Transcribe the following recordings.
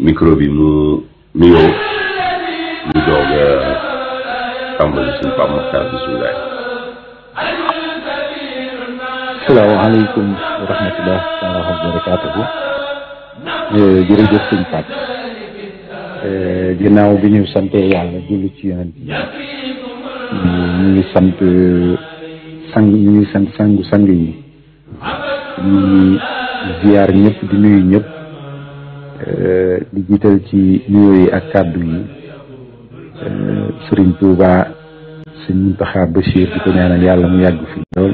Mikrobi mu, mio mudoga kamu disimpan simpang mekar di sungai Assalamualaikum warahmatullah wabarakatuh e, jadi dia singkat e, jenau sampai yang dulu cian hmm, ini sampai sang ini sampai sanggu sanggu ini ziar nyep di nyep Eh, di ci nuyoo yi ak kàddu yi Serigne si sëñ Muntaxa Bachir di ko ñaanal yàlla mu yàgg fi lool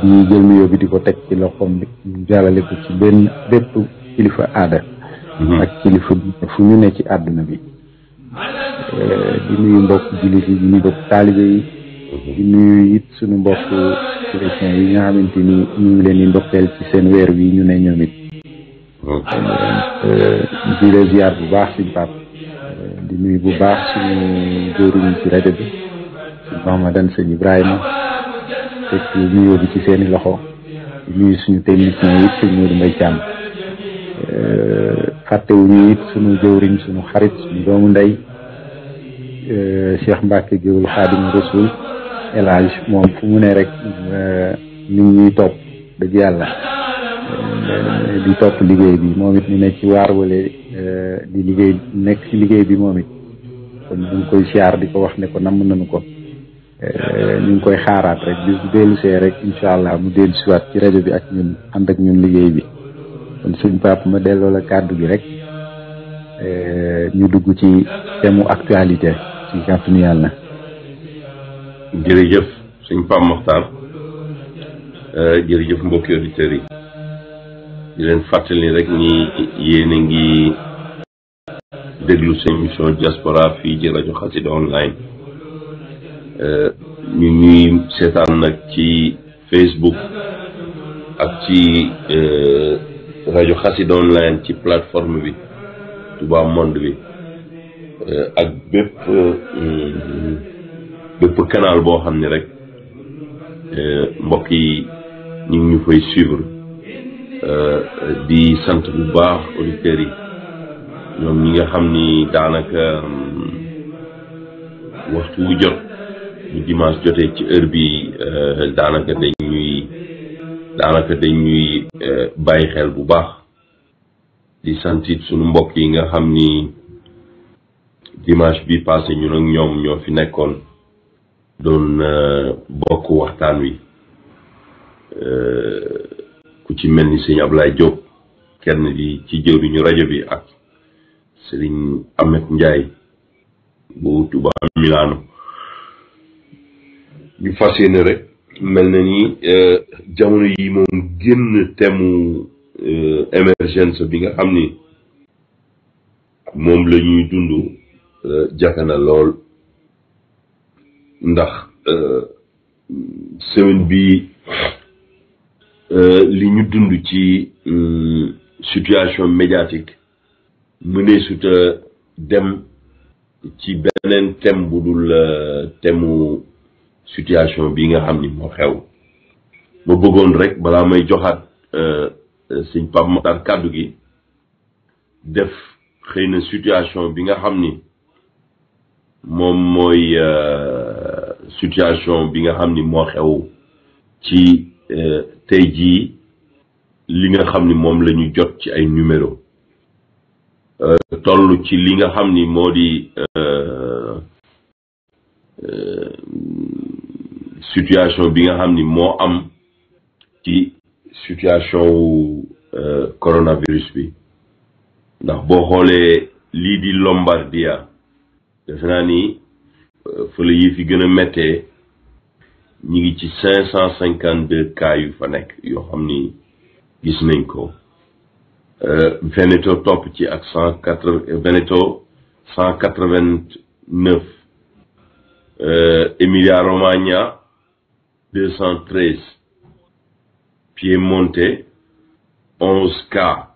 di jël nuyoo bi di ko teg ci loxoom ñu jàllale ko ci benn bépp kilifa aada mhm. ak kilifa fu ñu ne ci àdduna bi eh, di nuyu mbokk jullit yi di nuyu mbokk taalibe mhm. mbokk chrétien yi nga ni ñu ngi leen di ndokkeel ci seen weer wi ñu ne ñoom it Euh, di la ziar bu baax suñ pap euh, di nuyu bu baax suñu góoruñ ci rajo bi suñ Mahamadan sëñ Ibrahima bi ci seeni loxo di nuyu suñu technicien it sëñ Modou Mbaye Thiam euh, fàttewuñu it suñu jëwriñ suñu xarit suñu doomu ndey Cheikh Mbacke Géwul Xaadimu Rasul El Hadj moom fu mu ne rek nit ñuy topp dëgg yàlla di topp liggéey bi moom it nu nekk ci waar wale euh, di liggéey nekk ci liggéey bi moom it kon ñu ngi koy siyaar di ko wax ne ko namm nañu ko euh, ñu ngi koy xaaraat rek bis bu dellusee rek incha allah mu dellu siwaat ci rajo bi ak ñun ànd ak liggéey bi kon suñ pap ma delloo kàddu gi rek euh, ñu dugg ci thème actualité ci kàttanu yàlla jërëjëf suñ Pape Mokhtar jërëjëf mbokki auditeurs yi di leen fàttali rek ni yéen ngi déglu seen émission diaspora fii ci rajo xasida online euh, ñu ñuy seetaan nag ci Facebook ak ci euh, rajo xasida online ci plateforme bi Touba Monde bi euh, ak bépp bépp canal boo xam ni rek mbokk yi ñu ñu fay suivre Euh, di sant bu baax auditeurs ñoom ñi nga xam ni daanaka mm, waxtu wu jot bu dimanche jotee ci heure bi euh, daanaka dañ ñuy daanaka dañ ñuy euh, bàyyi xel bu baax di santit sunu mbokk yi nga xam ni dimanche bi passé ñun ak ñoom ñoo fi nekkoon doon bokk waxtaan wi ku ci mel ni sëñ Ablaye Diop kenn di ci jëwriñu rajo bi ak sëriñ Amet Njaay bu Tuba Milano ñu fas rek mel na ni euh, jamono yi moom génn temu euh, émergence bi nga xam ni moom la ñuy dund euh, lool ndax semaine bi Euh, li ñu dund ci euh, situation médiatique mënee suta dem ci beneen thème bu dul euh, temu situation bi nga xam ni moo xew ma bëggoon rek balaa may joxaat sëñ Pape Matar kàddu gi def xëy na situation bi nga xam ni moom mooy situation bi nga xam ni moo xew ci tey jii li nga xam ni moom la ñu jot ci ay numéro euh, toll ci li nga xam ni moo di euh, euh, situation bi nga xam ni moo am ci situation wu coronavirus bi ndax boo xoolee lii di Lombardia def naa ni fa la yëf yi gën a méttee N'y 552 cas Yufanek yohamni gismenko. Euh, Veneto sont Veneto, 189. Euh, Emilia Romagna, 213. Piemonte 11 cas.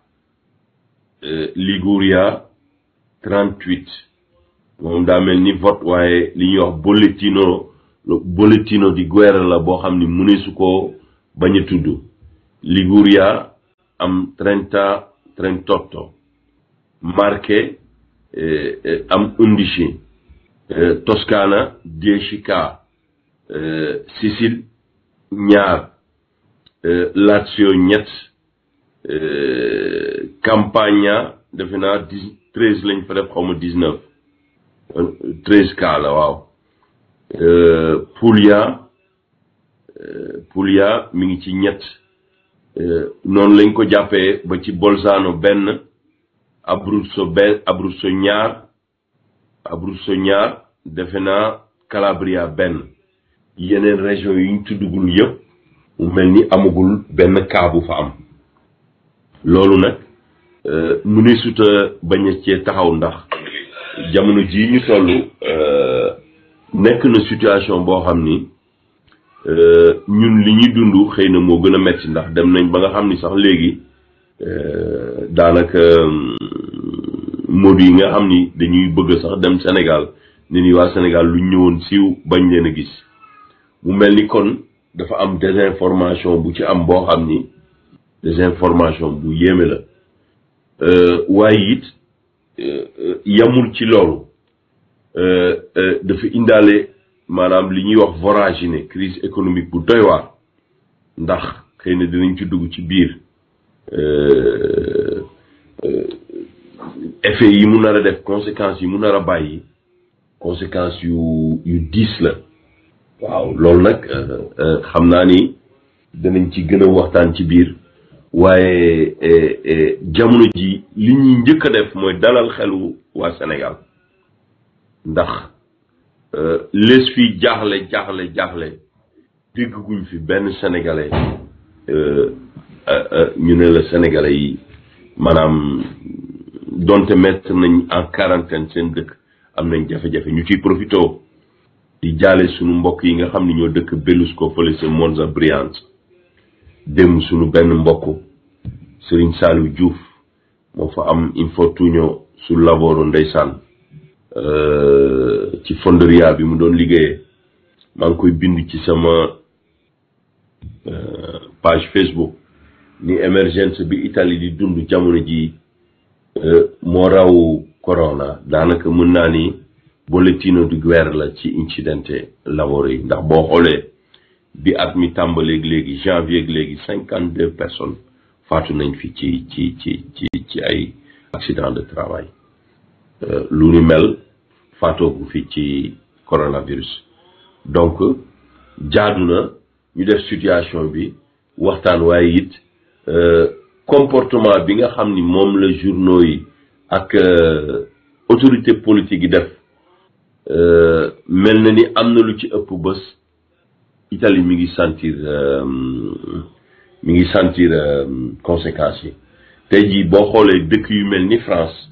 Euh, Liguria, 38. On a même vote qui est boletino di guerra la boo xam ni mëneesu koo bañ Liguria am trenta trentotto Marche eh, eh, am undici eh, Toscana dieci ca Sicil ñaar Lazio ñett Campania defe naa dix treize lañ fa def xaw ma dix neuf treize la waaw Euh, Poulia euh, Poulia mi ngi ci ñett euh, noonu lañ ko jàppee ba ci Bolzano benn Abruzzo benn Abruzzo ñaar Abruzzo ñaar defe naa Calabria benn yeneen région yi ñu tuddugul yëpp mu mel ni amagul benn cas fa am loolu nag mu ni suta bañ a cee taxaw ndax jamono ji ñu toll nekk na situation boo xam ni euh, ñun li ñuy dund xëy na moo gën a metti ndax dem nañ ba nga xam ni sax léegi euh, daanaka euh, modu yi nga xam ni dañuy bëgg sax dem Sénégal ne ni waa Sénégal lu ñëwoon siiw bañ leen a gis mu mel ni kon dafa am désinformation bu ci am boo xam ni désinformation bu yéeme la waaye it yamul ci loolu Euh, euh, dafa indaale maanaam li ñuy wax yi ne crise économique bu doy waar ndax xëy na dinañ ci dugg ci biir euh, effet yi mu nar a def conséquences yi mu nar a bàyyi conséquences yu yu diis la waaw loolu nag xam naa ni danañ ci gën a waxtaan ci biir waaye jamono ji li ñuy njëkk a def mooy dalal xelu waa Sénégal ndax euh, les fi jaaxle jaaxle jaaxle dégguñ fi benn sénégalais euh, euh, ñu ne la sénégalais yi maanaam donte mettre nañ en quarantaine seen dëkk am nañ jafe-jafe ñu ci profité di jaale suñu mbokk yi nga xam ne ñoo dëkk Bellusco fële sa Monza Brianza dem suñu benn mbokk Serigne Saliou Diouf moo fa am infortunio su lavoro ndeysaan Euh, ci fonderia bi mu doon liggéey maa ngi koy bind ci sama euh, page Facebook ni émergence bi Italie di dund jamono ji euh, moo raw corona daanaka mën naa ni bollettino di guerra la ci incidente lavoro yi ndax boo xoolee bi at mi tàmbaleeg léegi janvier léegi cinquante deux personnes faatu nañ fi ci ci ci ci ci ay accident de travail Euh, lu ni mel faatoogu fii ci coronavirus donc jaadu na ñu def situation bi waxtaan waaye it euh, comportement bi nga xam ni moom la journaux yi ak euh, autorité politique yi def mel na ni am na lu ci ëpp bés Italie mi ngi sentir mi ngi sentir conséquences yi te jii boo xoolee dëkk yu mel ni France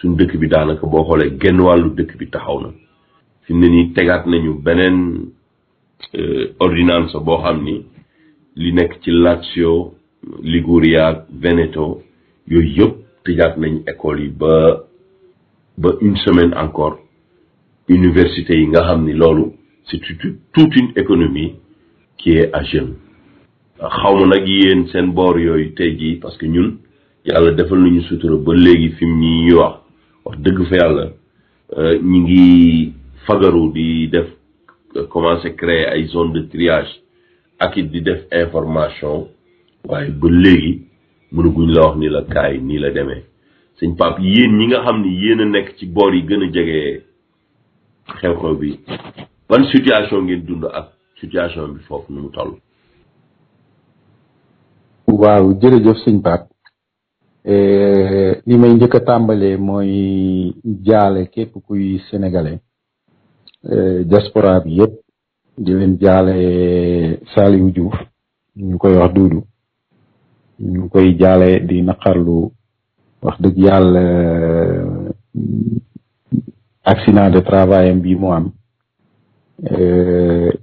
suñ dëkk bi daanaka boo xoolee genn wàllu dëkk bi taxaw na fi mu ne nii tegaat nañu beneen euh, ordonnance boo xam ni li nekk ci Lazio Liguria ak Veneto yooyu yëpp tëjaat nañ école yi ba ba une semaine encore université yi nga xam ni loolu c'est toute une économie qui est à jeune xaw ma nag yéen seen boor yooyu tey jii parce que ñun yàlla defal nañu sutura ba léegi fi mu wax wax dëgg fa yàlla euh, ñi ngi fagaru di def euh, commencé créer ay zone de triage ak it di def information waaye ba léegi mënaguñ la wax ni la kaay nii la demee sëñ pap yéen ñi nga xam ni yéen a nekk ci boor yi gën a jege xew-xew bi ban situation ngeen dund ak situation bi foofu nu mu toll waaw jërëjëf sëñ pap Eh, li may njëkk a tàmbalee mooy jaale képp kuy sénégalais eh, diaspora bi yëpp di leen jaale Saliou Diouf ñu koy wax Doudou ñu koy jaale di naqarlu wax dëgg yàlla eh, accident de travail am bi am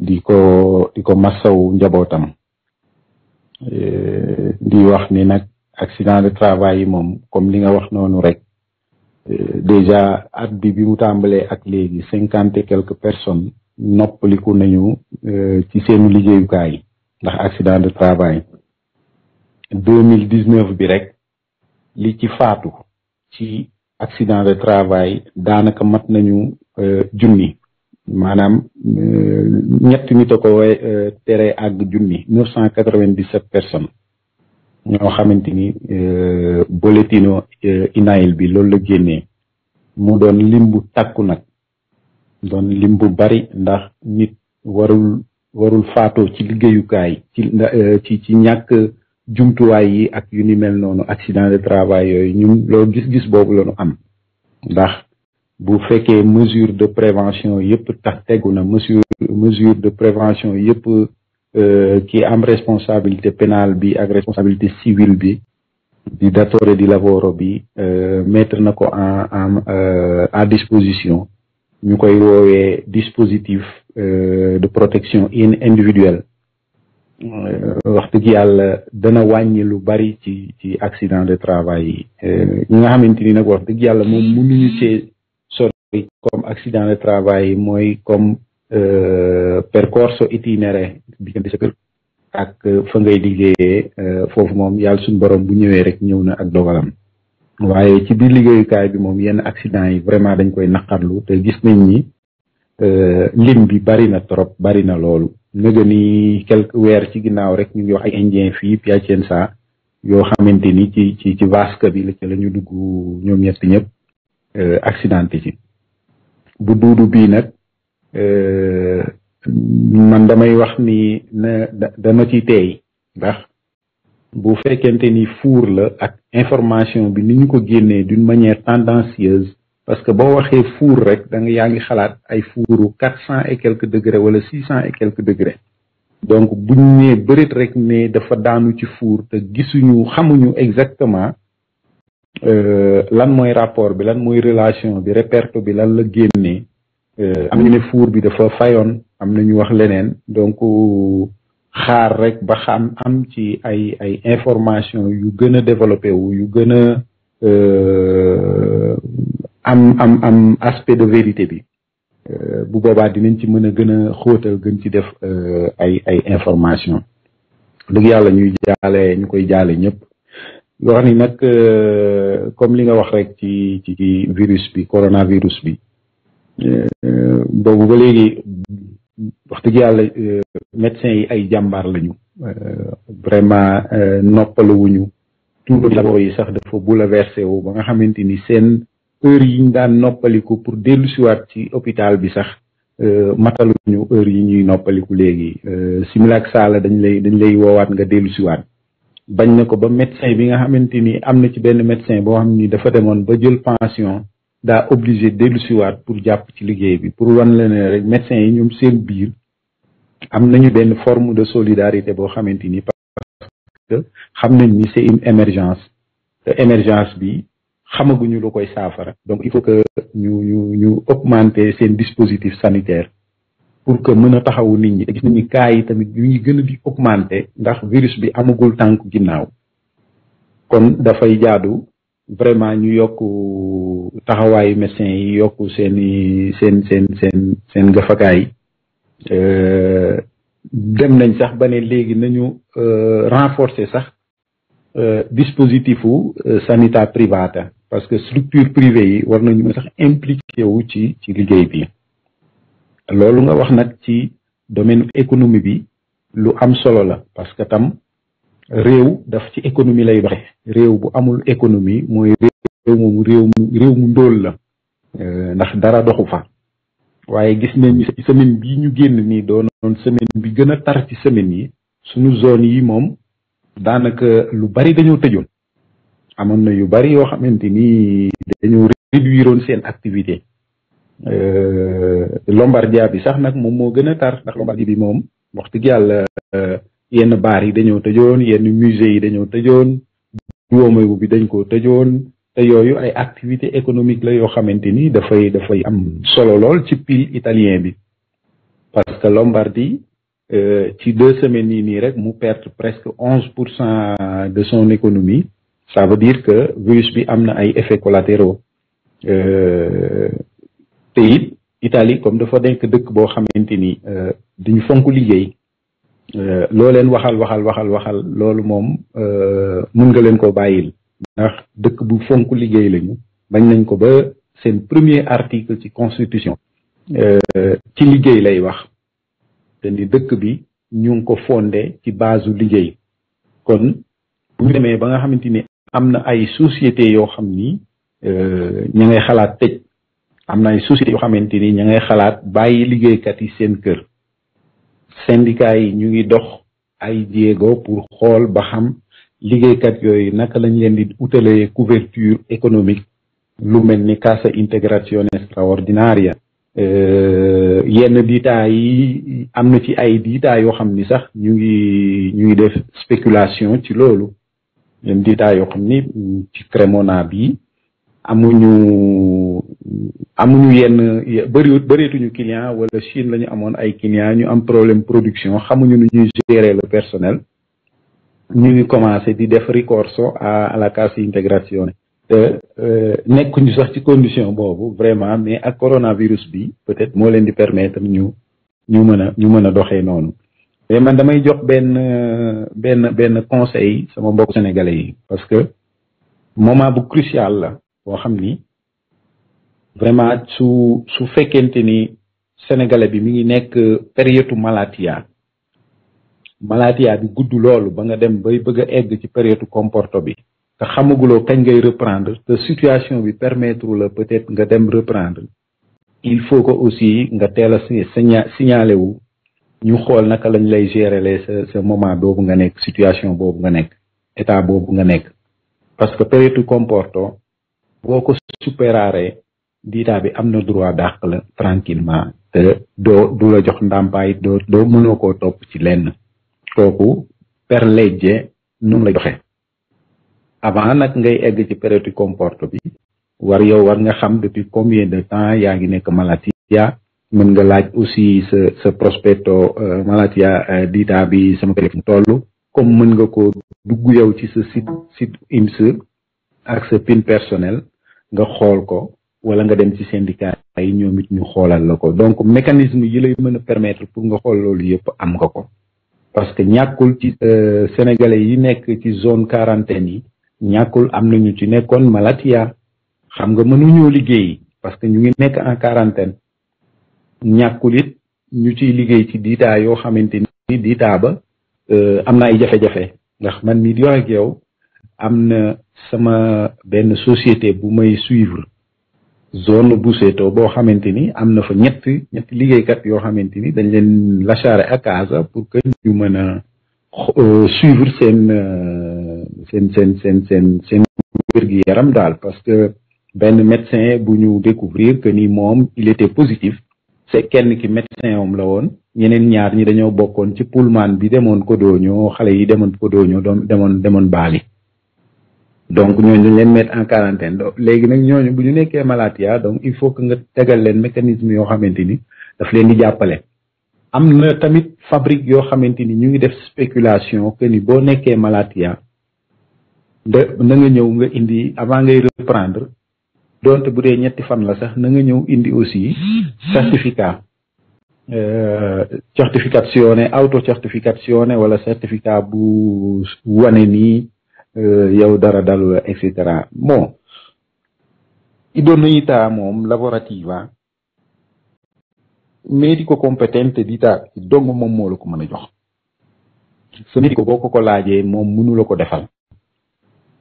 di ko di ko massaw njabootam wax ni nag accident de travail yi moom comme li nga wax noonu rek euh, déjà at bi bi mu tàmbalee ak léegi cinquante et quelques personnes noppaliku nañu euh, ci seenu liggéeyukaay ndax accident de travail deux mille dix neuf bi rek li ci faatu ci accident de travail daanaka mat nañu euh, junni maanaam ñett nit a ko tere àgg junni neuf cent quatre-vingt-dix-sept personnes ñoo xamante ni euh, boletino INAIL euh, bi loolu la génnee mu doon lim bu takku nag doon lim bu bari ndax nit warul warul ci liggéeyukaay ci euh, ci ci ñàkk jumtuwaay yi ak yu ni mel noonu accident de travail yooyu ñu loolu gis-gis boobu la am ndax bu fekkee mesure de prévention yëpp tax tegu na mesure de prévention yëpp a euh, am responsabilité pénale bi ak responsabilité civile bi di datore di lavoro bi euh, mettre nako en en euh à disposition ñu wowe dispositif euh de protection individuelle euh, wax dëgg yalla dana wàññi lu bari ci ci accident de travail euh ñi nga xamante ni nag wax dëgg yàlla moom mënuñu cee sori comme accident de travail moy comme Eh, percorso itinéré diggante sa ak fa ngay euh eh, fofu mom yalla suñu borom bu ñëwé rek ñëw na ak dogalam waaye ci biir kay bi mom yenn accident yi vraiment dañ koy nakarlu te gis nañ ni eh, lim bi bari na trop bari na lool nga ni quelque wèr ci ginnaaw rek ñu ngi wax ay indien fii Piacenza sa yo xamanteni ci ci ci vasque bi la ci la ñu dugg ñet ñep euh accidenté ci bu duudu bi nak Euh, man damay wax ni na ci bu ni four la information d'une manière tendancieuse parce que bo waxé four rek da nga yaangi et quelques degrés wala 600 et quelques degrés donc si ñé rek daanu ci te gisuñu exactement euh, lan rapport bi relation bi répertoire bi lan Euh, am ñu ne fuur bi dafa fayoon am na ñu wax leneen donc xaar rek ba xam am ci ay ay information yu gën a développé wu yu gën a euh, am am am aspect de vérité bi euh, bu boobaa dinañ ci mën a gën a xóotal gën ci def ay ay information dëgg yàlla ñuy jaale ñu koy jaale ñëpp yoo xam ni nag comme li nga wax rek ci ci virus bi coronavirus bi Euh, boobu ba léegi wax dëgg yàlla euh, médecins yi ay jàmbaar lañu euh, vraiment noppaluwuñu tuur labo yi sax dafa bouleversé wu ba nga xamante ni seen heure yi ñu daan noppaliku pour dellu siwaat ci hôpital bi sax mataluñu heure yi ñuy noppaliku léegi simila ak saala dañ lay dañ lay woowaat nga dellu siwaat bañ na ko ba médecin bi nga xamante ni am na ci benn médecin boo xam ni dafa demoon ba jël pension daa obligé dellu siwaat pour jàpp ci liggéey bi pour wan la ne rek médecin yi ñoom seen biir am nañu benn forme de solidarité boo xamante ni parce que xam nañ ni c'est une émergence te émergence bi xamaguñu lu koy saafara donc il faut que ñu ñu augmenter seen dispositif sanitaire pour que mën a taxawu nit ñi te gis nañu cas yi tamit ñu ngi gën a di augmenter ndax virus bi amagul tànk ginnaaw kon dafay jaadu vraiment ñu yokk taxawaayu médecin yi yokk seen i seen seen seen seen gafakaay euh, dem nañ sax ba ne léegi nañu euh, renforcer sax euh, dispositif u sanita privata parce que structure privée yi war nañu sax impliqué wu ci ci liggéey bi loolu nga wax nag ci domaine économie bi lu am solo la parce que tam réew daf ci économie lay doxe réew bu amul économie mooy réew réew mu réew mu ndóol la euh, ndax dara doxu fa waaye gis nañ ni semaine bi ñu génn nii doonoon semaine bi gën a tar ci semaine yi suñu zone yi moom daanaka lu bari dañoo tëjoon amoon na yu bari yoo xamante ni dañoo réduiroon seen activité euh, Lombardia bi sax nag moom moo gën a tar ndax Lombardia bi moom wax dëgg yàlla euh, yenn baar yi dañoo tëjoon yenn musée yi dañoo tëjoon duomayu bi dañ koo tëjoon te yooyu ay activité économique la yoo xamante ni dafay dafay am solo lool ci pile italien bi parce que Lombardie euh, ci deux semaines yi nii rek mu perte presque 11 pour cent de son économie ça veut dire que virus bi am na ay effets collatéraux euh, te it Italie comme dafa denk dëkk boo xamante ni euh, dañu fonk liggéey Euh, loo leen waxal waxal waxal waxal loolu moom euh, mun nga leen ko bàyyil ndax dëkk bu fonk liggéey lañu bañ nañ ko ba seen premier article ci constitution euh, ci liggéey lay wax te ni dëkk bi ñu ngi ko fondé ci base liggéey kon bu ñu demee ba nga xamante ni am na ay société yoo xam ni ña ngay xalaat tëj am na ay société yoo xamante ni ña ngay xalaat bàyyi liggéeykat yi seen kër syndicat yi ñu ngi dox ay jéego pour xool ba xam liggéeykat yooyu naka lañ leen di utalee couverture économique lu mel ni cassa integrazione straordinaria euh, yenn diitaa yi am na ci ay diitaa yoo xam ni sax ñu ngi ñu ngi def spéculation ci loolu yenn diitaa yoo xam ni ci Cremona amuñu amuñu yenn bëriwut bëreetuñu client wala Chine la ñu amoon ay client ñu am problème production xamuñu ni ñuy gérer le personnel ñu ngi commencé di def ricorso à la cassa integrazione te euh, nekkuñu sax ci condition boobu vraiment mais ak coronavirus bi peut-être moo leen di permettre ñu ñu mën a ñu mën a doxee noonu mais man damay jox benn benn benn conseil sama mbokk sénégalais yi parce que moment bu crucial la boo xam ni vraiment su su fekkente ni sénégalais bi mi ngi nekk période malatia malatia bi gudd loolu ba nga dem bay bëgg egg ci période comporto bi te xamaguloo kañ ngay reprendre te situation bi permettre la peut-être nga dem reprendre il faut que aussi nga teel a signalé wu ñu xool naka lañ lay gérer sa sa moment boobu nga nekk situation boobu nga nekk état boobu nga nekk parce que période comporto boo ko supéraare diitaa bi am na droit dàq la tranquillement te doo du la jox ndàmpaay doo doo mënoo ko top ci leen kooku per legge nu la joxe avant nag ngay egg ci période comporte bi war yow war nga xam depuis combien de temps yaa ngi nekk malatia mën nga laaj aussi sa sa prospetto euh, malatia euh, diitaa bi sama période mu toll comme mën nga ko dugg yow ci sa site site IMS ak sa pin personnel nga xool ko wala nga dem ci syndicat yi ñoom it ñu xoolal la ko donc mécanisme yi lay mën a permettre pour nga xool loolu yëpp am nga ko parce que ñàkkul ci euh, sénégalais yi nekk ci zone quarantaine yi ñàkkul am nañu ci nekkoon malatia xam nga mënuñoo liggéey parce que ñu ngi nekk en quarantaine ñàkkul it ñu ciy liggéey ci diitaa yoo xamante ni diitaa ba euh, am na ay jafe-jafe ndax man mii di wax ak yow am na sama benn société bu may suivre zone bu seetoo boo xamante ni am na fa ñett ñetti liggéeykat yoo xamante ni dañ leen lacharé à casa pour que ñu mën a euh, suivre euh, seen seen seen seen seen seen wér-gi-yaram daal parce que benn médecin bu ñu découvrir que ni moom il était positif c'est kenn ki médecin am la woon ñeneen ñaar ñi dañoo bokkoon ci pulmaan bi demoon ko Codogno xale yi demoon Codogno doon demoon demoon Bali donc ñooñu dañ leen mettre en quarantaine léegi nag ñooñu bu ñu nekkee malaria donc il faut que nga tegal leen mécanisme yoo xamante ni daf leen di jàppale am na tamit fabrique yoo xamante ni ñu ngi def spéculation que ni boo nekkee malaria da na nga ñëw nga indi avant ngay reprendre donte bu dee ñetti fan la sax na nga ñëw indi aussi certificat certificazione auto certificazione wala certificat bu wane nii Euh, yow dara dalu la et cetera bon idoneità moom lavorativa ah. médico compétente d'État dong moom moo la ko mën a jox sa médico boo ko ko laajee moom mënu la ko defal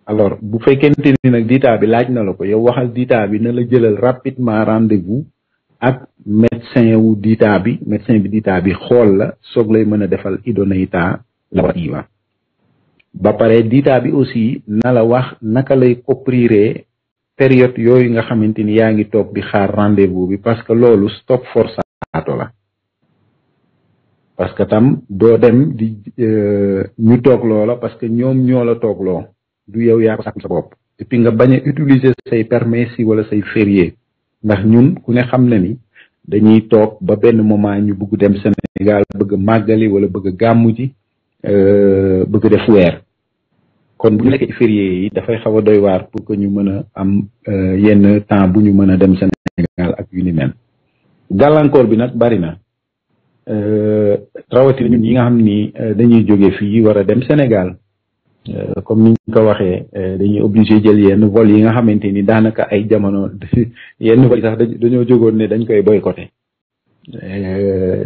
alors bu fekkente ni nag d'État bi laaj na la ko yow waxal d'État bi na la jëlal rapidement rendez-vous ak médecin wu d'État bi médecin bi d'État bi xool la soog lay mën a defal idoneità lavorativa ah. ba paré dita bi aussi na la wax naka lay copriré période yoy nga xamanteni yaangi tok di xaar rendez-vous bi parce que lolu stop forçato la parce que tam do dem di euh, ñu tok loola parce que ñom ñoo la toog loo du yow ya ko sax sa bop et puis nga bañ utiliser say permis wala say férié ndax ñun ku ne xam na ni dañuy tok ba benn moment ñu bëgg dem Sénégal bëgg magali wala bëgg gàmmu ji euh, bëgg def weer kon bu ñu nekkee ci férié yi dafay xaw a doy waar pour que ñu mën a am euh, yenn temps bu ñu mën a dem Sénégal ak yu ni mel gàllankoor bi nag bari na euh, rawatina ñun yi nga xam ni euh, dañuy jóge fii war a dem Sénégal comme niñ ko waxee dañuy obligé jël yenn vol yi nga xamante ni daanaka ay jamono yenn vol yi sax dañoo jógoon ne dañ koy boycotté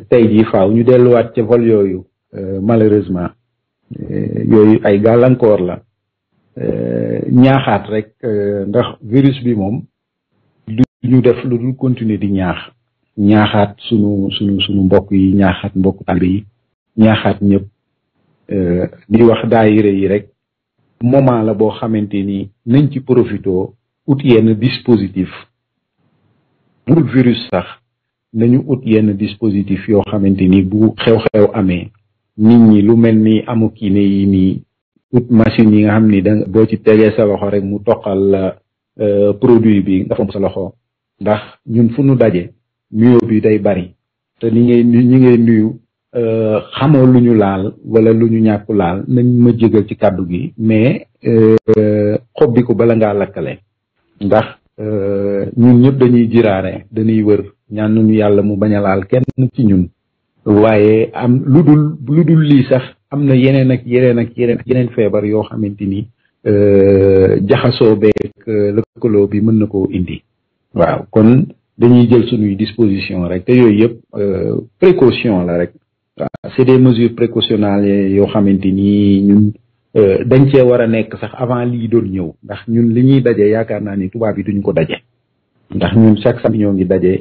tey ji faaw ñu delluwaat ca vol yooyu malheureusement. Euh, yooyu ay gàllankoor la euh, ñaaxaat rek euh, ndax virus bi moom du ñu def lu dul continuer di ñaax ñaaxaat sunu sunu sunu mbokk yi ñaaxaat mbokk taalibe yi ñaaxaat ñëpp di wax daayire yi rek moment la boo xamante ni nañ ci profitoo ut yenn dispositif bul virus sax nañu ut yenn dispositif yoo xamante ni bu xew-xew amee nit ñi lu mel ni amu kiné yi nii ut machine yi nga xam ni da boo ci tegee sa loxo rek mu toqal euh, produit bi nga fomp sa loxo ndax ñun fu nu daje nuyoo bi day bari te ni ngay ñi ngay nuyu euh, xamoo lu ñu laal wala lu ñu ñàkku laal nañ ma jégal ci kàddu gi mais euh, xob bi ko bala ngaa lakkale ndax ñun ñëpp dañuy jiraare dañuy wër ñaan nañu yàlla mu bañ a laal kenn ci ñun waaye am lu dul lu dul lii sax am na yeneen ak yeneen ak yeneen ak yeneen feebar yoo xamante ni euh, jaxasoo beek euh, lëkkaloo bi mën na koo indi waaw kon dañuy jël suñuy disposition rek te yooyu yëpp euh, précaution la rek waaw c'est des mesures précautionnelles yoo xamante ni ñun dañ cee war a nekk sax avant lii doon ñëw ndax ñun li ñuy daje yaakaar naa ni tubaab yi duñu ko daje ndax ñun chaque samedi ñoo ngi daje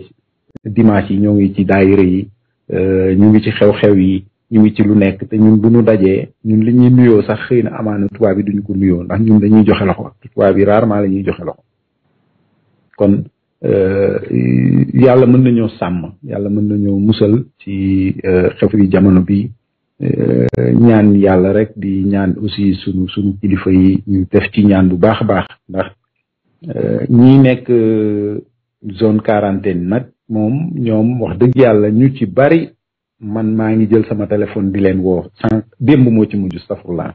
dimanche yi ñoo ngi ci daayira yi Euh, ñu ngi ci xew-xew yi ñu ngi ci lu nekk te ñun bu ñu dajee ñun li ñuy nuyoo sax xëy na amaana tubaab bi duñu ko nuyoo ndax ñun dañuy joxe loxo tubaab bi rarement la ñuy joxe loxo kon euh, yàlla mën nañoo sàmm yàlla mën nañoo musal ci euh, xew yi jamono bi ñaan yàlla rek di ñaan aussi sunu sunu kilifa yi ñu def ci ñaan bu baax a baax ndax ñi nekk zone quarantaine nag moom ñoom wax dëgg yàlla ñu ci bari man maa ngi jël sama téléphone di leen woo sànq moo ci mujj safurlaa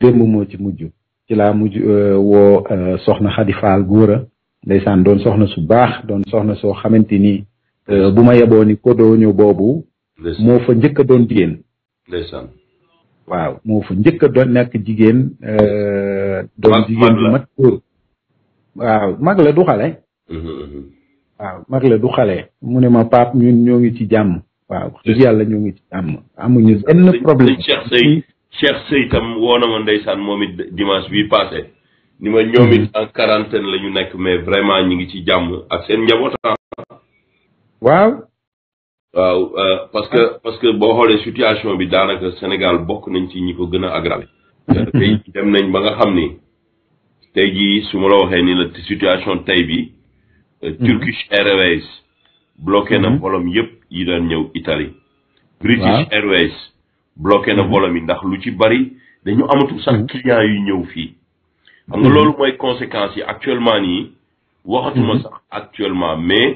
démb moo ci mujj ci laa mujj euh, woo euh, soxna Xadi Faal góora ndeysaan doon soxna su baax doon soxna soo xamante ni euh, bu ma yeboo ni kodooñu boobu moo fa njëkk a doon jigéen ndeysaan waaw moo fa njëkk a doon nekk jigéen doon jigéen bu waaw mag la du xale waaw mag la du xale mu ne ma pap ñun ñoo ngi ci jàmm waaw yàlla ñoo ngi ci jàmm amuñu benn problème Cheikh Sey Cheikh Sey tam woo na ma ndeysaan moom it dimanche bii passé ni ma ñoom it mm-hmm. en quarantaine la ñu nekk mais vraiment ñi ngi ci jàmm ak seen njaboot ah. waaw waaw euh, parce que ah. parce que boo xoolee situation bi daanaka Sénégal bokk nañ ci ñi ko gën a aggravé mm-hmm. tey dem nañ ba nga xam ni tey jii su ma la waxee ni la situation tey bi Euh, Turkish mhm. Airways bloqué na mhm. volom yëpp yi daan ñëw Italie British Airways bloqué na mhm. volom yi ndax lu ci bari dañu amatul sax client yu ñëw fii xam nga loolu mooy conséquence yi actuellement nii waxatuma sax actuellement mais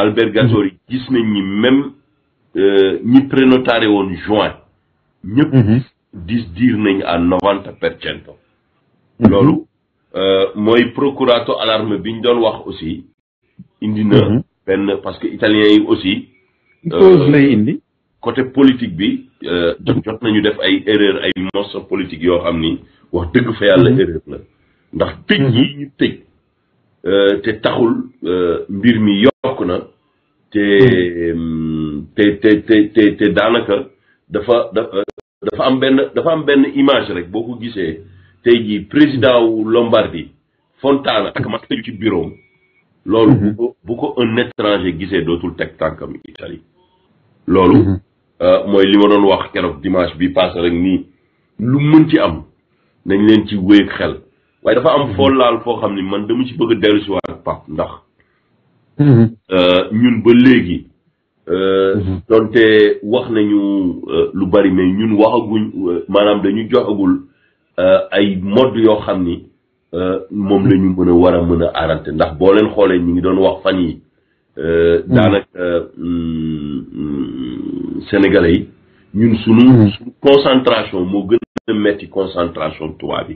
albergatori yi gis nañ euh, ñi même ñi prénotaré woon juin ñëpp dis diir nañ à novanta per cento loolu euh, mooy procurato alarme bi ñu doon wax aussi indi mhm. parce que Italien aussi. Euh, côté politique bi. Euh, jot nañu def ay erreur ay politique wax fa mhm. erreur la ndax mhm. yi ñu euh, taxul mbir mi na am am image rek président Lombardie Fontana ak ma bureau loolu mhm. bu ko bu ko un étranger gisee dootul teg tànkam Italie loolu mhm. euh, mooy li ma doon wax keroog dimanche bi passé rek nii lu mën ci am nañ leen ci wéy xel waaye dafa am mhm. foo laal foo xam ni man dama ci bëgg a dellu si waat pap ndax euh, ñun ba léegi euh, donte wax nañu lu bari mais ñun waxaguñ maanaam dañu joxagul ay modd yoo xam ni Euh, moom la ñu mën a war a mën a arante ndax boo leen xoolee ñu ngi doon wax fan yi euh, daanaka mm, sénégalais yi ñun suñu mm-hmm. suñu concentration moo gën a metti concentration tubaab bi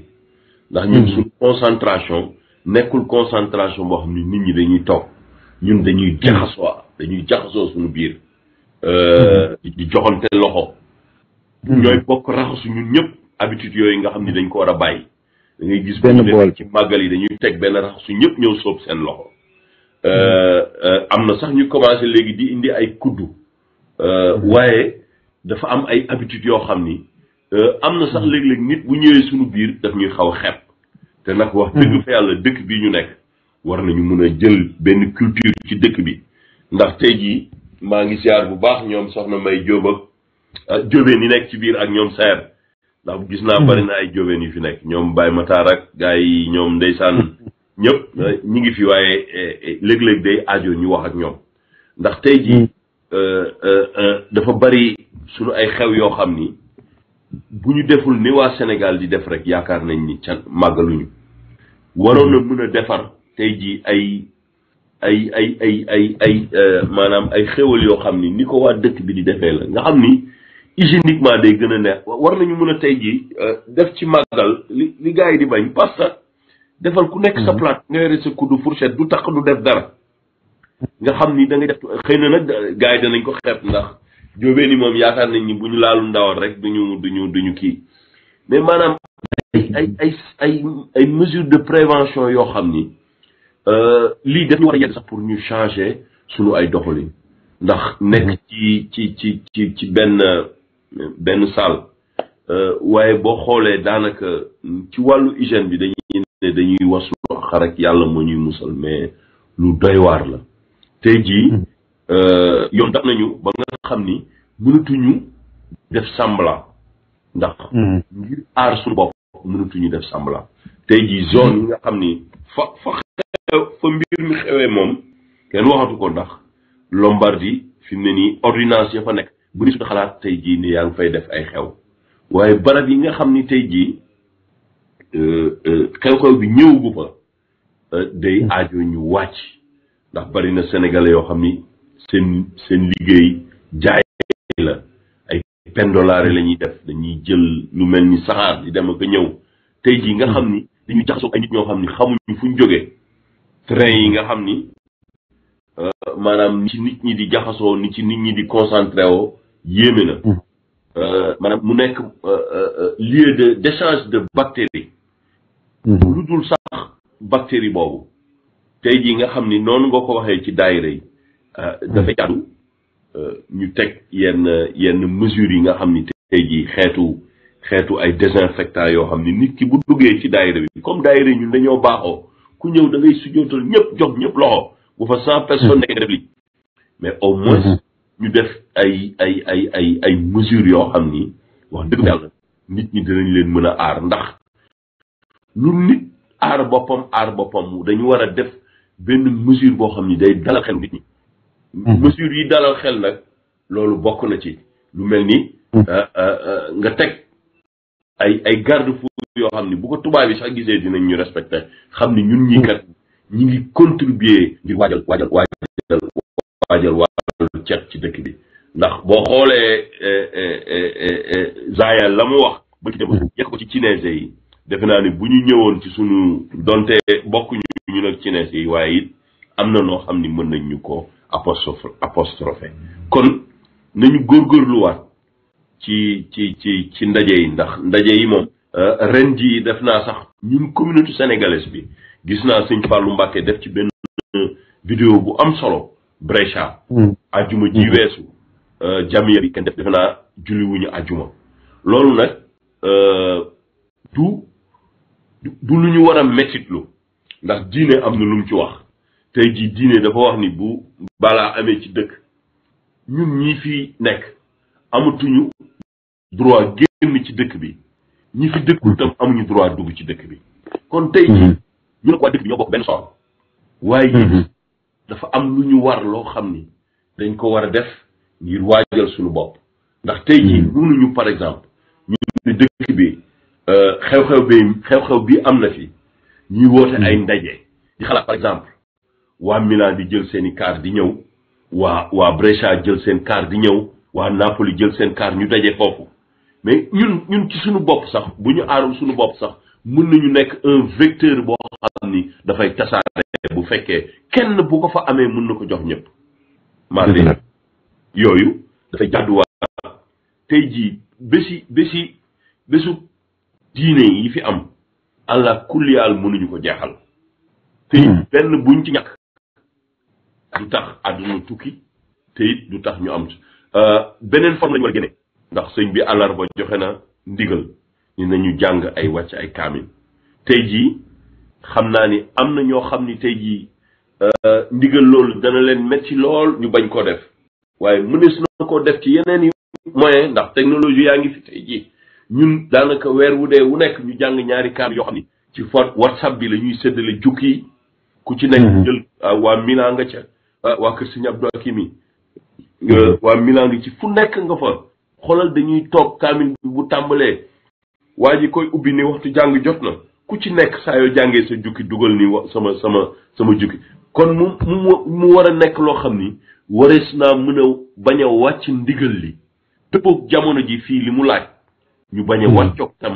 ndax ñun mm-hmm. suñu concentration nekkul concentration boo xam ni nit ñi dañuy toog ñun dañuy mm-hmm. jaxasoo dañuy jaxasoo suñu biir euh, di joxante loxo ñooy bokk raxasu ñun ñëpp habitude yooyu nga xam ni dañ ko war a bàyyi da ngay gis benn bool ci màggal yi dañuy teg benn rax su ñëpp ñëw soob seen loxo. Euh, euh, am na sax ñu commencé léegi di indi ay kuddu. Euh, waaye dafa am ay habitudes yoo xam ni. am na sax mm-hmm. léeg-léeg nit bu ñëwee suñu biir daf ñuy xaw a xeeb. te nag wax dëgg mm-hmm. fa yàlla dëkk bi ñu nekk. war nañu mun a jël benn culture ci dëkk bi. ndax te jii maa ngi siyaar bu baax ñoom soxna May Jóob ak ah, jóobee ni nekk ci biir ak ñoom Saer. ndax gis naa bari na ay jóobeen yu fi nekk ñoom Baye Matar ak gars yi ñoom ndeysaan ñëpp ñi ngi fi waaye eh, eh, léeg-léeg day aajo ñu wax ak ñoom ndax tey jii mm. euh, euh, euh, dafa bari suñu ay xew yoo xam ni bu ñu deful ni waa Sénégal di def rek yaakaar nañ ni can màggaluñu waroon na mën a defar tey jii ay ay ay ay ay ay maanaam ay xewal yoo xam ni ni ko waa dëkk bi di defee la nga xam ni hygiéniquement day gën a neex war nañu mën a tey jii euh, def ci màggal li li gars yi di bañ parce que defal ku nekk sa mm-hmm. plat nga yore sa kuddu fourchette du tax du def dara nga xam ni da ngay def xëy na nag euh, gars yi danañ ko xeeb ndax jóobee ni moom yaakaar nañ ni bu ñu laalu ndawal rek duñu duñu duñu kii mais maanaam ay ay ay ay mesures de prévention yoo xam ni euh, lii def ñu war a yegg sax pour ñu changer suñu ay doxalin ndax nekk mm-hmm. ci ci ci ci ci benn benn salle euh, waaye boo xoolee daanaka ci wàllu hygiène bi dañuy ne dañuy wasu xarak yàlla moo ñuy musal mais lu doy waar la tey jii hmm. euh, yoon dax nañu ba nga xam ni mënatuñu def semblant ndax hmm. ngir aar suñu bopp mënatuñu def semblant tey jii zone yi nga xam ni fa fa xew fa mbir mi xewee moom kenn waxatu ko ndax Lombardie fi ne nii ordonnance ya fa nekk bu ni su xalaat tey jii ni yaa ngi fay def ay xew waaye barab yi nga xam ni tey jii euh, euh, xew-xew bi ñëwgu fa euh, day hmm. aajo ñu wàcc ndax bari na sénégalais yoo xam ni seen seen liggéey jaay la ay pendolaare la ñuy def dañuy jël lu mel ni saxaar di dem ak a ñëw tey jii nga hmm. xam ni dañu jaxasoo ay nit ñoo xam ni xamuñu fu ñu jógee train yi nga xam ni maanaam ni nit ñi di jaxasoo ni ci nit ñi di concentré woo yéeme na mm. euh, maanaam mu nekk euh, euh, lieu de d'échange de bactéries mm-hmm. lu dul sax bactérie boobu te jii nga xam ni noonu nga ko waxee ci daayira yi mm. dafa jàddu ñu teg yenn yenn mesures yi nga xam ni tey jii xeetu xeetu ay désinfectant yoo xam ni nit ki bu duggee ci daayira bi comme daayira yi ñun dañoo baaxoo ku ñëw da ngay sujootal ñëpp jox ñëpp loxo bu fa cent yi mm-hmm. nekk def li mais au moins mm-hmm. ñu def ay ay ay ay ay mesures yoo xam ni wax dëgg yàlla nit ñi dinañ leen mën a aar ndax lu nit aar boppam aar boppam dañu war a def benn mesure boo xam ni day dalal xel nit ñi. Hmm. mesures yi dalal xel nag loolu bokk na ci lu mel ni. Hmm. Euh, euh, nga teg ay ay garde-fou yoo xam ni bu ko tubaab yi sax gisee dinañ ñu respecté xam ni ñun ñii kat ñi ngi contribuer ngir waajal waajal waajal waajal. cet ci dëkk bi ndax boo xoolee eh, eh, eh, Zaya la mu wax ba ci dem jeex ko ci Chinese yi defe naa ni bu ñu ñëwoon ci suñu donte bokkuñu ñu nag Chinese yi waaye it am na noo xam ni mën nañ ñu ko apostrophe kon nañu góor góorgóorluwaat ci ci ci ci ndaje yi ndax ndaje yi moom ren jii def naa sax ñun communauté sénégalaise bi gis naa sëñ Fallou Mbacké def ci benn vidéo bu am solo Brescia. Hmm. ajuma ji hmm. weesu. Euh, jamiya bi kenn def defe naa julli wuñu ajuma loolu nag euh, du du lu ñu war a mettitlu ndax diine am na lu ci wax tey jii diine dafa wax ni bu balaa amee ci dëkk ñun ñi fi nekk amatuñu droit génn ci dëkk bi ñi fi dëkkul tam amuñu droit dugg ci dëkk bi kon tey jii hmm. ñu ne ko waa dëkk bi ñoo bokk benn soxla waaye dafa am lu ñu war loo xam ni dañ ko war a def ngir waajal suñu bopp ndax te jii hmm. mënuñu par exemple ñu ne bi euh, xew bi am na fi ñuy woote ay hmm. ndaje di xalaat par exemple waa Milan di jël seen i car di ñëw waa waa Brescia jël seen car di ñëw waa Napoli jël seen car ñu daje foofu mais ñun ñun ci suñu bopp sax bu ñu aarum suñu bopp sax mun nañu nekk un vecteur boo xamni da fay tasaare bu fekke kenn bu ko fa amé mën nako ko jox ñëpp mardi da fay jaddu wa tayji besi besi besu diiné yi fi am allah kulliyaal mënuñu ko jeexal te hmm. benn buñ ci ñak du tax aduna tukki te it du tax ñu am euh, benen fam lañu wara gëné ndax sëñ bi alarba joxena ndigal ni nañu jang ay wacc ay kamin, tayji xam naa ni am na ñoo xam ni tey jii euh, ndigal loolu dana leen metti lool ñu bañ koo def waaye mënees na koo def ci yeneen yi moyen ndax technologie yaa ngi fi tey jii ñun daanaka weer wu dee wu nekk ñu jàng ñaari kaar yoo ni ci fort whatsapp bi la ñuy séddale jukki yi ku ci nekk mm-hmm. jël ah, waa Milan nga ca ah, waa kër Sëñ Abdou Hakim yi mm-hmm. waa ngi ci fu nekk nga fa xoolal dañuy toog kaamil bu tàmbalee waa ji koy ubbi ni waxtu jàng jot na ku ci nekk saa yoo jàngee sa jukki dugal ni wa sama sama sama jukki kon mu mu war a nekk loo xam ni warees naa mën a bañ a wàcc ndigal li dëppoog jamono ji fii li mu laaj ñu bañ a hmm. wàccoog tam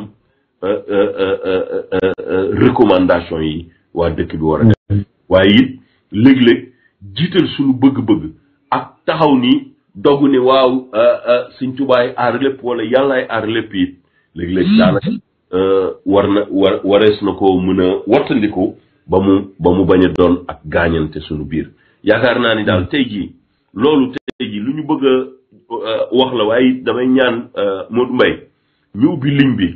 euh, euh, euh, recommandation yi waa dëkk bi war a def hmm. waaye it léeg-léeg jiital suñu bëgg-bëgg ak taxaw ni dogu ni waaw suñ tubaay aar lépp wala yàllaay aar lépp it léeg-léeg hmm. daanaka Euh, war na war warees na ko mën a wattandiku ba mu ba mu bañ a doon ak gaañante suñu biir yaakaar naa ni daal tey jii loolu tey jii lu ñu bëgg a euh, wax la waaye damay ñaan euh, Modou mbay ñu ubbi lim bi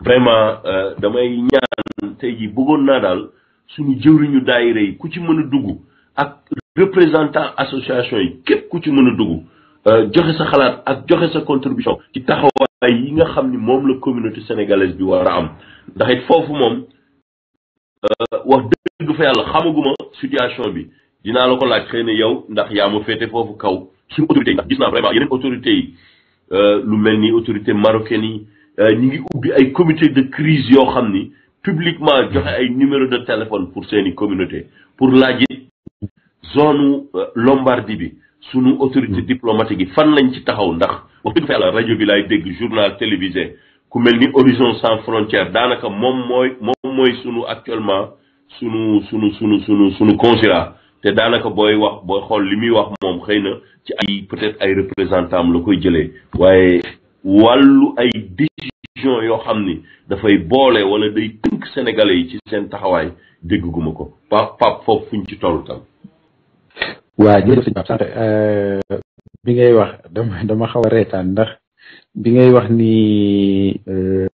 vraiment damay ñaan tey jii bëggoon naa daal suñu jëwriñu daayira yi ku ci mën a dugg ak représentant association yi képp ku ci mën a dugg Euh, joxe sa xalaat ak joxe sa contribution ci taxawaay yi nga xam ni moom la communauté sénégalaise bi war a am ndax it foofu moom euh, wax dëgg fa yàlla xamaguma situation bi dinaa la ko laaj xëy na yow ndax yaa ma féete foofu kaw suñu autorité ndax gis naa vraiment yeneen autorité yi euh, lu mel ni autorité marocaine yi ñi ngi ubbi ay comité de crise yoo xam ni publiquement joxe ay numéro de téléphone pour seeni communauté pour laaj it zone Lombardie bi sunu autorité mm. diplomatique yi fan lañ ci taxaw ndax wax dëgg fa yàlla rajo bi laay dégg journal télévisé ku mel ni Horizon sans frontières daanaka moom mooy moom mooy sunu actuellement sunu sunu sunu sunu sunu consulat te daanaka booy wax booy xool li muy wax moom xëy na ci ay peut-être ay représentants la koy jëlee waaye wàllu ay décision yoo xam ni dafay boole wala day tënk sénégalais yi ci seen taxawaay dégg guma ko pap pap foofu fuñ ci tollu tam waa jërëjëf euh, bi ngay wax dama dama xaw a reetaan ndax bi ngay wax ni euh,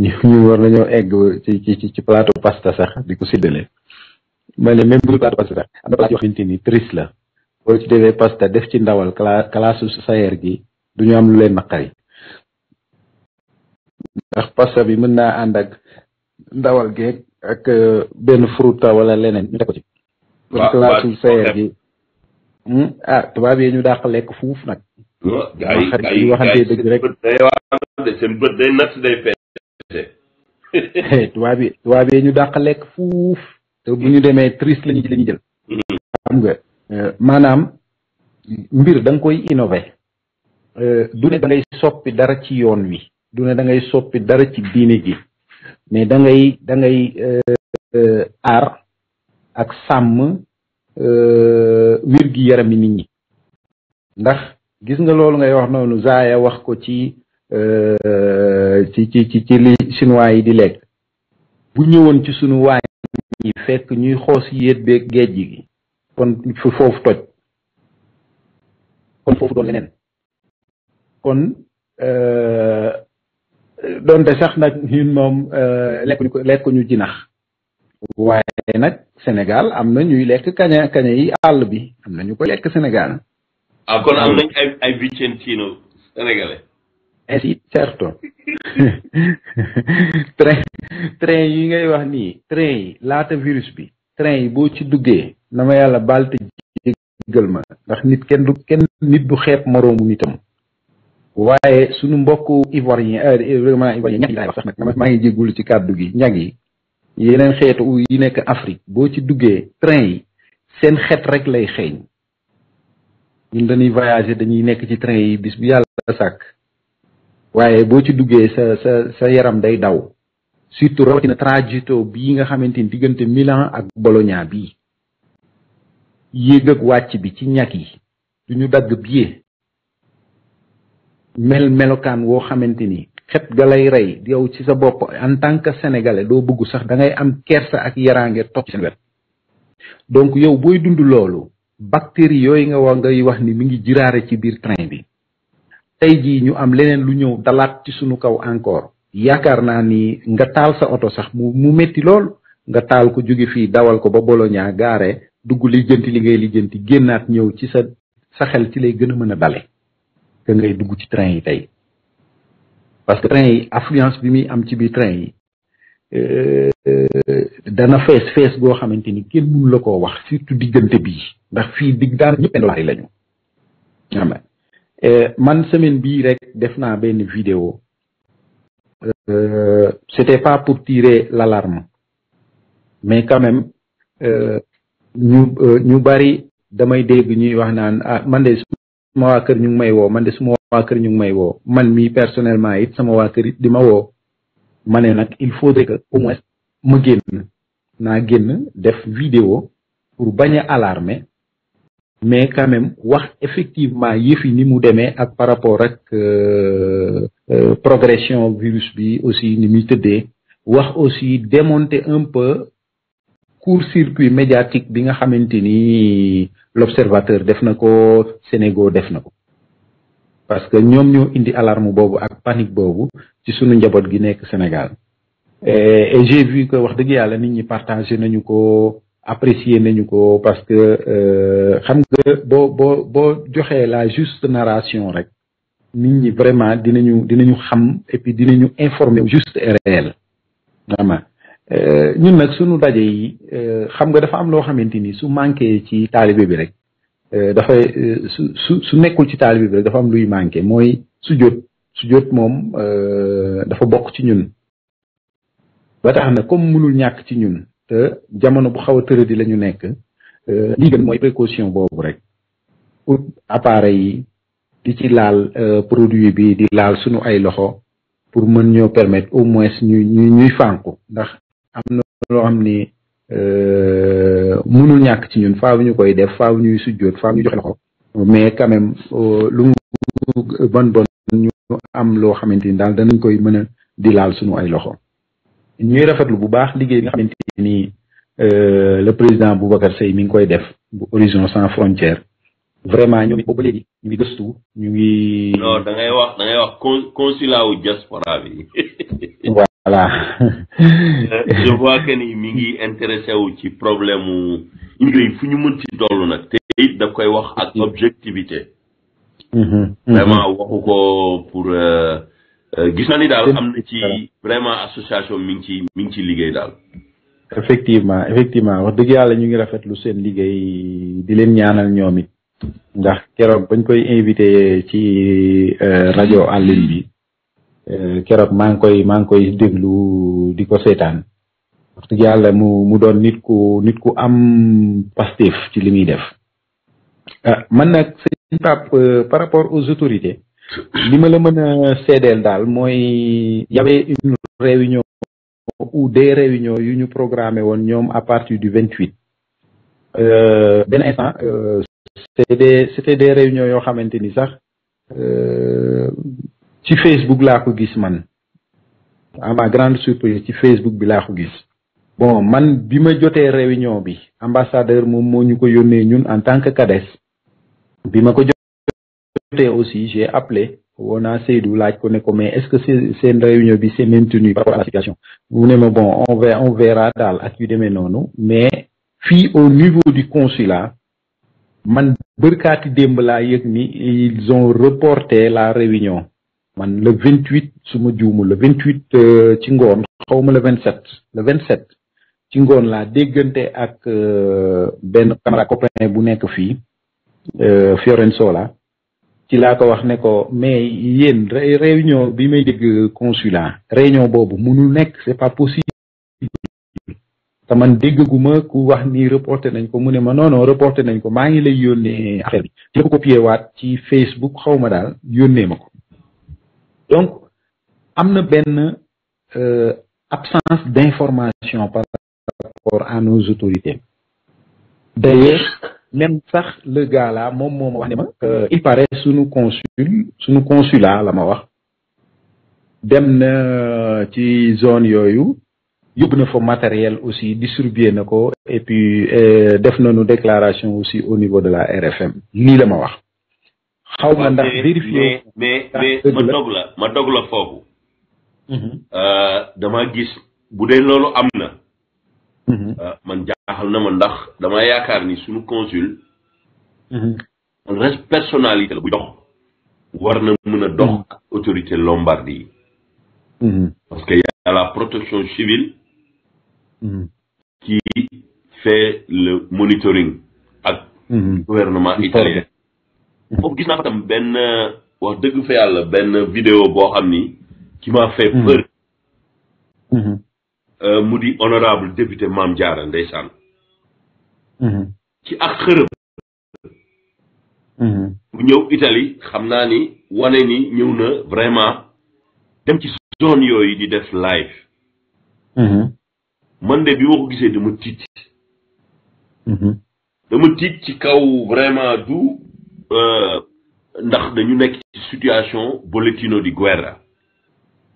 ñu ñu war nañoo egg ci ci ci pasta sax di ko séddale ma ne même bu plateau pasta sax am na plateau yoo xamante ni triste la boo ci defee pasta def ci ndawal classe classe sayer gi duñu am lu leen naqari ndax pasta bi mën naa ànd ak ndawal geeg ak euh, benn fruta wala leneen ñu teg ko ci. waaw classe seer gi hmm? ah tubaab yi ñu dàq lekk fuuf nag. gaa yi gaa yi waxante dëgg rek seen bët day natt day fees. Eh, tubaab yi tubaab yi ñu dàq lekk fuuf te bu ñu demee triste lañu lañu jël. xam nga eh, maanaam mbir da nga koy innover. Eh, du ne da ngay soppi dara ci yoon wi. du ne da ngay soppi dara ci diine gi. mais da ngay da ngay aar. ak sàmm euh, wér gi yaram yi nit ñi ndax gis nga loolu ngay wax noonu zaaya wax ko ci euh, ci ci ci li chinois yi di lekk bu ñëwoon ci sunu waañ yi fekk ñuy xoos yéet beeg géej gi kon foofu toj kon foofu doon leneen kon euh, doonte sax nag ñun moom lekk ñu ñu jinax waaye tey nag Sénégal am na ñuy lekk kaña kaña yi àll bi am na ñu ko lekk Sénégal. ah eh train yi ngay wax nii train yi laata virus bi train yi boo ci duggee na yàlla baal te jéggal ma ndax nit kenn du kenn nit du xeeb moroomu nitam waaye sunu mbokku ivoirien euh, vraiment ivoirien ñag yi laay maa ngi jéggulu ci kàddu gi ñag yi yeneen xeetu yi nekk Afrique boo ci duggee train yi seen xet rek lay xeeñ ñun dañuy voyager dañuy nekk ci train yi bis bu yàlla sàkk waaye boo ci duggee sa sa yaram day daw surtout rawatina trajito bii nga xamante ni diggante Milan ak Bologna bi yéeg ak wàcc bi ci ñàkk yi du ñu dagg billet mel melokaan woo xamante ni xet ga lay rey yow ci sa bop en tant que sénégalais do bëgg sax da ngay am kersa ak yaraange top ci wet donc yow boy dund lolu bactérie yoy nga wa ngay wax ni mi ngi jiraré ci bir train bi tay ji ñu am leneen lu ñew dalat ci suñu kaw encore yaakaar na ni nga taal sa auto sax mu mu metti lool nga taal ko jóge fi dawal ko ba bologna garé dugg jënti li ngay jënti gennat ñew ci sa sa xel ci lay gëna mëna dalé a ngay dugg ci train yi tay parce que train yi affluence bi mi am ci bi train yi euh dana fees fees go xamanteni ni kenn mënu la ko wax surtout diggante bi ndax fii digg daan ñëpp pendulaar yi lañu euh man semaine bi rek def naa benn vidéo euh, c'était pas pour tirer l'alarme mais quand même euh ñu euh, ñu bari damay dégg ñuy wax naan ah man de suma waa kër ñu may wo man de suma waakir ñu ngi may woo man mi personnellement it sama waakir it di ma woo ma ne nag il faudrait que au moins ma génn naa génn def vidéo pour bañ a alarmer mais quand même wax effectivement yëf yi ni mu demee ak par rapport ak euh, euh progression virus bi aussi ni muy tëddee wax aussi démonter un peu court circuit médiatique bi nga xamante ni l' observateur def na ko Sénégal def na ko parce que ñoom ñoo indi alarme boobu ak panique boobu ci suñu njaboot gi nekk Sénégal et j'ai vu que wax dëgg yàlla nit ñi partagé nañu ko apprécier nañu ko parce que euh, xam nga boo boo boo joxe la juste narration rek nit ñi vraiment dinañu dinañu xam et dina dinañu informer juste et réel vraiment euh, ñun nag suñu daje yi euh, xam nga dafa am loo xamante ni su manqué ci taalibe bi rek Euh, dafay euh, su su su nekkul ci taalibe bi rek dafa am luy manqué mooy sujjóot sujjóot moom euh, dafa bokk ci ñun ba tax na comme mënul ñàkk ci ñun te jamono bu xaw a tëradi la ñu nekk lii gën mooy précaution boobu rek pour appareil yi di ci laal produit bi di laal suñu ay loxo pour mën ñoo permettre au moins ñu ñuy fànku ndax am na loo xam ni Euh, mënul ñàkk ci ñun faaw ñu koy def faa ñuy sujjoot faa ñu joxe loxo mais quand euh, lu mu bon bon am loo xamante ni daal danañ koy mën a di laal suñu ay loxo ñuy rafetlu bu baax liggéey nga xamante ni euh, le président Boubacar Seye mi ngi koy def bu Horizon Sans Frontières vraiment ñoom boobu léegi ñu ngi gëstu ñu ngi. non da ngay wax da ngay wax voilà. Euh, mi ngi intéressé wu ci problème mu immigré fu ñu mën ci dollu nag te daf koy wax ak objectivité. Mm-hmm. Mm-hmm. vraiment waxu ko pour euh, euh, gis na ni daal am na ci vraiment association mi ngi ci mi ngi ci liggéey daal. effectivement effectivement dëgg yàlla ñu ngi rafetlu seen liggéey di leen ñaanal ñoom it ndax keroog bañ koy invité ci rajo en bi. Euh, keroog maa ngi koy maa ngi koy déglu di ko seetaan mu mu doon nit ku nit ku am pastéef ci li muy def ah man nag euh, par rapport aux autorités li ma la mën a seedeel daal mooy y avait une réunion yu ñu programmé woon ñoom à partir du vingt huit euh, benn instant c'était des c'était des réunions yoo xamante ni sax ci Facebook l'a ko gis man à ma grande surprise ci Facebook bi la ko gis bon man bima joté réunion bi ambassadeur mom moo ñu ko ñun en tant que CADES bima ko joté aussi j'ai appelé woo naa Seydou laj ko né ko mais est-ce que cette réunion bi c'est maintenu par rapport à la situation Vous ne bon on verra on verra dal ak yu démé nonou mais fi au niveau du consulat man bërkaati dembla laa ni ils ont reporté la réunion man le vingt huit su ma juumul vingt huit euh, ci ngoon xaw ma le vingt sept la vingt sept ci ngoon laa déggante ak euh, benn camarade copain bu nekk fii euh, Fiorenzo la ci laa ko wax ne ko mais yéen réunion bi may dégg consulat réunion boobu mënul nekk c'est pas possible te man déggaguma ku wax ni reporté nañ ko mu ne ma non non nañ ko maa ngi lay yónnee affaire bi ci la ko copié waat ci Facebook xaw ma daal yónnee ma ko donc y a une absence d'information par rapport à nos autorités d'ailleurs même ça, le gars là euh, il paraît que consul nos consulat la ma wax dem na ci zone yooyu yóbbu na matériel aussi distribuer nako et puis euh, def nos déclaration aussi au niveau de la RFM ni la ma wax xaw ma ndax vérifié mais mais ma dog la ma dog la foofu mhm. euh, dama gis bu dee loolu am na mhm. euh, man jaaxal na ma ndax dama yaakaar ni suñu consul mhm. res personnalité la bu dox war na mën a dox autorité Lombardie parce que y la protection civile qui fait le monitoring ak gouvernement italien foofu gis naa fa tam benn euh, wax dëgg fa yàlla benn vidéo boo xam ni qui m'a fait mm-hmm. peur mm-hmm. Euh, mu di honorable député Mame Diarra ndeysaan mm-hmm. ci ak xërëb bu ñëw Italie xam naa ni wane ni ñëw na vraiment dem ci zone yooyu di def live man de bi ma ko gisee dama tiit dama tiit ci kaw vraiment du Euh, ndax dañu nekk ci situation boletino di guerre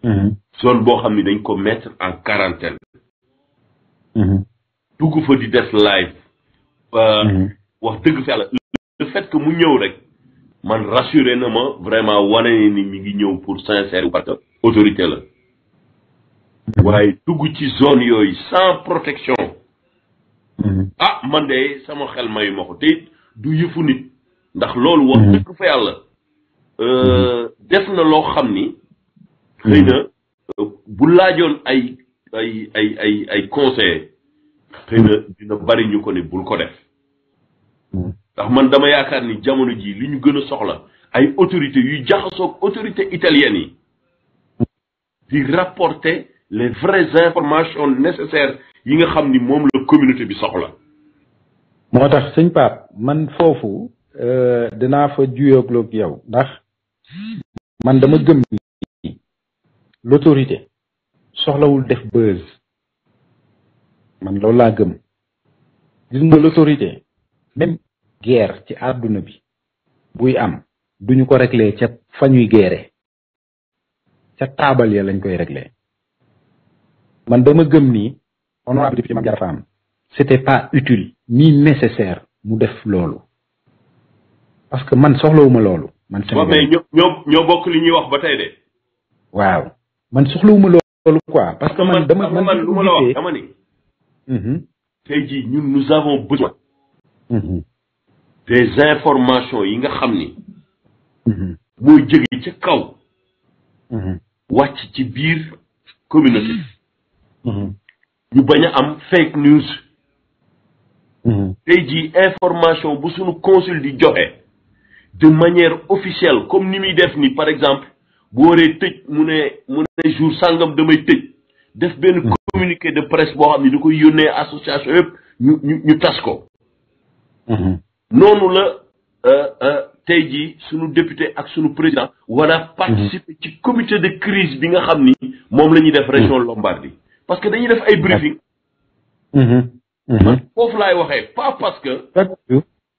mhm. zone boo xam ni dañ ko mettre en quarantaine mhm. dugg fa di def live euh, mhm. wax dëgg fi yàlla le fait que mu ñëw rek man rassuré na ma vraiment wane ni mi ngi ñëw pour sincère parce que autorité la waaye dugg ci zone yooyu sans protection ah man de sama xel mayu ma ko te du yëfu nit ndax loolu wax dëgg fa yàlla euh, def na loo xam ni xëy na euh, bu laajoon ay ay ay ay ay conseil xëy na dina bari ñu ko ni bul ko def ndax man dama yaakaar ni jamono ji li ñu gën a soxla ay autorité yuy jaxasoog autorité italienne yi di rapporter les vraies informations nécessaires yi nga xam ni moom la communauté bi soxla moo tax sëñ Pape man foofu Euh, dinaa fa juyoogloog yow ndax man dama gëm ni l'autorité soxlawul def buzz man loolu laa gëm gis nga l'autorité même guerre ci àdduna bi buy am duñu ko régler ca fa ñuy guerre ca taabal ya lañ koy régler man dama gëm ni honorable député Mame Diarra Fam c'était pas utile ni nécessaire mu def loolu parce que man soxlawuma loolu. man Sénégal ñoo ñoo bokk li ñuy wax ba tey de. waaw man soxlawuma loolu quoi. parce que man dama man lu ma la wax dama ni. Mhm. tey jii nous avons besoin. Mhm. des informations yi nga xam ni. Mhm. mooy jóge ca kaw. wàcc ci biir communauté. ñu bañ a am fake news. tey jii information bu sunu consul di joxe. de manière officielle comme nous l'avons par exemple vous avez un jour, jour hmm. communiqué de presse association nous nous nous nous nous député hmm. comité de crise nous hmm. Lombardie parce que avons fait un briefing pas parce que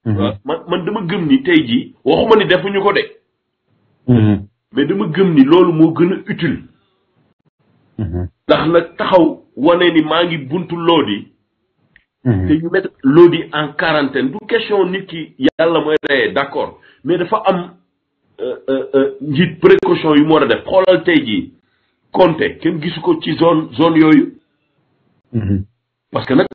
Mhm. man man dama gëm ni tey jii waxuma ni defuñu ko de. Mhm. mais dama gëm ni loolu moo gën a utile. Mhm. ndax na taxaw wane ni maa ngi buntu Lodi. te ñu mettre Lodi en quarantaine du question nit ki yàlla mooy reyee d'accord mais dafa am euh, euh, euh, njiit précaution yu mu war a def xoolal tey jii Conte kenn gisu ko ci zone zone yooyu. parce que nag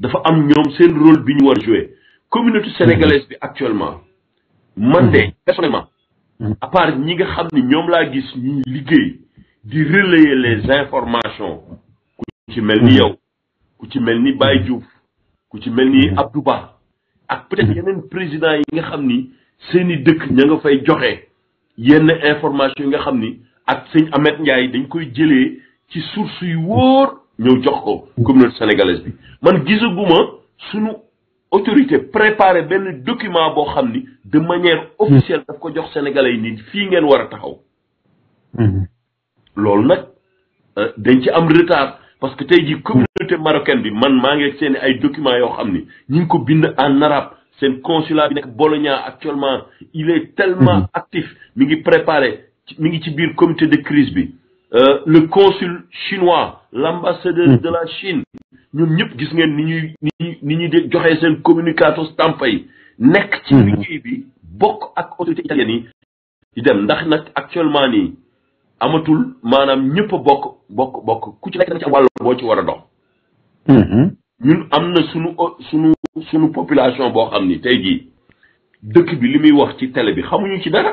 dafa am ñoom seen rôle bi ñu war jouer communauté sénégalaise bi actuellement man de mhm. personnellement mhm. à part ñi nga xam ni ñoom laa gis ñu liggéey di relayer les informations ku ci mel ni mhm. yow ku ci mel ni Baye Diouf ku ci mel ni Abdou ak peut-être yeneen président yi nga xam ni seeni dëkk ña nga fay joxe yenn information yi nga xam ni ak sëñ Ahmed Ndiaye dañ koy jëlee ci source yu wóor ñëw jox ko communauté sénégalaise bi man gisuguma suñu autorité préparé ben document bo xamni de manière hmm. officielle daf ko jox sénégalais yi fi ngeen wara taxaw hmm. lool nak euh, dañ ci am retard parce que tey jii hmm. communauté marocaine bi man maa ngi seen ay document yo xamni ni ko bind en arabe sen consulat bi nek Bologna actuellement il est tellement actif mi ngi préparer mi ngi ci biir comité de crise bi Euh, le consul chinois l'ambassadeur hmm. de la Chine ñoom ñëpp gis ngeen ni ñuy ni ñuy ni ñuy de joxee seen communicato stampa yi nekk ci hmm. liggéey bi bokk ak autorité italienne di dem ndax nag actuellement nii amatul maanaam ñëpp bokk bokk bokk ku ci nekk ci wàll boo ci war a dox hmm. ñun am na sunu sunu sunu population boo xam ni tey jii dëkk bi li muy wax ci tele bi xamuñu ci dara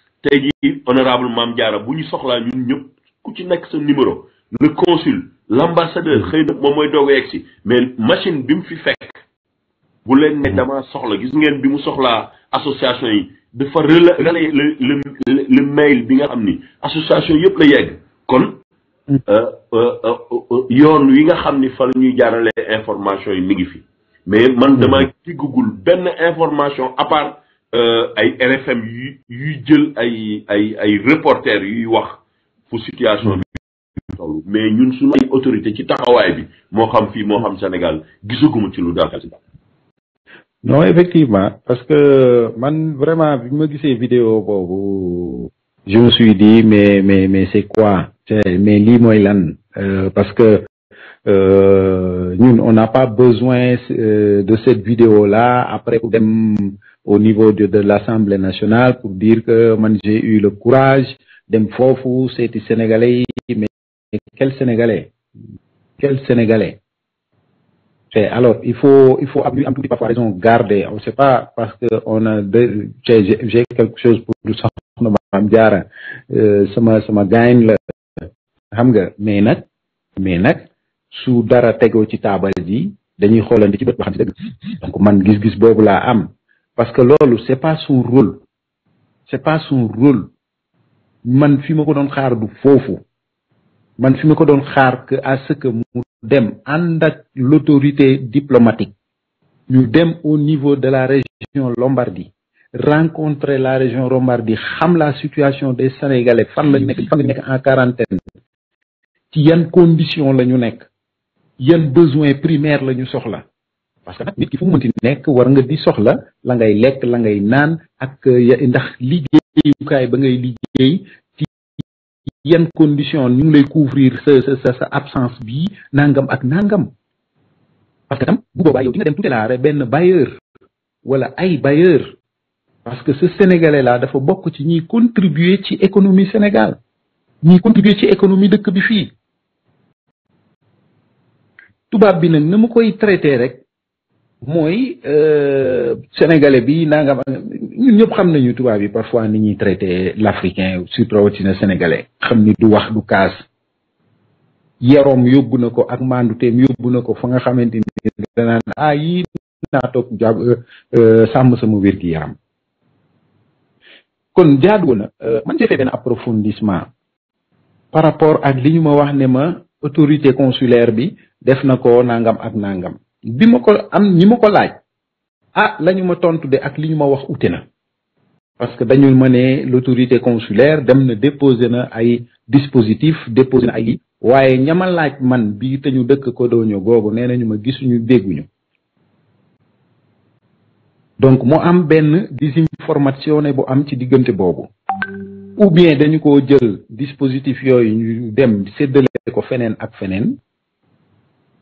tey jii honorable Mam Diara buñu soxla ñun ñëpp ku ci nekk sa numéro le consul l'ambassadeur xeyna mm-hmm. xëy na moom mooy mais machine bi mu fi fekk bu leen né mm-hmm. dama soxla gis ngeen bi mu soxlaa association yi dafa relayer le le mail bi nga xamni association yëpp la yegg kon mm-hmm. euh, euh, euh, euh yoon wi nga xamni fa la ñuy jaarale information yi mi ngi fi mais man dama diggagul ben information à part Euh, ay nfm yu jel ay reporter yu yu wak pou sityasyon men yon sou la yi otorite ki takawa ebi, mokham fi, mokham sanegal gizou koumoutilou dal kaseba non, efektivman paske man vreman mwen gise video pou joun sou di, men se kwa men li mwen lan paske yon an pa bezwen de set video la apre pou demm au niveau de, de l'Assemblée nationale pour dire que j'ai eu le courage dem c'est du sénégalais mais quel sénégalais quel sénégalais alors il faut il faut am tuuti parfois raison garder on sait pas parce que on a j'ai quelque chose pour soxna maam jaara euh, sama sama gaañ la xam nga mais nag mais nag su dara tegoo ci taabal ji dañuy xoolandi ci bët ba xam si donc man gis-gis boobu la am parce que loolu c'est pas son rôle c'est pas son rôle man fi ma ko xaar du Je man fi pas ko xaar que à ce que mu dem andak l'autorité diplomatique nous dem au niveau de la région Lombardie rencontrer la région Lombardie xam la situation des Sénégalais fan la quarantaine, fan la a en quarantaine ci yane condition la ñu nekk yan besoin primaire la ñu soxla parce que nag nit ki fu mu nek war nga di soxla la ngay lek la ngay nan ak ya, ndax kay ba ngay liggéey ci yan condition ñu ngi lay couvrir sa sa sa absence bi nangam ak nangam parce que tam bu boobaa yow di nga dem re ben bailleur wala ay bailleur parce que ce sénégalais là dafa bok ci ñi contribuer ci économie Sénégal ñi contribuer ci économie dekk bi fi tubab bi nak namu koy traiter rek Moi euh, sénégalais bi nangam ñun ñëpp xam nañu tubaab yi parfois ni ñuy traité l' africain surtout rawatina sénégalais xam ni du wax du kaas yaroom yóbbu na ko ak manduteem yóbbu na fa nga xamante ni danaan ah yii naa toog jàpp euh, euh, sàmm sama wér gi yaram kon jaadu man ci benn approfondissement par rapport ak ma wax ne ma autorité consulaire bi def ko nangam ak nangam bi ma ko am ñi ma ko laaj a ah, la ma tontu de ak li ñu ma wax ute na parce que dañu ma ne l'autorité consulaire dem na déposé na ay dispositif déposé na ay waaye ñama laaj man bi te ñu dëkk ko dooñu googu nee nañu ma gisuñu dégguñu donc moo am benn désinformation ne bu am ci diggante boobu ou bien dañu ko jël dispositif yooyu ñu dem séddale ko feneen ak feneen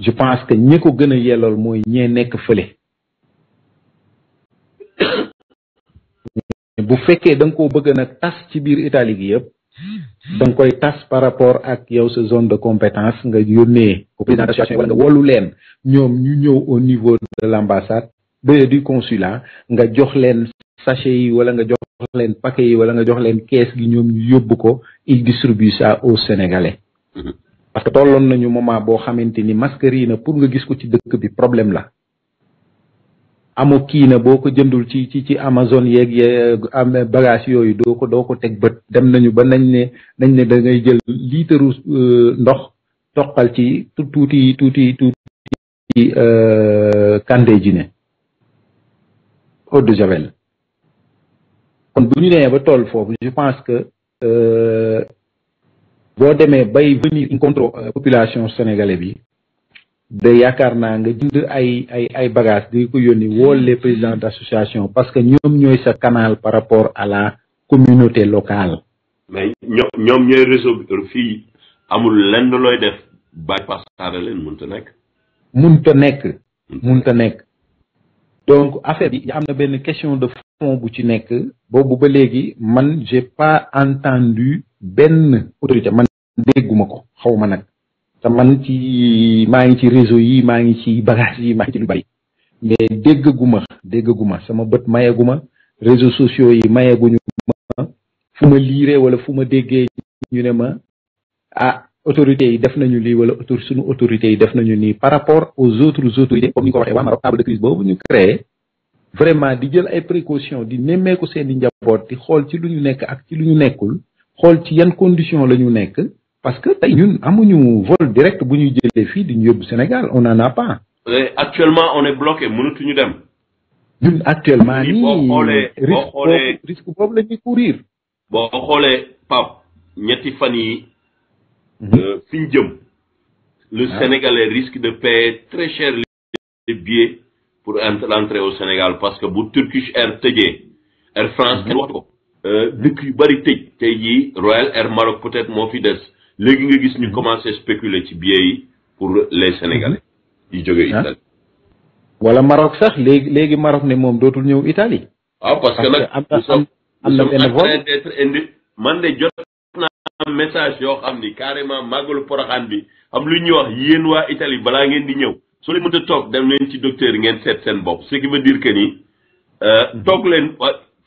je pense que ñeko ko gën moy ñé nek ñee bu féké dang ko bëgg vous tas ci biir Italie koy tas par rapport ak yow zone de compétence nga yonne. au président wala nga au niveau de l'ambassade de du consulat nga jox leen sachet yi wala nga jox paquet yi wala nga jox il distribue ça au Sénégalais mm-hmm. parce que tolloon nañu moment boo xamante ni mascarine na pour nga gis ko ci dëkk bi problème la amu kii na boo ko jëndul ci ci ci Amazon yeeg yeeg am bagage yooyu doo ko doo ko teg bët dem nañu ba nañ ne nañ ne da ngay jël liitaru euh, ndox toqal ci tuuti tuuti tuuti euh, kande ji ne eau de javel kon bu ñu nee ba toll foofu je pense que euh, boo demee bay venir contre euh, population sénégalaise. bi de yakarna nga jënd ay ay ay bagages di ko yoni wool les présidents d'association parce que ñom ñoy sa canal par rapport à la communauté locale. mais ñom ñoy ñooy réseau bi amul lenn loy def bypass leen mënut a nekk. mënut a nek donc affaire bi amna na question de fond bu ci nek bobu ba légui man j'ai pas entendu. benn autorité man dégguma ko xaw ma nag te man ci maa ngi ci réseau yi maa ngi ci bagage yi maa ngi ci lu bay mais déggaguma déggaguma sama bët mayaguma réseau sociaux yi mayaguñu ma fu ma liiree wala fu ma déggee ñu ne ma ah autorités yi def nañu lii wala autor suñu autorités yi def nañu nii par rapport aux autres autorités comme ni ko waxee waa Maroc table de crise boobu ñu créé vraiment di jël ay précautions di nemmeeku seen i njaboot di xool ci lu ñu nekk ak ci lu ñu nekkul y a une condition lañu nekk parce que tay ñun amuñu vol direct bu ñuy jëlé fi di Sénégal on en a pas. actuellement on est bloqué ñu dem. ñun actuellement ni risque risque de courir. bo xolé ñetti mhm. euh, le ah. Sénégalais risque de payer très cher les billets pour entrer au Sénégal parce que bu Turkish Air tëjee Air France mhm. est Euh, dëkk yu bari tëj tey jii Royal Air Maroc peut-être moo fi des léegi nga gis ñu commencé spéculer ci billets yi pour les sénégalais yi jóge ah. Italie. wala Maroc sax léegi léegi Maroc ne moom dootul ñëw Italie. waaw ah, parce que nag am na vol indi man de jot naa message yoo xam ni carrément màggalu poroxaan bi am lu ñuy wax yéen waa Italie balaa ngeen di ñëw soo leen mënta toog dem leen ci docteur ngeen seet seen bopp ce qui veut dire que ni euh, toog leen.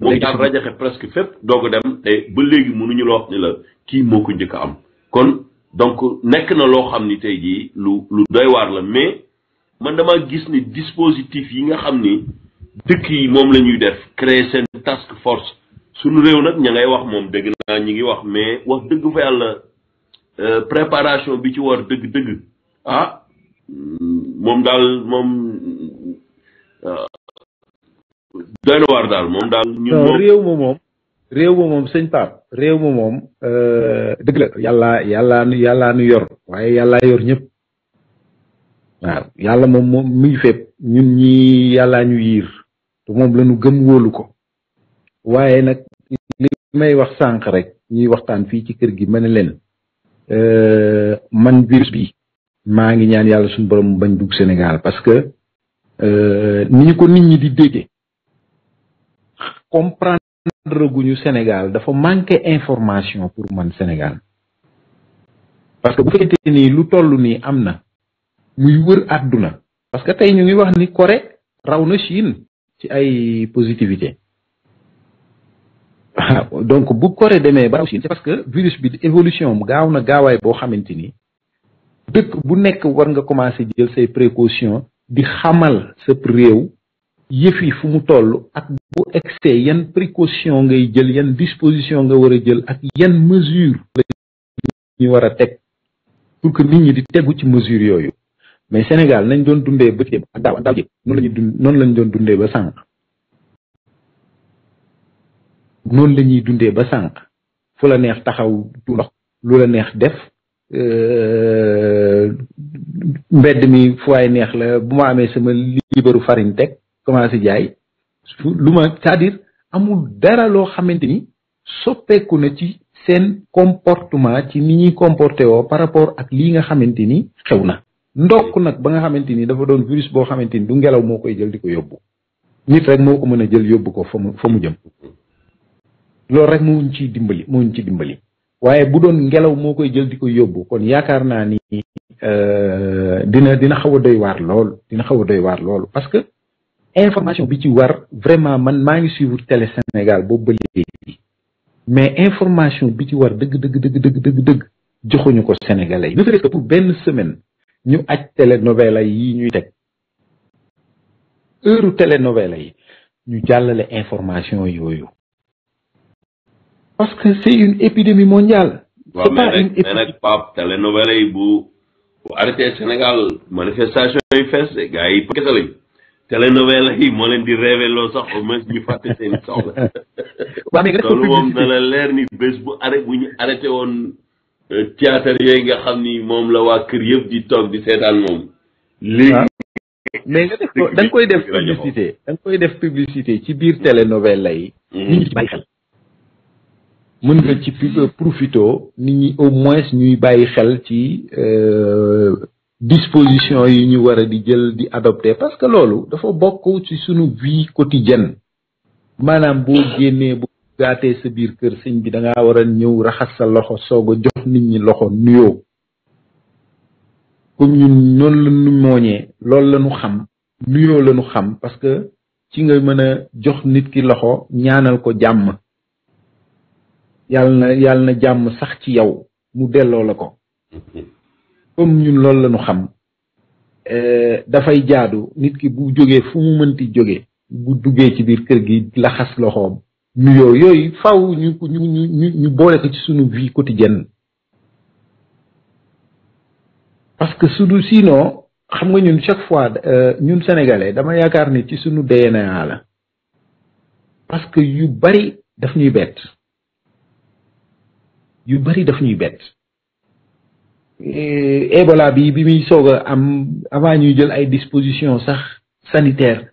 léegi daal rajaxe presque fépp doog a dem te ba léegi mënuñu la wax ni la kii moo ko njëkk am kon donc nekk na loo xam ni tey gii lu lu doy waar la mais man damaa gis ni dispositif yi nga xam ni dëkk yi moom la ñuy def créer seen task force suñu réew nag ña ngay wax moom dëgg naa ñi ngi wax mais wax dëgg fa yàlla euh, préparation bi ci war dëgg-dëgg ah mm, moom daal moom euh, doy daal moom daal. réew ma moom. réew ma moom sëñ Pape réew ma moom euh, dëgg la yàlla yàlla nu yor waaye yàlla yor ñëpp waaw yàlla moom moom mi ngi fépp ñun ñi yàllaa ñu yiir te moom la ñu gëm wóolu ko waaye nag may wax sànq rek ñuy waxtaan fii ci kër gi ma ne leen euh, man virus bi maa ngi ñaan yàlla suñ borom bañ dugg Sénégal parce que euh, ni ñu ko nit ñi di déggee. comprendre guñu Sénégal dafa manquer information pour man Sénégal parce que bu fekkente ni lu tollu ni amna muy wër aduna parce que tay ñu ngi wax ni Corée raw na Chine ci ay positivité donc bu Corée démé ba raw Chine c'est parce que virus bi évolution mu gaaw na gaaway bo xamanteni dëkk bu nekk war nga commencé jël say précaution di xamal sa réew yëf yi fu mu toll ak bu excès yan précaution ngay jël yan disposition nga war a jël ak yenn mesure la ñu war a teg pour que nit ñi di tegu ci mesure yooyu mais Sénégal nañ doon dundee ba ceeb ak daaw lañu dund noonu lañ doon dundee ba sànq noonu la dundee ba sànq fu la neex taxaw du lu la neex def euh, mbedd mi fu waay neex la bu ma amee sama liibaru fariñ teg commencé jaay lu ma c'est-à-dire amul dara loo xamante ni soppeeku na ci seen comportement ci ni ñuy comporté woo par rapport ak lii nga xamante ni xew na ba nga xamante dafa doon virus boo xamante ni du ngelaw moo jël di ko yóbbu nit rek moo ko mën a jël yóbbu ko fa mu fa mu jëm loolu rek moo ñu ciy dimbali moo ñu ci dimbali waaye bu doon ngelaw moo jël di ko kon yaakaar naa ni euh, dina dina xaw a doy waar lool dina xaw a doy waar lool parce que information bi ci war vraiment man maa ngi suivre télé Sénégal bo ba léegi mais information bi ci war deug deug deug deug deug dëgg joxuñu ko Sénégalais yi ne serait que pour ben semaine ñu acc télé novela yi ñuy teg heure novela yi ñu jàllale information yoyu parce que c'est une épidémie mondiale c'est pas une épidémie mais nag Pape télénovela yi bu bu Sénégal manifestation yi fees gars yi kese télénovela yi moo leen di révéloo sax au moins ñu fàtte seen soxla. waa léegi loolu moom na la leer ni bés bu arrêté bu ñu arrêté woon euh, théâtre moom la waa kër yëpp di toog di seetaan moom. léegi ah. mais nga def ko da koy def publicité da koy def publicité ci biir télénovela yi. Mm. nit ñi ci bàyyi xel. mën nga ci euh, profito nit ñi au moins ñuy bàyyi xel ci. Euh, disposition yi ñu war a di jël di adopté parce que loolu dafa bokk ci suñu vie quotidienne maanaam boo génnee bu gaatee sa biir kër sëñ bi danga ngaa war a ñëw raxas sa loxo soog a jox nit ñi loxo nuyoo comme ñun noonu la mooñee loolu la ñu xam nuyoo la ñu xam parce que ci nga mën a jox nit ki loxo ñaanal ko jàmm yàlla na yàlla na jàmm sax ci yow mu delloo la ko. comme ñun loolu la ñu xam euh, dafay jaadu nit ki bu jógee fu mu mënti jógee bu duggee ci biir kër gi laxas loxoom nuyoo yooyu faw ñu ñu ñu ñu boole ko ci suñu vie quotidienne parce que su du sinon xam nga ñun chaque fois euh, ñun sénégalais dama yaakaar ni ci suñu DNA la parce que yu bari daf ñuy bett yu bari daf ñuy bett Euh, Ebola bi bi muy soog am avant ñuy jël ay dispositions sax sanitaires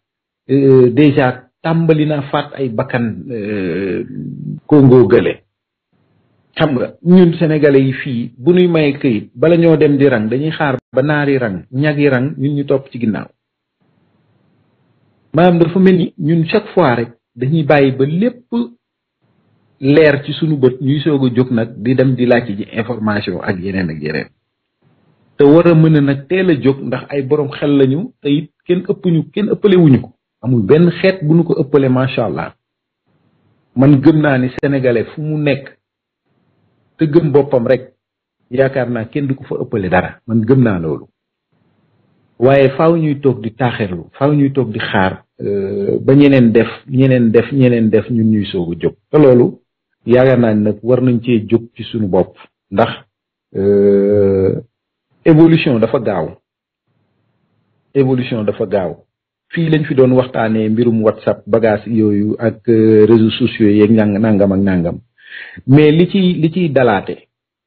euh, déjà tàmbali na faat ay bakkan euh, Congo gële xam nga ñun sénégalais yi fii bu nuy maye këyit bala ñoo dem di rang dañuy xaar ba naari rang ñagi rang ñun ñu topp ci ginnaaw maanaam dafa mel ni ñun chaque fois rek dañuy bàyyi ba lépp leer ci sunu bët ñuy soog a jóg nag di dem di laajte ji information ak yeneen ak yeneen te war mën a nag teel a jóg ndax ay borom xel lañu te kenn ëpp ñu kenn ëppale ko amul benn xeet bu ñu ko ëppale macha allah man gëm naa ni sénégalais fu mu nekk te gëm boppam rek yaakaar naa kenn du ko fa ëppale dara man gëm naa loolu waaye faaw ñuy toog di taaxirlu faw ñuy toog di xaar euh, ba ñeneen def ñeneen def ñeneen def ñun ñuy soog a jóg te loolu yaakaar naa ni nag war nañ cee jóg ci suñu bopp ndax euh, évolution dafa gaaw évolution dafa gaaw fii lañ fi doon waxtaanee mbirum whatsapp bagage yooyu ak euh, réseaux sociaux yeeg ñàng nangam ak nangam mais li ciy li ciy dalaate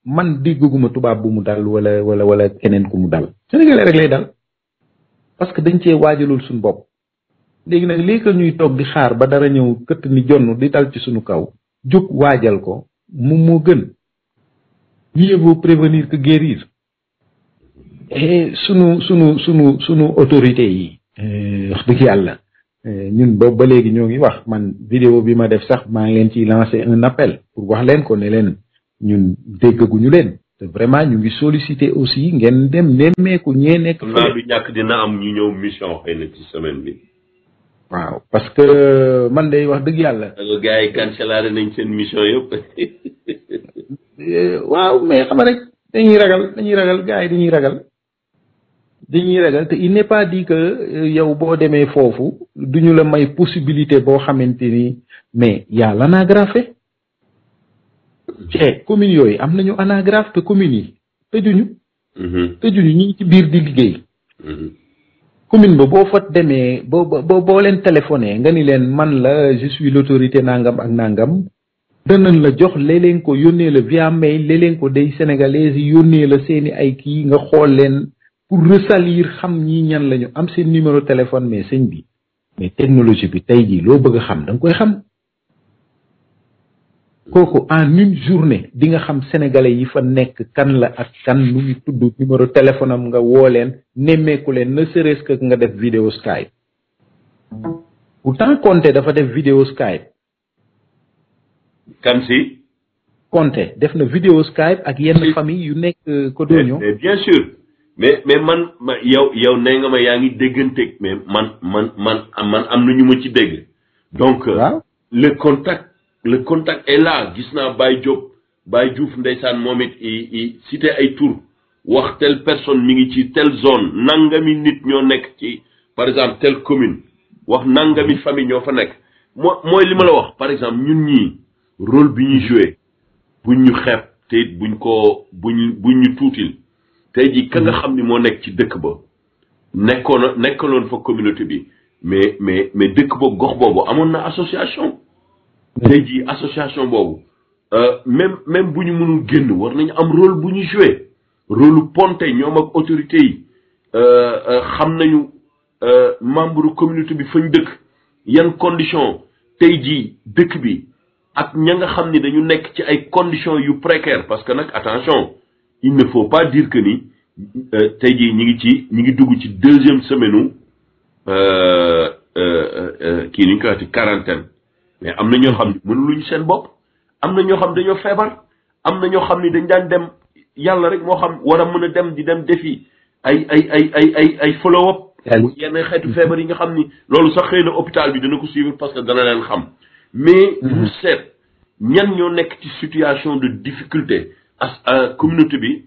man di dégguma tubaab bu mu dal wala wala wala keneen ku mu dal sénégalais rek lay dal parce que dañ cee waajalul suñu bopp léegi nag lii que ñuy toog di xaar ba dara ñëw këtt ni jonn di dal ci suñu kaw jóg waajal ko moom moo gën mieux vaut prévenir que guérir et eh, sunu sunu sunu sunu autorité yi eh, wax dëgg yàlla eh, ñun boobu ba léegi ñoo ngi wax man vidéo bi ma def sax maa ngi leen ciy lancer un appel pour wax leen ko ne leen ñun déggaguñu leen te vraiment ñu ngi solliciter aussi ngeen dem nemmeeku ñee nekk. du ñàkk dina am ñu ñëw mission xëy ci semaine bi. waaw parce que man day wax dëgg yàlla. alors gars yi cancellé nañ seen mission yëpp. waaw mais xam rek dañuy ragal dañuy ragal gars yi dañuy ragal. dañuy ragal te il n'est pas dit que euh, yow boo demee foofu du ñu la may possibilité boo xamante ni mais yàlla anagrafe. te communes yooyu am nañu anagrafe te communes yi tëjuñu. Mm-hmm. tëjuñu ñu ngi ci biir di liggéey. Mm-hmm. commune ba boo fa demee boo boo boo leen téléphoné nga ni leen man la je suis l'autorité nangam ak nangam danañ la jox léeg ko yónnee la via mail léeg-léeg ko day sénégalais yi yónnee la seeni ay kii nga xool leen pour resalir xam ñi ñan la ñu am seen numéro téléphone mais sëñ bi mais technologie bi tey jii loo bëgg xam da koy xam kooku en une journée di nga xam sénégalais yi fa nekk kan la ak kan lu ñu tudd numéro téléphone am nga woo leen nemmeeku leen ne serait-ce nga def vidéo Skype pourtant Conte dafa def vidéo Skype kan si def na vidéo Skype ak yenn famille yu nekk euh, Codogno bien sûr mais mais man ma yow yow nee nga ma yaa ngi dégganteeg mais man man man man am na ñu ma ci dégg donc le contact le contact est là gis naa Baye Diop Baye Diouf ndeysaan momit it i cité ay tour wax telle personne mi ngi ci telle zone nangami nit ño nek ci par exemple telle commune wax nangami famille ño fa nek moy lima la wax par exemple ñun ñi rôle bi ñuy jouer buñ ñu xeeb te buñ ko buñ buñ ñu tuutil tay ji ka nga xam ni moo ci dëkk ba nekkoon nekkaloon fa communauté bi mais mais mais dëkk ba gox boobu amoon na association tey association boobu euh, même même buñu mënu mënul war nañ am rôle buñu jouer joué rôle ponte ñom ak autorité yi euh, euh, xam nañu membre communauté bi fañ dëkk yan condition tay jii dëkk bi ak ña nga xam ni dañu nekk ci ay conditions yu précaire parce que nak attention il ne faut pas dire que ni tay jii ñi ngi ci ñi ngi dugg ci deuxième semaine euh kii ni ñu quarantaine mais am na ñoo xam ne mënuluñ seen bopp am na ñoo xam dañoo feebar am na ñoo xam ni dañ daan dem yàlla rek moo xam war mën a dem di dem defi ay ay ay ay ay ay follow up yenn xeetu feebar yi nga xam ni loolu sax xëy na hôpital bi dana ko suivre parce que dana leen xam mais mm-hmm. ñu seet ñan ñoo nekk ci situation de difficulté a communauté bi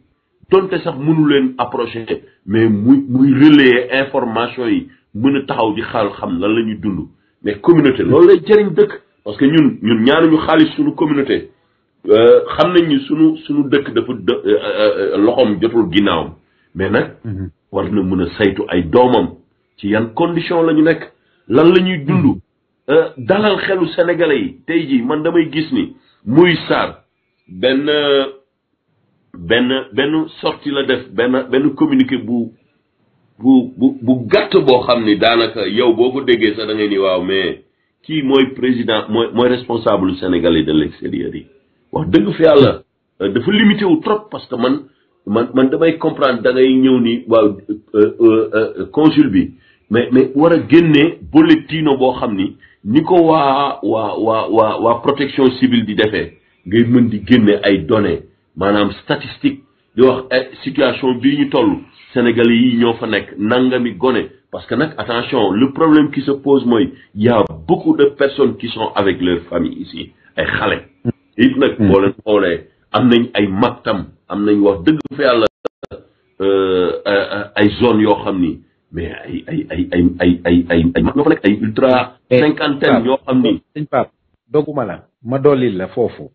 donte sax mënu leen approché mais muy muy relayer information yi mën a taxaw di xaal xam lan la ñuy dund mais communauté loolu lay jëriñ dëkk parce que ñun ñun ñaanuñu xaalis suñu communauté euh, xam nañ ni suñu suñu dëkk dafa euh, euh, loxoom jotul ginnaawam mais nag mhm. war na mën a saytu ay doomam ci yan condition la ñu nekk lan la ñuy dund mhm. dalal xelu sénégalais yi tey jii man damay gis ni muy saar benn benn benn sortie la def benn benn communiqué bu bu bu bu gàtt boo xam ni daanaka yow boo ko déggee sax da ni waaw mais kii mooy président mooy mooy responsable sénégalais de l' extérieur yi wax dëgg fi àlla euh, dafa limité wu trop parce que man man man damay comprendre da ngay ñëw ni waaw euh, euh, consul bi mais mais war a génnee boletino boo xam ni ni ko waa waa waa waa waa protection civile di defee ngay mën di génne ay données maanaam statistique di eh, situation bii ñu Sénégalais yi ñoo fa nangami goné parce que nag attention le problème qui se pose il y a beaucoup de personnes qui sont avec leur famille ici ay xale. it nag hmm. boo leen xoolee am nañ ay mag tam am nañ wax dëgg fa euh, euh, ay zone yoo xam mais ay ay ay ay ay ay ñoo fa nekk ay ultra eh, cinquantaine ñoo xam ni. Eh, sëñ Pape doguma la ma dolli la foofu.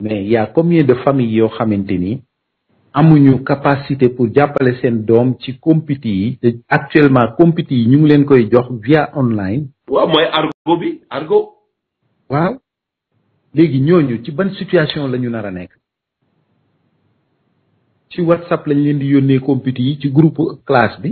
mais y a combien de familles yoo xamante ni. amuñu capacité pour jàppale seen doom ci compiti yi te actuellement compiti yi ñu ngi leen koy jox via online waaw mooy argo bi argo waaw léegi ñooñu ci ban situation lañu ñu nar a nekk ci whatsapp lañ leen di yónnee compiti yi ci groupe classe bi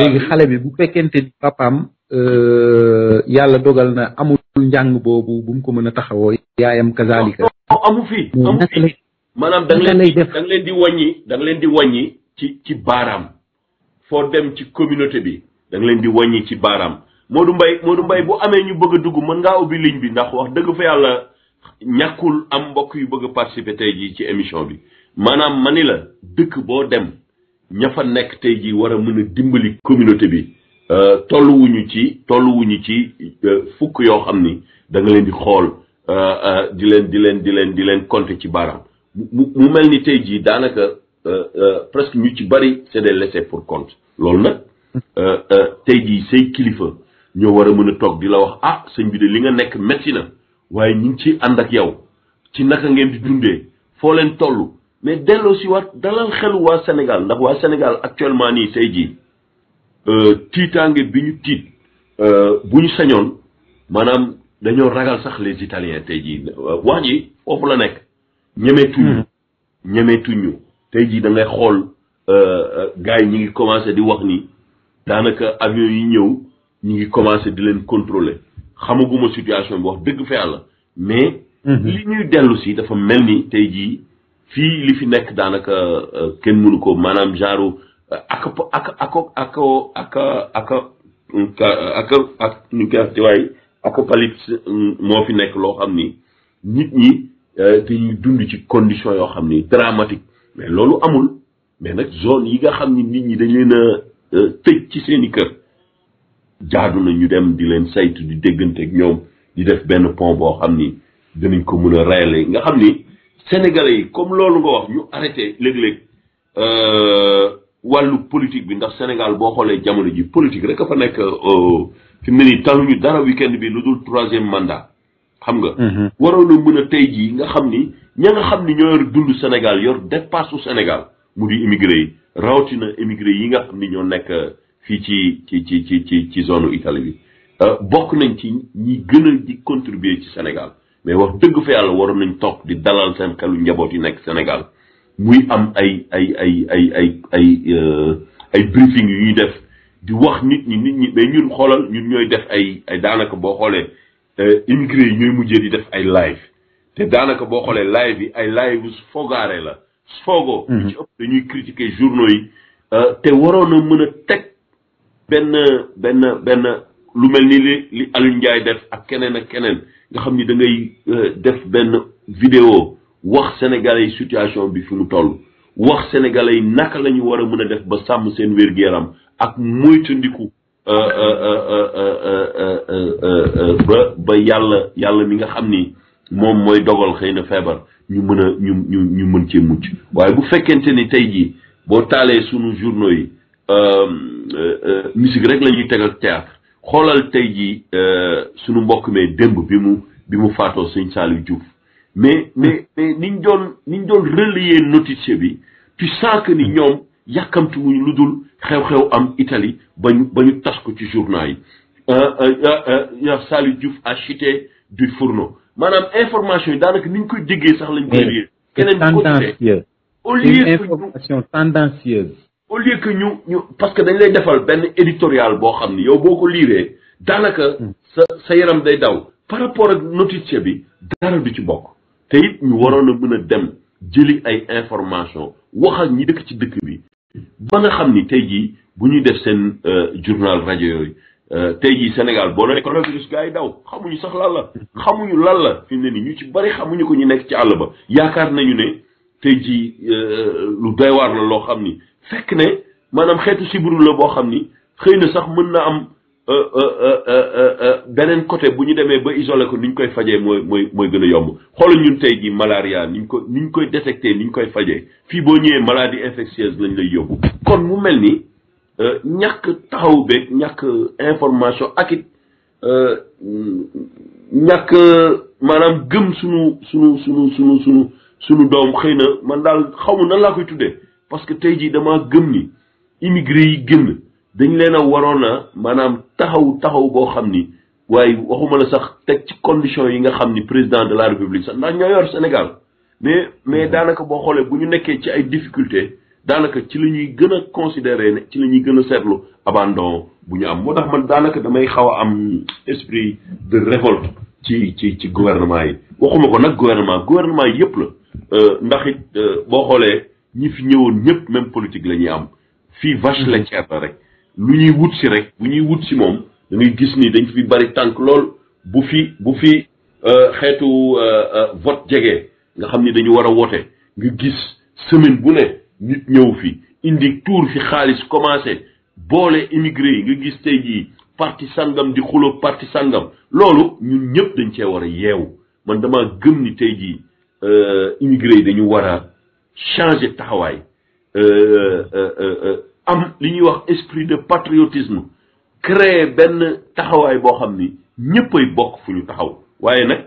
léegi xale bi bu fekkente ni papaam euh, yàlla dogal na amul njàng boobu bu mu ko mën a taxawoo yaayam kazalika amu fi amu fi maanaam da nga leen da nga leen di waññi danga leen di waññi ci ci baaraam foo dem ci communauté bi da leen di wàññi ci baaraam Modou Mbaye Modou mbay bu amee ñu bëgg a dugg mën ngaa ubbi ligne bi ndax wax dëgg fa yàlla ñàkkul am mbokk yu bëgg a participer tey jii ci émission bi maanaam ma ni la dëkk boo dem ña fa nekk tey jii war a mën a dimbali communauté bi euh, tolluwuñu ci tolluwuñu ci euh, fukk yoo xam ni da nga leen di xool euh, di leen di leen di leen di leen compter ci baaraam. mu mel ni danaka euh euh presque ñu ci bari c'est des laissés pour compte loolu nag euh, euh, tey jii say kilifa ñoo war a mën di la wax ah sëñ bi de li nga nek métti na ñu ci and ak yow ci naka ngeen di dundé fo leen tollu mais delloo ci wat dalal xelu wa Sénégal ndax wa Sénégal actuellement nii tey jii euh, tiitaange bi ñu tiit bu ñu sañon manam dañoo ragal sax les italiens tay ji wax ji la nek ñemeetuñu hmm. ñemeetuñu tey jii dangay ngay xool euh, euh, gars yi ñi ngi commencé di wax ni daanaka avion yi ñëw ñi ngi commencé di leen contrôler xamaguma situation bi wax dëgg fa yàlla mais hmm. li ñuy dellu si dafa mel ni tey jii fii li fi nekk daanaka euh, kenn mënu ko maanaam genre aka aka aka aka aka aka aka ñu koy waay apocalypse moo fi nekk loo xam ni nit ñi Euh, te ñuy dund ci condition yoo xam ni dramatique mais loolu amul mais nag zone yi nga xam ni nit ñi dañ leen euh, tëj ci seen kër jaadu na ñu dem di leen saytu di déggante ak ñoom di def benn pont boo xam ni dinañ ko mën a rayale nga xam ni sénégalais yi comme loolu nga wax ñu arrêté léeg-léeg euh, wàllu politique bi ndax Sénégal boo xoolee jamono ji politique rek a fa nekk fi mu ne nii taluñu dara weekend bi lu dul troisième mandat. xam nga. Mm-hmm. waroon na mën a tey jii nga xam ni ña nga xam ni ñoo yor dund Sénégal yor dépasse su Sénégal mu di immigré yi rawatina immigré yi nga xam ni ñoo nekk euh, fii ci ci ci ci ci ci zone Italie bi euh, bokk nañ ci ñi gën a di contribuer ci Sénégal mais wax dëgg fa yàlla waroon nañ toog di dalal seen xelu njaboot yi nekk Sénégal muy am ay ay ay ay ay ay euh, ay briefing yu ñuy def di wax nit ñi nit ñi mais ñun xoolal ñun ñooy def ay ay daanaka boo xoolee. immigré yi ñooy mujjee di def ay live te daanaka boo xoolee live yi ay live yu sfogaare la sfogo mhm. ci ëpp dañuy critiquer journaux yi euh, te waroon a mën a teg benn benn benn lu mel ni li li Alioune Ndiaye def ak keneen ak keneen nga xam ni dangay ngay euh, def benn vidéo wax sénégalais yi situation bi fi mu toll wax sénégalais yi naka la ñu war a mën a def ba sàmm seen wér-gu-yaram ak moytandiku Euh, euh, euh, ba ba yàlla yàlla mi nga xam ni moom mooy dogal xëy na feebar ñu mën a ñu ñu mën cee mujj waaye bu fekkente ni tey jii boo taalee suñu journaux yi musique rek la ñuy tegal théâtre xoolal tey jii sunu mbokk mee démb bi mu bi mu faatoo sëñ Saliou Diouf mais mais mais niñ doon niñ doon relayer notice bi tu sens ni ñoom yakamtu wuñ lu dul xew-xew am Italie bañu bañu ba ci journal yi euh, euh, ya euh, Saliou Diouf a chité du fourno manam information yi daanaka ni koy déggee sax lañ koy lire keneen bu ko au lieu que information tendancieuse au lieu que ñu parce que dañ lay défal ben éditorial bo xamni yow boko ko danaka hmm. sa yaram day daw par rapport ak notice bi dara du ci bokk te it ñu warona mëna dem jëli ay information wax ak ñi dëkk ci dëkk bi ba nga xam ni tey jii bu ñuy def seen euh, journal rajo yooyu euh, tey jii Sénégal boo nee coronavirus gars yi daw xamuñu sax lan la xamuñu lan la fi ne nii ñu ci bari xamuñu ko ñu nekk ci àll ba yaakaar nañu ne tey jii euh, lu doy la loo xam ni fekk ne maanaam xeetu sibiru la boo xam ni xëy na sax mën na am Euh, euh, euh, beneen côté bu ñu demee ba isolé ko ni ñu koy fajee mooy mooy mooy gën a yomb xoola ñun tey jii malaria ni ñu ko ni koy détecté ni ñu koy fajee fii boo ñëwee maladie infectieuse lañ lay yóbbu. kon mu mel ni ñàkk taxaw beeg ñakk information akit it ñàkk maanaam gëm sunu sunu sunu sunu sunu sunu doom xëy na man daal xaw ma laa koy tuddee parce que tey jii dama gëm ni immigré yi gën dañ leen a manam taxaw taxaw boo xamni way waxuma la sax teg ci condition yi nga xamni président de la république sax ndax ñoo yor Sénégal mais mais mm-hmm. danaka bo xolé bu ñu nekkee ci ay difficultés danaka ci la ñuy gën a ci la ñuy gën a abandon bu ñu am motax man danaka damay xawa am esprit de révolte ci ci ci gouvernement yi waxuma ko nak gouvernement gouvernement yépp la euh ndax it euh, boo xoolee ñi fi ñëwoon ñëpp même politique la ñuy am fi vache mm-hmm. la ci rek lu ñuy wut si rek bu ñuy wut si moom da gis ni dañ fi bari tànk lool bu fi bu fi euh, xeetu euh, euh, vote jege nga xam ni dañu war a woote nga gis semaine bu ne nit ñëw fi indi tuur fi xaalis commencé boole immigré yi nga gis tey jii parti sangam di xuloo parti sangam loolu ñun ñëpp dañ cee war a yeewu man dama gëm ni tey jii immigré yi dañu war a changer taxawaay. am li ñuy wax esprit de patriotisme créer benn taxawaay boo xam ni ñëppay bokk fu ñu taxaw waaye nag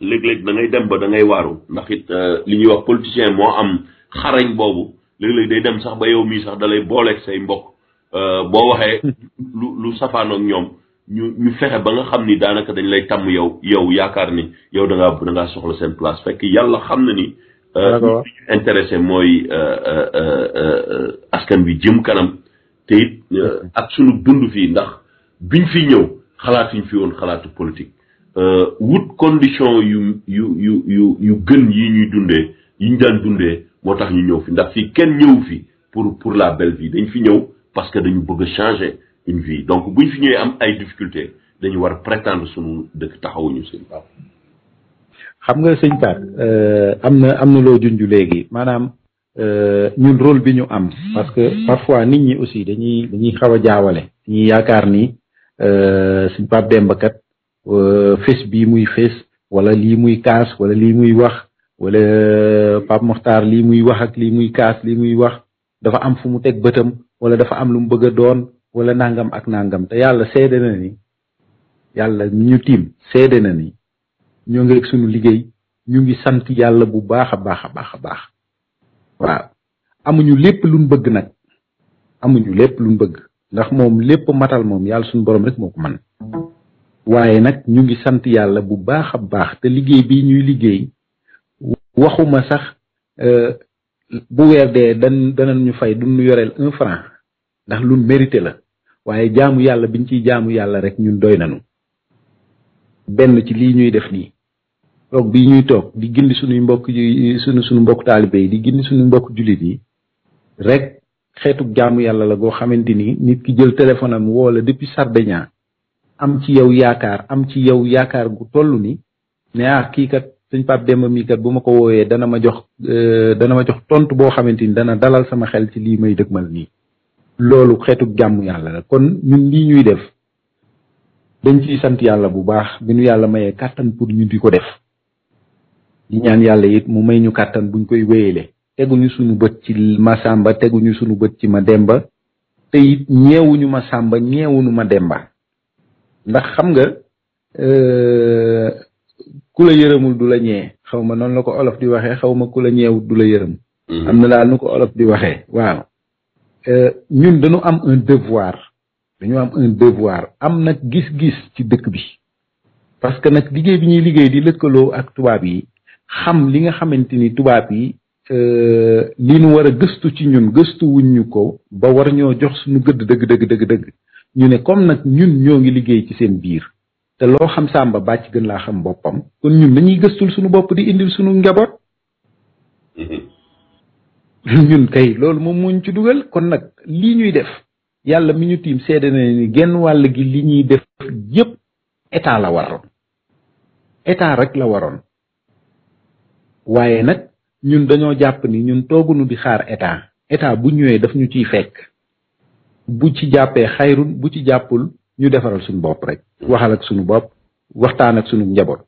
léeg-léeg da ngay dem ba da ngay waaru ndax it euh, li ñuy wax politicien moo am xarañ boobu léeg-léeg day dem sax ba yow mii sax da lay booleeg say mbokk euh, boo waxee lu lu safaanoog ñoom ñu ñu fexe ba nga xam ni daanaka dañ lay tàmm yow yow yaakaar ni yow da ngaa da ngaa soxla seen place fekk yàlla xam na ni Euh, intéressé moy euh euh askan bi jëm kanam te it ak sunu dund fi ndax biñ fi ñëw xalaat yiñ fi woon xalaatu politique euh wut condition yu yu yu yu gën yi ñuy dundé yiñ ñu daan dundee moo ñu ñëw fi ndax fi kenn ñëw fi pour pour la belle vie dañ fi ñëw parce que dañu bëgg changer une vie donc buñ fi ñëwee am ay difficultés dañu war prétendre sunu dëkk taxawuñu seen baax xam nga sëñ Pape euh, am na am na loo junj léegi maanaam euh, ñu rôle bi ñu am parce que parfois nit ñi aussi dañuy dañuy xaw a jaawale dañuy yaakaar ni euh, sëñ Pape Demba kat fés bii muy fés wala lii muy kaas wala lii muy wax wala Pape Mokhtar lii muy wax ak lii muy kaas lii muy wax dafa am fu mu teg bëtam wala dafa am lu mu bëgg a doon wala nangam ak nangam te yàlla seede na ni yàlla ñu tiim seede na ni. ñoo ngi rek suñu liggéey ñu ngi sant yàlla bu baax a baax a baax a baax waaw amuñu lépp luñ bëgg nag amuñu lépp luñ bëgg ndax moom lépp matal moom yàlla suñu borom rek moo ko man waaye nag ñu ngi sant yàlla bu baax a baax te liggéey bi ñuy liggéey waxuma sax euh, bu weer dee dan danañ ñu fay duñ ñu yoreel un franc ndax luñ mérité la waaye jaamu yàlla biñ ciy jaamu yàlla rek ñun doy nanu benn ci lii ñuy def nii Rok bi ñuy tok di gindi suñu mbokk suñu suñu mbokk talibé di gindi suñu mbokk julit yi rek xétu jaamu yalla la go xamanteni nit ki jël téléphone am woo la depuis sardegna am ci yow yaakar am ci yow yaakar gu tollu ni né ah ki kat suñ pap dem mi kat buma ko wooyee dana ma jox euh, dana ma jox tontu bo xamanteni dana dalal sama xel ci li may deugmal ni lolu xétu jaamu yalla la kon ñun li ñuy def dañ ci sant yalla bu baax bi pour ñu diko def ñaan yàlla it mu may ñu kàttan buñ koy wéyale teguñu suñu bët ci ma sàmba teguñu suñu bët ci ma demba te it ñeewuñu ma sàmba ñeewuñu ma demba ndax xam nga euh, ku la yërëmul du la ñee xaw ma noonu la ko olof di waxee xaw ma ku la ñeewut du la yërëm mm-hmm. am na daal nu ko olof di waxee waaw euh, ñun dañu am un devoir dañu am un devoir am nag gis-gis ci dëkk bi parce que nag liggéey bi ñuy liggéey di lëkkaloo ak tubaab yi xam li nga xamante ni tubaab yi euh, li nu war a gëstu ci ñun gëstu ñu ko ba war ñoo jox suñu gëdd dëgg dëgg dëgg dëgg ñu ne comme nag ñun ñoo ngi liggéey ci seen biir te loo xam sàmba bàcc gën laa xam boppam kon ñun ñuy gëstul suñu bopp di indil suñu njaboot mm-hmm. ñun kay loolu moom muñ ci dugal kon nag lii ñuy def yàlla mu ñu tiim seede na ni genn wàll gi li ñuy def yépp état la waroon état rek la waroon waye nak ñun dañoo japp ni ñun toogunu di xaar état état bu ñëwee daf ñu ci fekk bu ci jappé xayrun bu ci jappul ñu défaral suñu bop rek waxal ak suñu bop waxtaan ak suñu njabot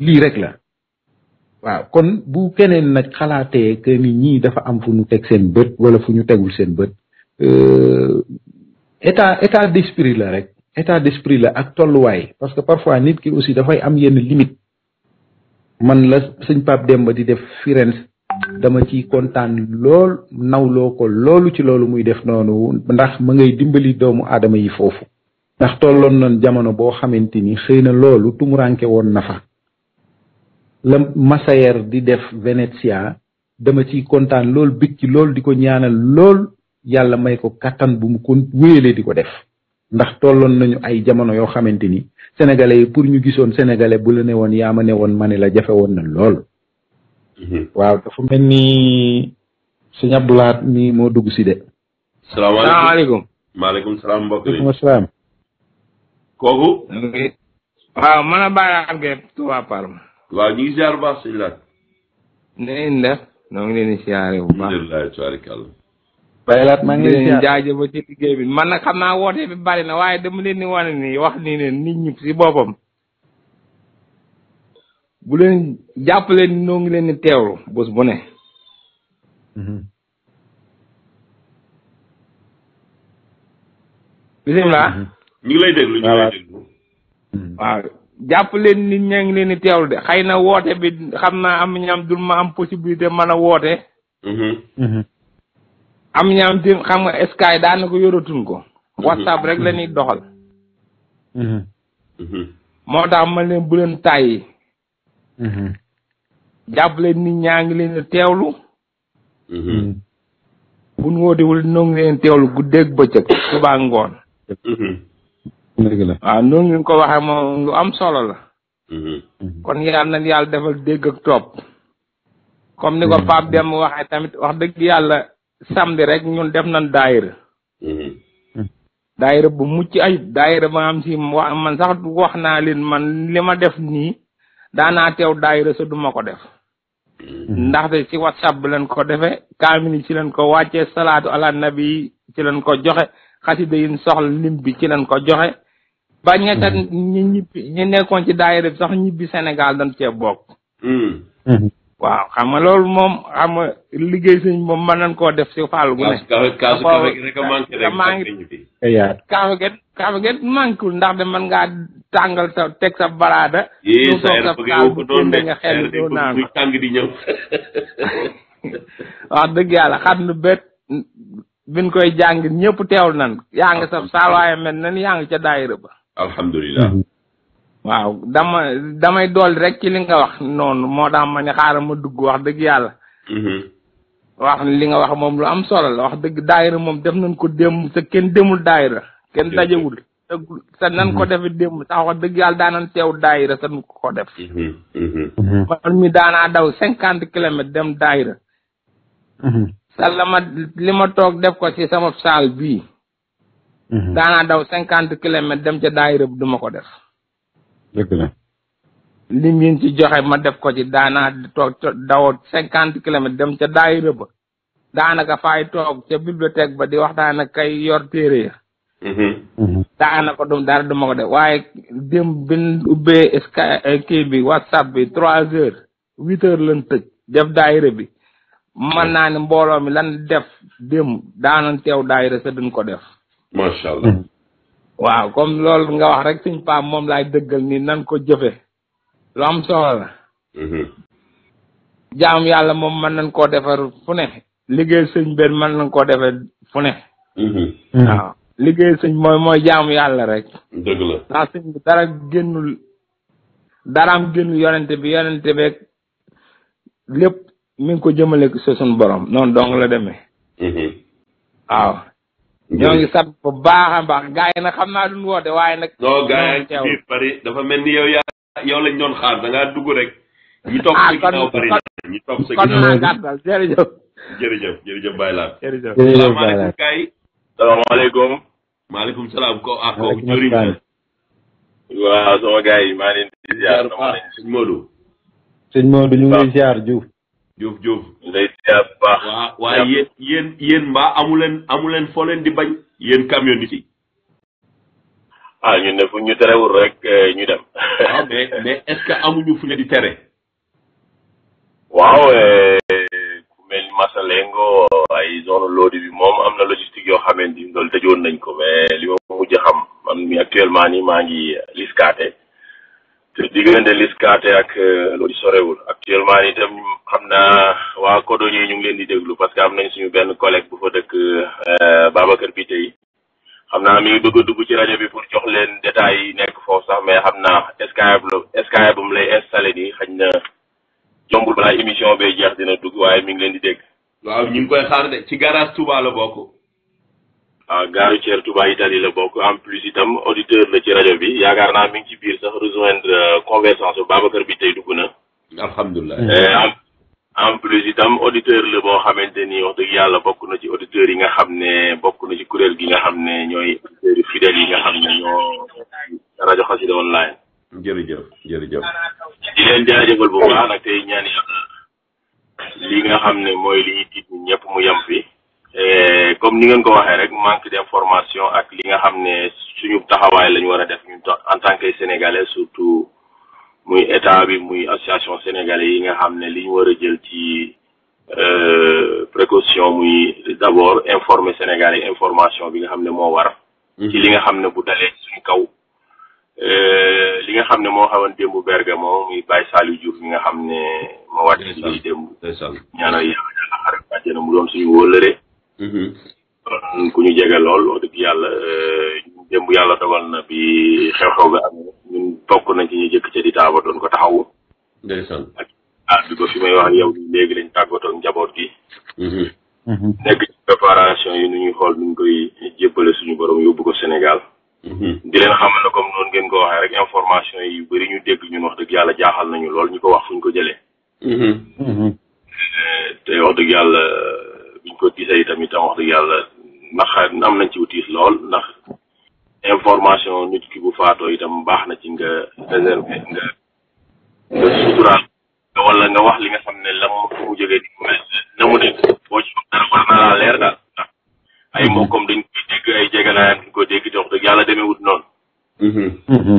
li rek la waaw kon bu keneen nak xalaté ke ni ñi dafa am fu ñu tek seen bëtt wala fu ñu tegul seen euh état état d'esprit la rek état d'esprit la ak way parce que parfois nit ki aussi fay am yenn limite man la sëñ pap Demba di def Firenze dama ci contane lol nawloo ko lolou ci lolou muy def nonu ndax ma ngay dimbali doomu adama yi fofu ndax tollon non jamono bo xamanteni xeyna lolou tumuranke won nafa le Massayer di def Venezia dama ci contane lol big ci lool di ko ñaanal lol yalla may ko katan bu mu kon di def ndax tolloon nañu ay jamono yoo xamante ni sénégalais pour ñu gisoon sénégalais bu la ne woon yaa ma ne woon ma ne la jafe woon na lool. Mhm. waaw dafa mel ni sëñ Abdou Lahat nii moo dugg si de. salaamaaleykum maaleykum salaam mbokk mi salaam. kooku. waaw mën a baara ak ge Touba Parma. ñu ngi ziar bu baax sëñ Laat. ngi leen di siyaare bu baylaat maa ngi leen jaajëf ba ci liggéey bi man nag xam naa woote bi bari waaye dama leen ni wane nii wax ni ne nit ñi si boppam bu leen jàpp leen noo ngi leen ni teewlu bés bu ne mhm. bisimilah mhm. ñu ngi ñu lay déglu mhm. waaw jàpp leen nit ñaa ngi leen di teewlu de xay na woote bi xam naa am ñam dul ma am possibilité mën a woote am ñaam tim xam nga Skype daanaka yoratuñ ko. ko mhm. WhatsApp rek la doxal. Mhm. Mhm. moo tax ma leen bu leen tàyyi. jàpp leen nit ñaa ngi leen teewlu. bu nu wootewul noo ngi leen teewlu guddeeg bëccëg suba ngoon. dëgg la waaw ko waxee moom lu am solo la. kon yàlla na yàlla defal dégg ak topp. comme ni ko Pape Demba waxee tamit wax dëgg yàlla. samedi rek ñun def nañ daayira mm-hmm. daayira bu mucc ayib daayira ba am si man sax wax naa leen man li ma def nii daanaa teew daayira sa duma ko def ndax mm-hmm. ndaxte ci whatsapp bi leen ko defe ka yi ci leen ko wàccee salaatu ala nabi ci leen ko joxe xasida yi soxla lim bi ci leen ko joxe ba ñetta mm-hmm. ñi ñibbi ñi nekkoon ci daayira sax ñibbi Sénégal dañ cee bokk waaw xam nga loolu moom xam nga liggéey sëñ moom mën nañ koo def si fàll gu ne kaasu kafe maa ngi kaafe gi kaafe gi manquéwul ndax de mën ngaa tàngal sa teg sa baraada ñu toog sa kaal bu tënd nga xel doo naan tàng di ñëw dëgg yàlla xam nu bët biñ koy jàng ñëpp teewul nan yaa nga sa saal waaye mel nan yaa nga ca daayira ba alhamdulilah mm-hmm. waaw dama damay dool rek ci li nga wax noonu moo tax ma ne xaaral ma dugg wax dëgg yàlla. Mm-hmm. wax li nga wax moom lu am solo la wax dëgg daayira moom def nañ ko démb te kenn demul daayira kenn dajewul. sa nan ko mm-hmm. defe démb dëgg yàlla daanan teew daayira sa nu ko def. Mm-hmm. man mi daanaa daw cinquante kilomètres dem daayira. sa la ma toog def ko ci sama saal bi daanaa daw cinquante kilomètres dem ca daayira bu duma ko def. dëgg la. ci joxe ma def ko ci daanaa toog cinquante kilomètres dem ca daayira ba daanaka faay toog ca bibliothèque ba di waxtaan ak kay yor téere ya mm-hmm. Mm-hmm. daanaka dum dara duma ko def waaye démb bin ubbee sky eh, kii bi whatsapp bi trois heures huit lan tëj def daayira bi mën naa ne mbooloo mi lan def démb daanan teew daayira sa ko def macha allah mm-hmm. waaw comme loolu nga wax rek suñ paam moom laay dëggal nii nan ko jëfe lu am solo mm-hmm. jaam yàlla moom mën nañ koo defar fu liggéey sëñ benn mën nañ koo defar fu mm-hmm. Mm-hmm. waaw liggéey sëñ mooy mooy jaamu yàlla rek dëgg la ndax dara génnul daraam génnul yonente bi yonente beeg lépp mi ngi ko jëmale sa suñ borom noonu dong la demee waaw ñoo ngi sant bu baax a baax gars yi nag xam naa duñ waaye nag. non gars yi ci dafa mel ni yow yaa yow lañ doon xaar da ngaa dugg rek. ñi topp ah, sa ginnaaw bari na ñi topp sa ginnaaw kon naa gàttal jërëjëf. jërëjëf jërëjëf Baye Laat. jërëjëf salaamaaleykum gars yi. maaleykum salaam ko ak ko jëriñ la. waaw sama gars yi maa leen Diouf Diouf. lay ziar bu baax. waaw waaye yéen yéen yéen mbaa amu leen amu leen foo leen di bañ. yéen camionnettes yi. ah ñu ne fu ñu terewul rek eh, ñu dem. waaw ah, mais amuñu fu ñu di tere. waaw eh, ku mel ni Massalengo ay zone loodi bi moom am na logistique yoo xamante ni loolu tëjoon nañ ko mais li ma mujj xam man mi actuellement nii maa ngi liskaate. te diggante Liscaate ak euh, loolu sorewul actuellement ni itam xam naa waa Codogny ñu ngi leen di déglu parce que am nañ suñu benn collègue bu fa dëkk euh, Babacar Bité yi xam naa mi ngi bëgg a dugg ci rajo bi pour jox leen détails yi nekk foofu sax mais xam naa Skype la Skype bu lay installé nii xañ na jombul balaa émission be jeex dina dugg waaye mi ngi leen di dégg. waaw ñu ngi koy xaar de ci garage Touba bokk. waaw gaaru Thiel Touba Italie la bokk en plus itam auditeur la ci rajo bi yaakaar naa mi ngi ci biir sax rejoindre ba euh, Babacar bi tey dugg na. alhamdulilah euh, en plus itam auditeur la boo xamante ni wax dëgg yàlla bokk na ci auditeurs yi nga xam ne bokk na ci kuréel gi nga xam ne ñooy auditeurs yu yi nga xam ne ñoo rajo Xassida online. jërëjëf jërëjëf. di leen jaajëfal bu baax nag tey ñaan yàlla li nga xam ne mooy liy tiit ñëpp mu yem fi. Eh, comme ni ngeen ko waxee rek manque d'information ak li nga xam ne suñu taxawaay lañu war a def ñun en tant que sénégalais surtout muy état bi muy association sénégalais yi nga xam ne li ñu war a jël ci euh, précaution muy d'abord informer sénégalais information bi nga xam ne moo war. Mhm. ci li nga xam ne bu dalee suñu kaw. Euh, li nga xam ne moo xawoon démb Bergamo muy Baye Saliou Diouf mi nga xam ne. ma wàcc ci liy démb. ñaanal yàlla xarit mu doon suñu wóolëree. Mm-hmm. Euh, ku ñu jege lool wax dëgg yàlla euh, démb yàlla dogal na bi xew-xew ga am ñun bokk nañ ci ñu jëkk ca di taaba doon ko taxawu ndeysaan ak aat bi ba fi may wax yow léegi lañ tàggatoog njaboot gi mm-hmm. Mm-hmm. nekk ci yi nu ñuy xool nu ñu koy jébbale suñu borom yóbbu ko Sénégal di leen xamal ne comme noonu ngeen ko waxee rek information yi bëri ñu dégg ñun wax dëgg yàlla jaaxal nañu lool ñu ko wax fu ñu ko jëlee euh, te wax dëgg yàlla biñ ko tiisee itam itam wax dëgg yàlla ndax am nañ ci wutiis lool ndax information nit ki bu faatoo itam baax na ci nga réserver nga nga suturaal nga wax li nga xam ne la mu fu mu jógee di na mu nekk boo ci wax dara war na laa leer daal ndax ay mbokkam dañ koy dégg ay dañ koy dégg te wax dëgg yàlla demewut noonu mm-hmm. Mm-hmm.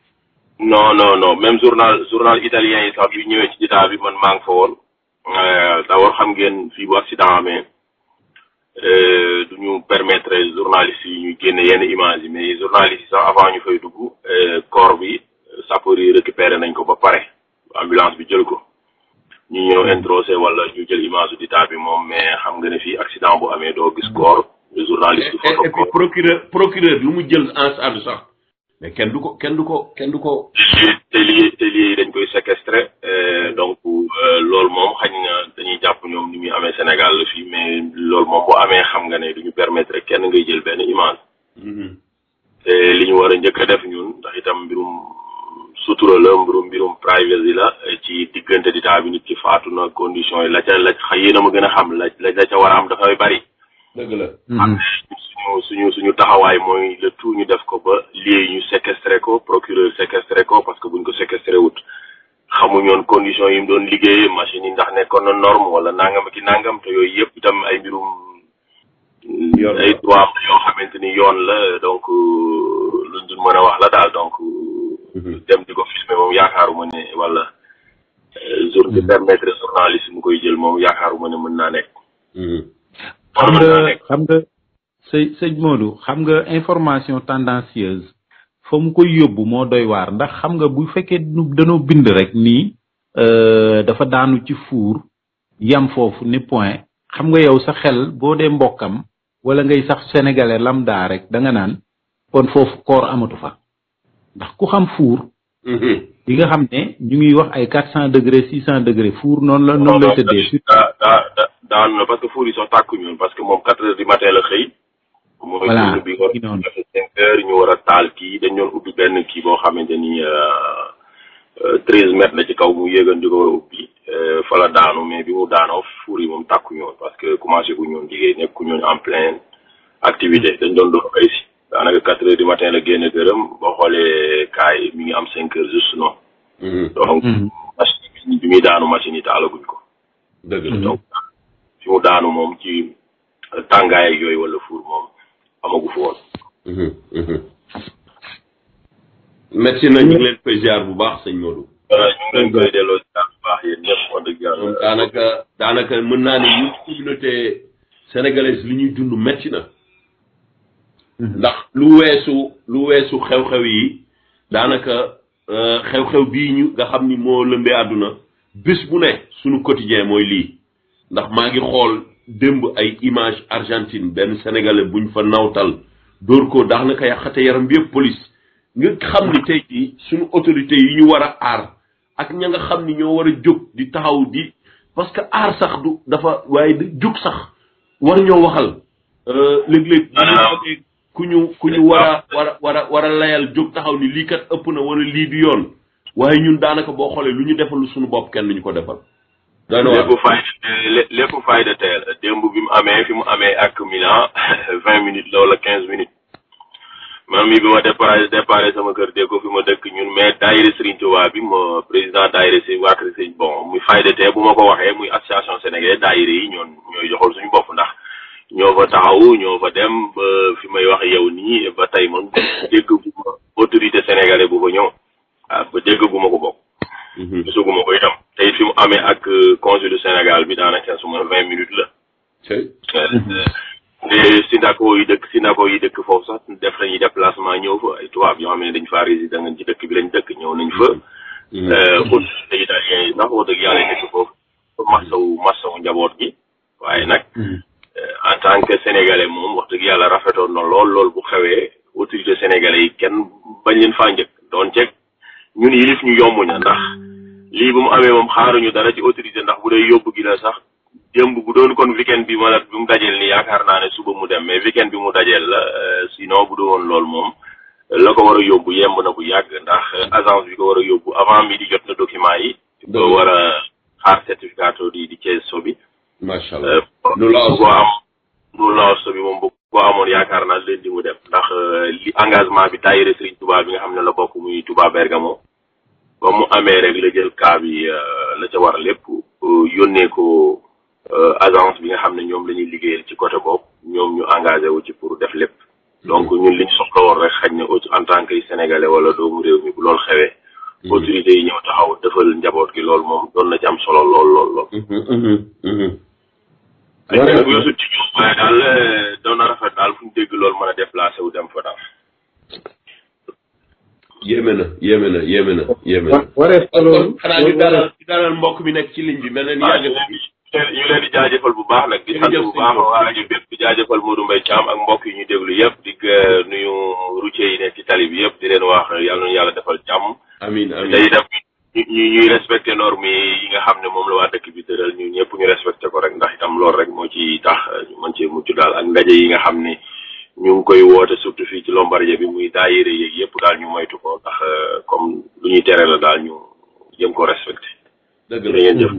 non non non même journal journal italien yi sax bi ñëwee ci jitaa bi man maa ngi fa woon euh, d'abord xam ngeen fi bu accident amee euh, du ñu permettre journalistes yi ñu génne yenn images yi mais journalistes yi sax avant ñu fay dugg euh, corps bi sapeurs yi récupérer nañ ko ba paré ambulance bi jël ko ñu ñëw introsé wala ñu jël image jitaa bi mom mais xam nga ne accident bu amé do gis corps journaliste du photo procureur procureur lu mu jël en charge sax mais kenn du ko kenn du ko kenn du ko. lii te lii dañ koy séquestrer euh, donc euh, loolu moom xañ na dañuy jàpp ñoom ni muy amee Sénégal la fii mais loolu moom bu amee xam nga ne duñu permettre kenn ngay jël benn image. Mm-hmm. te li ñu war a njëkk def ñun ndax itam mbirum sutura la mbirum mbirum privacy la euh, ci diggante di temps bi nit ci faatu na condition yi la ca la yéen a gën a xam la la ca war a am dafay bari. dëgg la. Mhm. suñu suñu suñu taxawaay mooy le tout ñu def ko ba lieu ñu séquestré ko procureur séquestré ko parce que buñ ko séquestré wut. xamuñoon condition yi mu doon liggéeyee machines yi ndax nekkoon na norme wala nangam ki nangam te yooyu yëpp tam ay mbirum. yoon ay ni yoon la donc euh, luñ dul mën a wax la daal donc. Euh, mhm. dem di ko filmé moom yaakaaruma ne wala. Euh, mhm. journaliste mu koy jël moom yaakaaruma ne mën naa nekk. xam nga xam nga sëñ sëñ Modou xam nga information tendancieuse fa mu koy yóbbu moo doy waar ndax xam nga bu fekkee dañoo bind rek nii euh, dafa daanu ci fuur yam foofu ni point xam nga yow sax xel boo dee mbokam wala ngay sax sénégalais lambda rek danga nga naan kon foofu koor amatu fa ndax ku xam fuur li mm-hmm. nga xam ne ñu ngi wax ay quatre cent degré six cent degré fuur noonu la noonu lay tëddee daan na parce que four yi sax tàkku ñun parce que moom quatre heures du matin la xëy. voilà bi war a cinq ñu war a taal kii dañ doon benn kii boo xamante ni euh, euh, treize mètres la ci kaw mu yéegan di ko war a ubbi euh, fa la daanu mais bi mu daanoo four yi moom tàkku ñoon parce que commencé ku ñoon liggéey nekk ku ñoon en pleine activité hmm. dañ doon doon ay si daanaka quatre heures du matin la génn këram boo xoolee kaay mi ngi am cinq heures juste non hmm. donc hmm. machine bi muy daanu machine yi taalaguñ ko fi mu daanu moom ci euh, tàngaay yooyu wala fuur moom amagu fa woon. Mhm, mhm. merci na ñu leen koy ziar bu baax sëñ Modou. Euh, ñu ngi leen koy daanaka daanaka mën naa ne ñu communauté sénégalaise li ñuy dund métti na. Mhm. ndax lu weesu lu weesu xew-xew yi daanaka euh, xew-xew bii ñu nga xam ni moo lëmbee àdduna bis bu ne sunu quotidien mooy lii. ndax maa ngi xool démb ay image argentine benn sénégalais buñ fa nawtal dóor ko daax na kay xate yaram bi yëpp police nga xam ni tey jii suñu autorité yi ñu war a ak ña xam ni ñoo war a di taxaw di parce que aar sax du dafa waaye di jóg sax war ñoo waxal euh, léeg-léeg wara ah. ku ñu ku ñu war a war a war a war a layal jóg taxaw ni lii kat ëpp na wala lii du yoon waaye ñun daanaka boo xoolee lu ñu defalu suñu bopp kenn ñu ko defal lépp fayda eh, lépp fayda teel démb bi mu amee fi mu amee ak Milan vingt minutes la wala quinze minutes man mi bi ma déparé déparé sama kër dégg ko fi ma dëkk ñun mais daayira Serigne Touba bi ma président daayira si waakari bon muy fayda teel bu ma ko waxee muy association sénégalais daayira yi ñoon ñooy joxal suñu bopp ndax ñoo fa taxaw ñoo fa dem ba fi may wax yow nii ba tey man dégg gu ma autorité sénégalais bu fa ñëw waaw ah, ba dégg gu ma ko bokk Mhm. gisuguma ko itam te it fi mu amee ak euh, consul du Sénégal bi daanaka suma vingt minutes la te mhm. Sindaco yi dëkk Sindaco yi dëkk foofu sax def nañuy déplacement ñëw fa ay tubaab yoo xam ne dañ faa résidé nga ci dëkk bi lañ dëkk ñëw nañ fa xut mhm. euh, te italien yi sax dëgg yàlla nekk foofu massawu njaboot gi waaye nag euh, en tant que sénégalais moom wax dëgg yàlla rafetoon na lool lool bu xewee autorité sénégalais yi kenn bañ leen faa njëkk doon ceeg ñun yilif ñu yomb ña ndax lii bu mu amee moom xaaruñu dara ci autorité ndax bu dee yóbbu gi la sax démb bu doon kon weekend bi malade bi mu dajeel ni yaakaar naa ne suba mu dem mais weekend bi mu dajeel la euh, sinon bu doon lool moom la ko war a yóbbu yemb na bu yàgg ndax agence bi ko war a yóbbu avant mi di jot na document yi. doo war a xaar certificat di di Thiès Sobi. macha allah euh, lu la am bu ko am lu la Sobi moom bu amoon yaakaar naa leen di mu dem ndax euh, li engagement bi daayira Serigne bi nga xam ne la bokk muy Touba Bergamo. ba mu amee rek la jël cas bi euh, la ca war lépp euh, yónnee ko euh, agence bi nga xam ne ñoom la ñuy liggéeyal ci côté boobu ñoom ñu engagé wu ci pour def lépp. Mm-hmm. donc ñun liñ soxla woon rek xañ ne na en tant que sénégalais wala doomu réew mi bu loolu xewee. Mm-hmm. autorités yi ñëw taxaw defal njaboot gi loolu moom doon na ci am solo lool lool lool. Mm-hmm, loolu daal fu ñu dégg loolu mën a wu dem fa daal. yéeme na yéeme na yéeme na yéeme na. wareef loolu xanaa mbokk mi nekk ci ligne bi mel na ni jaajëfal jaajëfal bu baax nag di sant bu baax waa rajo bépp di jaajëfal Modou Mbaye Thiam ak mbokk yi ñu déglu yëpp di nuyu routier yi nekk ci tali yëpp di leen wax yàlla na yàlla defal jàmm. amiin amiin day def ñu ñuy respecté normes yi nga xam ne moom la waa dëkk bi tëral ñu ñëpp ñu respecté ko rek ndax tam loolu rek moo ci tax ñu mën cee mucc daal ak ndaje yi nga xam ni ñu ngi koy woote surtout fii ci Lombardia bi muy daayira yeeg yëpp daal ñu moytu ko ndax euh, comme lu ñuy tere la daal ñu jëm ko respecté. dëgg la ngeen jëf.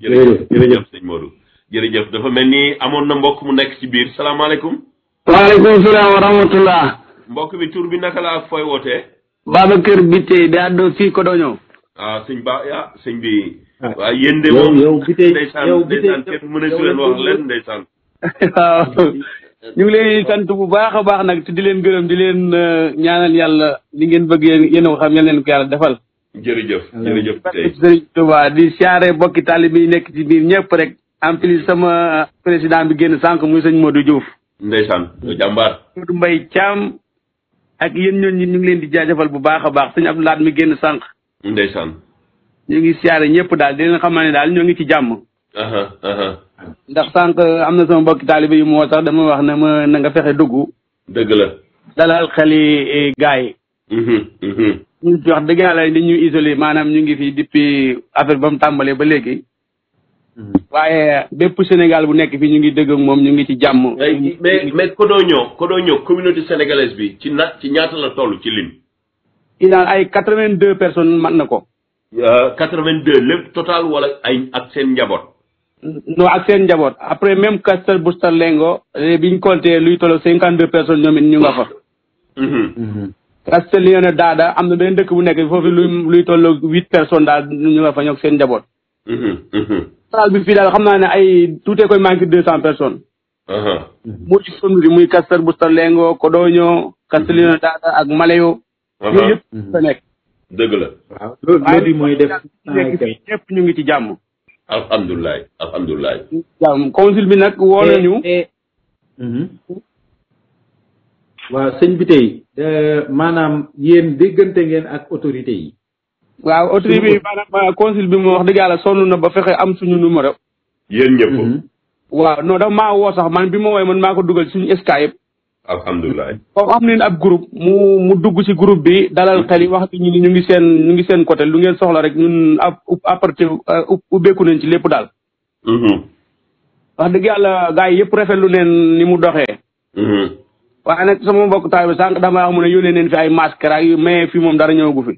jërëjëf jërëjëf sëñ Modou. jërëjëf dafa mel ni amoon na mbokk mu nekk ci biir salaamaaleykum. waaleykum salaam wa rahmatullah. mbokk bi tur bi naka la ak fooy wootee. Babacar Biteye daa doon fii Kodoño. ah sëñ Ba ah sëñ bi. Ah. waaw yéen de moom. yow yow Biteye yow Biteye ndeysaan kenn mënatu leen wax leen ndeysaan. waaw. ñu ngi leen di sant bu baax a baax nag te di leen gërëm di leen euh, ñaanal yàlla li ngeen bëgg yéen yéen ko xam yal leen ko yàlla defal. jërëjëf jërëjëf tey sëriñ Tuubaa di siyaare bokki taalibe yi nekk ci biir ñëpp rek en sama euh, président bi génn sànq muy sëñ Modou Diouf. ndeysaan jàmbaar. Modou mbay cam ak yéen ñooñu ñu ngi leen di jaajëfal bu baax a baax sëñ Abdou laat mi génn sànq. ndeysaan. ñu ngi siyaare ñëpp daal di leen xamal ne daal ñoo ngi ci jàmm. ndax sànq am na sama mbokki taalibe yu moo sax dama wax ne ma na nga fexe dugg. dëgg la. dalal xeli gars yi. Eh, mhm, mhm. ñu wax dëgg yàlla ni ñu maanaam ñu ngi fi depuis affaire ba mu tàmbalee ba léegi. Mhm. waaye bépp Sénégal bu nekk fi ñu ngi dëgg moom ñu ngi ci jàmm. mais mais Codogno Codogno communauté sénégalaise bi ci na ci ñaata la toll ci lim. il ay quatre vingt deux personnes mën na ko. Euh, quatre vingt deux lépp total wala ay ak seen njaboot. no ak seen njaboot après même Caster Busta Lengo eh, biñ compté luy tollo cinquante deux personnes ñoom it ñu nga fa mm-hmm. mm-hmm. Caster Lione Daada am na benn dëkk bu nekk foofu luy luy tollo huit personnes daal ñu nga fa ñoo seen njaboot mm-hmm. saal bi fii daal xam naa ne ay tuutee koy manqué deux cent personnes uh-huh. muy sonuri muy Caster Busta Lengo Kodoño Caster Lione Daada ak Malayo uh-huh. yooyu yëpp dëgg la waaw loolu mooy def ah, ñu ngi ci jàmm alhamdulilah alhamdulilah. waaw council bi nag woo eh, nañu. Eh. Mm-hmm. waaw sëñ bi tey maanaam yéen déggante ngeen ak autorité yi. waaw autorité bi maanaam euh, council bi mu wax dëgg yàlla sonn na ba fexe am suñu numéro. yéen ñëpp. Mm-hmm. waaw non dafa maa woo sax man bi ma woowee man maa ko dugal suñu Skype. alhamdulillah alhamdulillah am nañ ab groupe mu mu dugg ci groupe bi dalal xel wax ñu ñu ngi seen ñu ngi seen côté lu ngeen soxla rek ñun apporté euh, ubbeeku nañ ci lépp daal mm-hmm. wax dëgg yàlla gars yi yëpp rafetlu neen ni mu doxee mm-hmm. waaye nag sama mbokk taay bi sànq dama wax mu ne yónnee neen fi ay masque ak mais fii moom dara ñëwagu fi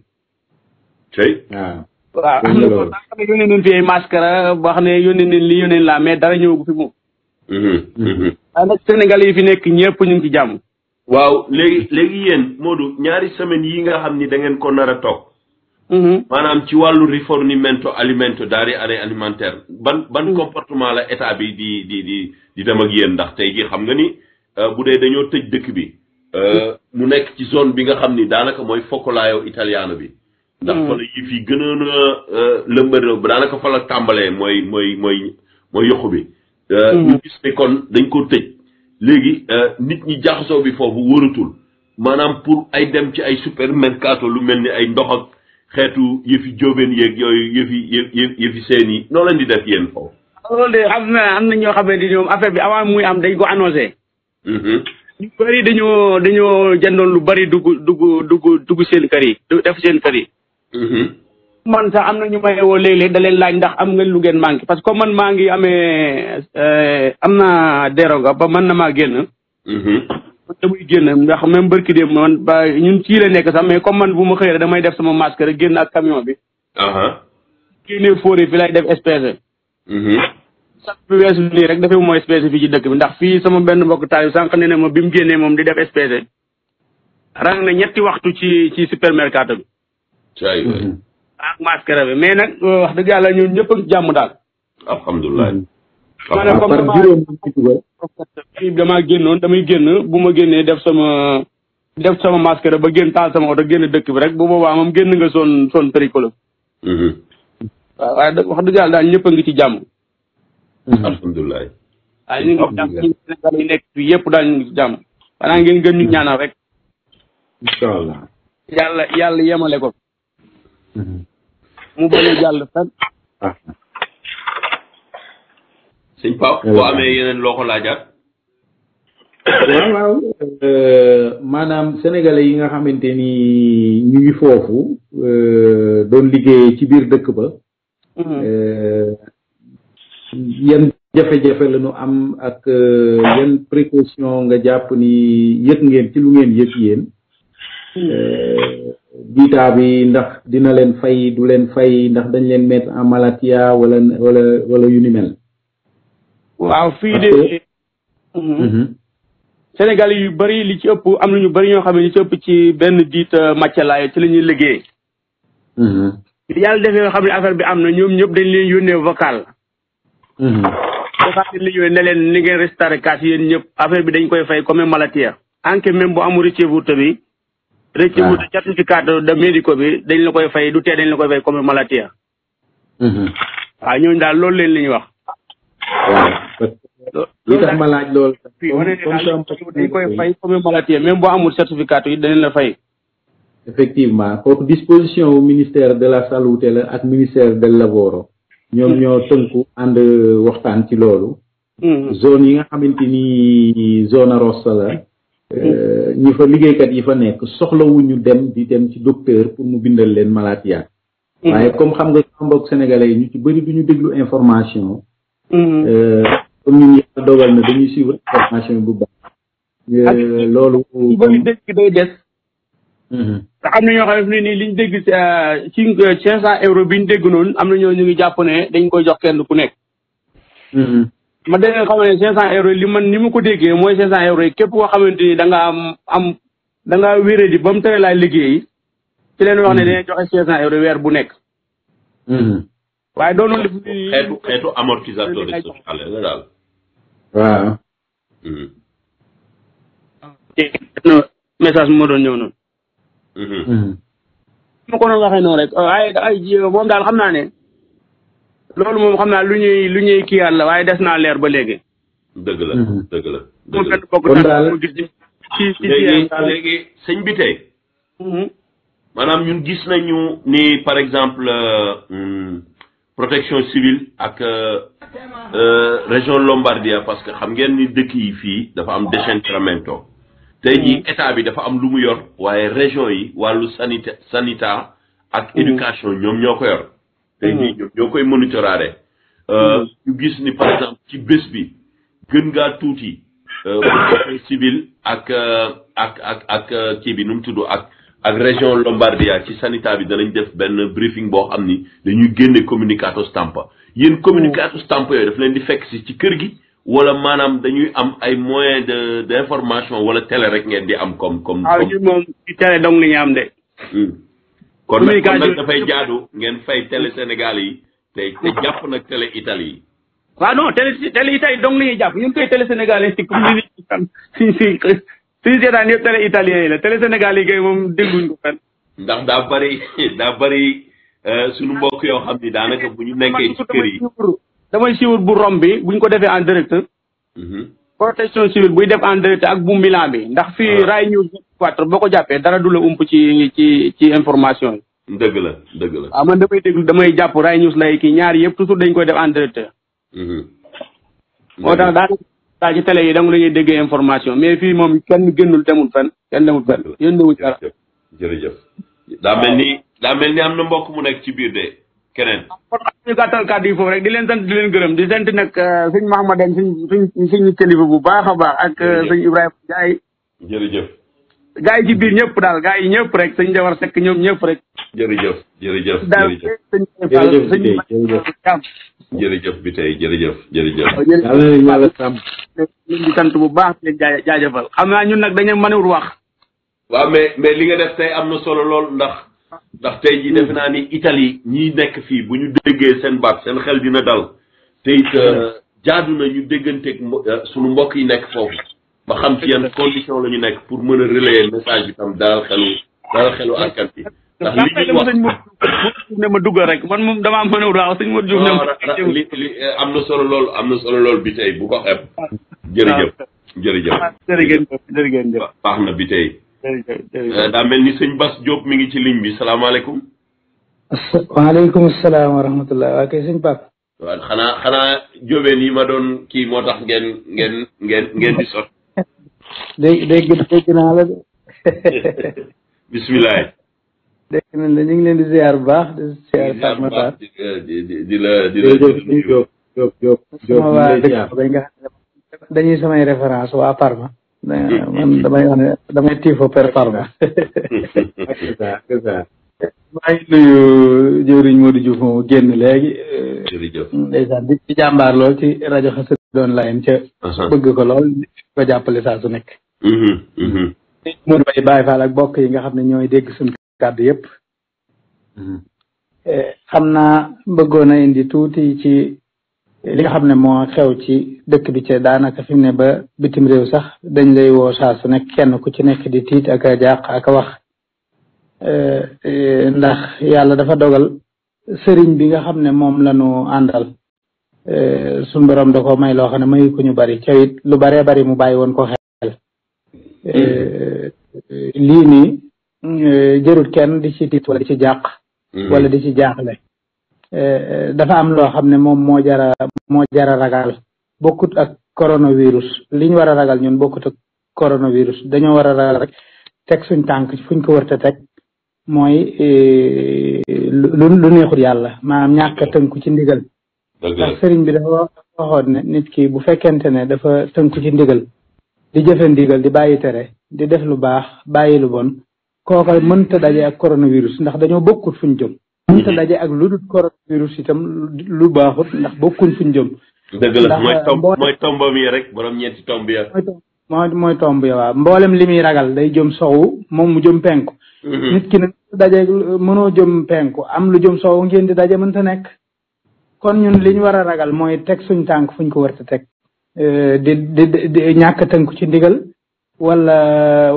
tey ah. waaw am na ko fi ay masque wax ne li yónnee la mais dara waaye mhm, mhm. ah, nag Sénégal yi fi nekk ñëpp ñu ngi ci jàmm. waaw léegi léegi yéen Modou ñaari semaine yi nga xam ni da ngeen ko nar a toog. Mhm. maanaam ci wàllu rifornimento alimento daari année alimentaire ban ban comportement la état bi di di di di dem ak yéen ndax tey jii xam nga ni euh, bu dee dañoo tëj dëkk bi. Euh, mu nekk ci zone bi nga xam ni daanaka mooy fokkolaayoo italiano bi. ndax fa la yëf yi gënoon a euh, lëmbër daanaka fa la tàmbalee mooy mooy mooy mooy yokku bi. Euh, mm-hmm. ñu gis ne kon dañ ko tëj léegi euh, nit ñi jaxasoo bi foofu wëratul maanaam pour ay dem ci ay supermercato lu mel ni ay ndox ak xeetu yëfi jóobeen yeeg yooyu yëfi yëf yëfi seen yi noo leen di def yéen foofu. loolu de na am na ñoo xamee di ñoom affaire bi avant muy am dañ ko annoncé. Mm-hmm. ñu bëri dañoo dañoo jëndoon lu bëri dugg dugg dugg dugg seen kër yi def seen kër yi. Mm-hmm. man sax am na ñu may woo léeg-léeg da laaj ndax am ngeen lu ngeen manqué parce que comme man maa ngi amee euh, am naa déroga ba man na maa génn. Mm-hmm. man damay génn ndax même barki dem man ba ñu ci la nekk sax mais comme man bu ma xëy rek damay def sama masque rek génn ak camion bi. Uh-huh. génne fóore fi lay def espèce. Mm-hmm. sax bi weesu nii rek dafay mooy espèce fii ci dëkk bi ndax fii sama benn mbokk taal sànq ne ne ma bi mu génnee moom di def espèce. rang na ñetti waxtu ci ci supermercato ak mascara bi mais nag euh, wax dëgg yàlla ñun ñëpp ak jàmm daal. alhamdulilah. Hmm. ma ne damaa génnoon damay génn bu ma génnee def sama def sama mascara ba génn taal sama oto génn dëkk bi rek bu boobaa moom génn nga son son péricolo. Hmm. waaye wax dëgg yàlla daal ñëpp a ngi ci jàmm. Hmm. alhamdulilah. waaye ñu ngi jàmm ñu Sénégal yi nekk daal ñu ñaanal rek. incha allah. yàlla yàlla yemale ko. mu bañ jàll fenn. boo amee yeneen loo ko laajaat. Euh, maanaam sénégalais yi nga xamante ni ñu ngi foofu euh, doon liggéeyee ci biir dëkk ba. Mm-hmm. Euh, yan jafe-jafe la ñu am ak yan précaution nga jàpp ni yëg ngeen ci lu ngeen yëg yéen. diitaa euh, bi ndax dina leen fay du leen fay ndax dañ leen mettre en malatia wala wala wala yu ni mel. waaw fii de. Mhm. Mhm. Sénégal yu bëri li ci ëpp am na ñu bari ñoo xam ne li ci ëpp ci benn diit euh, màccalaay ci la ñuy liggéey. Mhm. yàlla defee yoo xam ne affaire bi am na ñoom ñëpp dañ leen yónnee vocal. vocal li ñëwee ne leen ni ngeen restaré kaas yéen ñëpp affaire bi dañ koy fay comme malatia. enquête même bu amul recevoir bi. recevut certificat de médico bi dañ la koy fay du tee dañ la koy fay comme maladie waaw mm-hmm. ah, ñooñu daal loolu leen li ñu wax waaw li tax ma laaj loolu dañ koy fay comme maladie même boo amul certificat yi dañ la fay effectivement foofu disposition wu ministère de la salute la ak ministère del lavoro ñoom ñoo mm-hmm. tënku ànd euh, waxtaan ci loolu mm-hmm. zone yi nga xamante ni zone rossa la Euh, ñi fa liggéeykat yi fa nekk soxlawuñu dem di dem ci docteur pour mu bindal leen malaatiyaat mm-hmm. waaye comme xam nga mbokk sénégalais yi ñu ci bëri duñu déglu information mm-hmm. euh, comme ñun yàlla dogal na dañuy suivre information bu baax euh, loolu bëri dégg day des mm-hmm. te am na ñoo xam ne nii liñ dégg ci cinq cent euros bi ñu dégg noonu am na ñoo ñu ngi jàpp dañ koy jox kenn ku nekk ma dégg nga xam ne li man ni ma ko déggee mooy cinq cent euros yi képp koo xamante ni da nga am am da nga wéré tere laa liggéey ci leen wax ne mm-hmm. dañuy joxe cinq cent euros weer bu nekk mm-hmm. waaye doon na xeetu xeetu amortisateur social la daal waaw mm-hmm. message moo doon ñëw noonu ma a doon waxee noonu rek ay xam naa ne Loun moun kanda lunye ki al, waye des nan lèr bo lège. Dè gè la, mhm. dè gè la. Don fèt pou koutan moun disne. Se mbite, manan moun disne nyon ni par ekzample euh, hmm, protection sivil ak euh, euh, region Lombardia paske kham gen ni deki yi fi, da fèm dejen kramen to. Te yi etan bi da fèm loun mou yor, waye rejon yi, wale sanita at edukasyon yon moun yon kèr. tey jii hmm. ñoo koy monitoraare. Euh, hmm. ñu gis ni par exemple ci bés bi gën ngaa tuuti. Euh, civil euh, ak ak ak ak kii bi nu mu tudd ak ak région Lombardia ci sanitaire bi danañ def benn briefing boo xam ni dañuy génne communicato stampa yéen communicato hmm. stampa yooyu daf leen di fekk si ci kër gi wala maanam dañuy am ay moyens de information wala télé rek ngeen di am comme comme. Ah, comme moom ci télé dong la am de. kon nag dafay jaadu ngeen fay télé Sénégal yi te te jàpp nag télé Italie yi. waaw non télé télé Italie dong la ñuy jàpp ñun koy télé Sénégal yi si si si si seetaan yëpp télé italien yi la télé Sénégal yi kay moom dégguñ ko fenn. ndax daa bëri daa bëri euh, suñu mbokk yoo xam ni daanaka bu ñu nekkee ci kër yi. damay siiwur bu Rome bi bu ko defee en direct. Mhm. protection civile buy def en ak bu Milan bi ndax fii Rai News quatre boo ko jàppee dara du la ump ci ci ci information yi. dëgg la dëgg la. waaw ah, man damay déglu damay jàpp Ray News lay kii ñaar yëpp toujours dañ koy def en direct. Mhm. moo tax daanaka ci télé yi da la ñuy déggee information mais fii moom kenn génnul demul fenn kenn demul fenn yéen demul dara. jërëjëf daa mel ni daa mel ni am na mbokk mu nekk ci biir de keneen. Ah, kon ñu gàttal di leen sant di leen gërëm di sant nag euh, suñ Mouhamadane suñ suñ suñu bu baax a baax ak euh, suñ Ibrahima Ndiaye. jërëjëf. gaa yi ci ñëpp daal gaa yi ñëpp rek sëñ Jawar Seck ñoom ñëpp rek. jërëjëf jërëjëf jërëjëf bi tey jërëjëf jërëjëf. di sant bu baax di jaajëfal xam naa ñun nag dañu mënul wax. waaw mais mais li nga def tey am na solo lool ndax ndax tey ji defe naa ni Italie ñiy nekk fii bu ñu déggee seen baat seen xel dina dal te it euh, jaadu na ñu dégganteek euh, sunu mbokk yi nekk foofu. ba xam ci yan condition lañu ñu nekk pour mëna relayer message bi tam dal xelu dal xelu arkan bi ndax li ñu wax ne ma duggal rek man mom dama mëna a señ mo Modou ne amna li eh, am na solo lool am na solo lool bi tey bu ko xeeb jërëjëf jërëjëf ah, jërëjëf jërëjëf baax na bi tay eh, da melni señ Bass Diop mi ngi ci ligne bi salam alaykum wa alaykum assalam wa rahmatullah wa kay señ Pape waaw xanaa xanaa jóbeen yi ma doon kii moo tax ngeen ngeen ngeen ngeen di sot dégg dégg naa la de bisimilah dégg la ñu ngi leen di ziar bu baax di ziar Pape Matar di di la di la Diop Diop samay référence waa Parma man damay wax ne damay tiifo maa ngi nuyu jëwriñ Modou Diouf moomu génn léegi. jërëjëf euh, ndeysaan di ci jàmbaar lool ci rajo xasee doon layeen ca. bëgg ko lool ko jàppale saa su nekk. Mhm, mhm. di Modou Mbaye ak bokk yi nga xam ne ñooy dégg suñu kàddu yëpp. Mhm. Eh, xam naa bëggoon a indi tuti ci li nga xam ne moo xew ci dëkk bi ca daanaka fi mu ne ba bitim réew sax dañ lay woo saa su nekk kenn ku ci nekk di tiit ak a jàq wax. Eh, eh, ndax yàlla dafa dogal sëriñ bi nga xam ne moom la ñu àndal eh, suñ boroom da ko may loo xam ne mayu ko ñu bari ca lu baree bari mu bàyyi woon ko xel lii nii jërut kenn di ci tiit wala di ci jàq hmm. wala di ci jaaxle dafa am loo xam ne moom moo jara moo jara ragal bokkut ak coronavirus liñ war a ragal ñun bokkut ak coronavirus dañoo war a ragal rek teg suñ tànk fuñ ko wërta teg mooy e, lu lu neexul yàlla maanaam ñàkk tënku ci ndigal ndax sëriñ bi dafa waxoon ne nit ki bu fekkente ne dafa tënku ci ndigal di jëfe ndigal di bàyyi tere di def lu baax bàyyi lu bon kooka mënta daje ak coronavirus ndax dañoo bokkut fuñ jëm mm-hmm. mënta daje ak lu dul coronavirus itam lu baaxut ndax bokkuñ fuñ jëm dëgg mooy tombam yi rek borom ñeenti tomb ya mooy mooy tomb ya waaw mboolem li muy ragal day jëm sowu moom mu jëm penku. Mm-hmm. nit ki na daje mënoo jëm penku am lu jëm sowu ngeen di daje mënta nekk. kon ñun li ñu war a ragal mooy teg suñ tànk fuñ ko war a teg. Euh, di di di ñàkk tënku ci ndigal. wala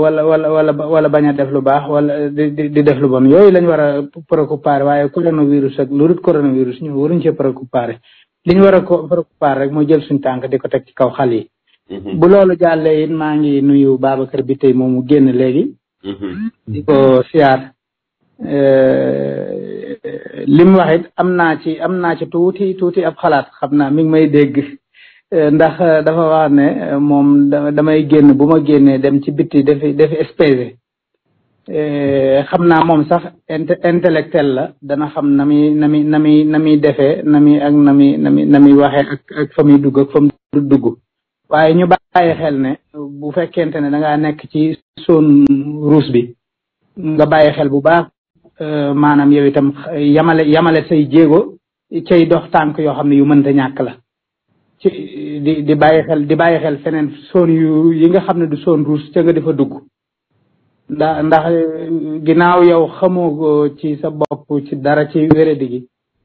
wala wala wala wala bañ a def lu baax wala di di def lu bon yooyu lañ war a préoccupé waaye coronavirus ak lu dul coronavirus ñu waruñ cee préoccupé li ñu war a préoccupé rek mooy jël suñ tànk di ko teg ci kaw xal yi. Mm-hmm. bu loolu jàle it maa ngi nuyu Babacar bi tey moomu génn léegi. Mm-hmm. di ko siyaar. Euh, li mu wax am naa ci am naa ci tuuti tuuti ab xalaat xam naa mi ngi may dégg euh, ndax dafa wax ne euh, moom damay génn bu ma génnee dem ci bitti dafi dafi espèce xam naa moom sax intellectuel la dana xam na muy na muy na muy na muy defee na muy ak na muy na muy na muy waxee dugg ak fa dugg waaye ñu bàyyi xel ne bu fekkente ne da ngaa nekk ci zone rouge bi nga bàyyi xel bu baax euh, maanaam yow itam yamale yamale say jéego cay dox tànk yoo xam ne yu mënta ñàkk la ci di di bàyyi xel di bàyyi xel feneen zone yu yi nga xam ne du zone rouge ca nga dafa dugg ndax ndax euh, ginnaaw yow xamoo ci sa bopp ci dara ci wéradi gi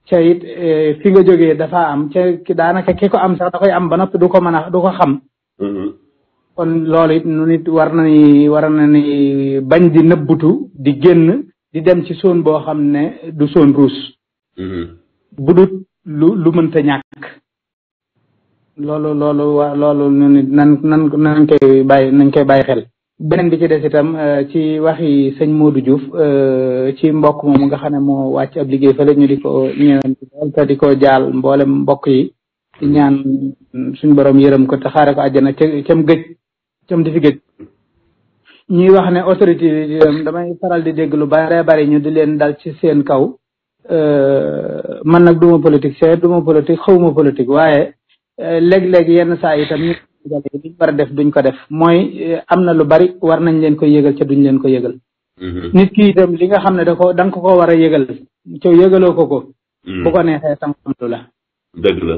ca it eh, fi nga jógee dafa am ca daanaka ki ko am sax da koy am ba noppi du ko mën a du ko xam. Mm-hmm. kon loolu it nu nit war nañu war nañu bañ di butu di génn di dem ci zone boo xam ne du zone rouge. Mm-hmm. bu dut lu lu mënta ñàkk. loolu loolu wa loolu nu nan nan nan bàyyi nañ koy bàyyi xel. beneen bi ci des itam euh, ci waxi sëñ Modou Diouf euh, ci mbokk moomu nga xam ne moo wàcc ab liggéey fële ñu di ko ñëwanti lool te di ko jaal mboolem mbokk yi ñaan suñ borom yërëm ko te xaare ko àjjana ca cam gëj cam di fi gëj ñuy wax ne autorité yi euh, damay faral di dégg lu bare bari ñu di leen daal ci seen kaw man nag duma politique seet duma politique xawma politique waaye léeg-léeg yenn saa itam yalla li war def duñ ko def moy eh, amna lu bari war nañ leen ko yegal ci duñ leen ko yegal mm-hmm. nit ki dem li nga xamne da ko dang ko ko wara yegal ci yegalo ko ko mm-hmm. bu ko neexé tam xam deug la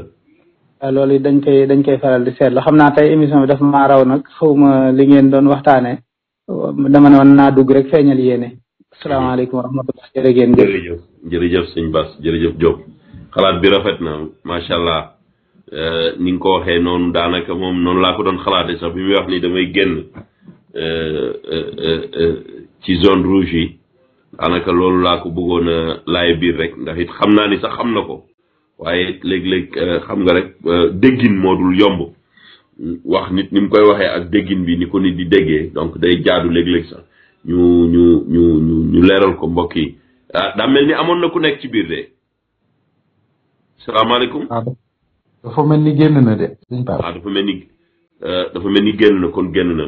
eh, lolou dañ koy dañ koy faral di sétlu xamna tay émission bi daf ma raw nak xawma li ngeen doon waxtane dama ne won na dug rek feñal yene assalamu alaykum wa rahmatullah jere ngeen jere jëf jere seigne bass jere jëf xalaat bi rafet na ma Allah Euh, ni nga ko waxee noonu daanaka moom noonu laa ko doon xalaate sax bi muy wax ni damay génn euh, euh, ci zone rouge yi daanaka loolu laa ko bëggoon a laay biir rek ndax it xam naa ni sax xam na ko waaye léeg-léeg xam nga rek déggin moo dul yomb wax nit ni koy waxee ak déggin bi ni ko nit di déggee donc day jaadu léeg-léeg sax ñu ñu ñu leeral ko mbokk yi ah, daa mel ni amoon na ku nekk ci biir de salaamaaleykum ah, dafa mel ni génn na de. waaw dafa mel ni euh, dafa mel ni génn na kon génn na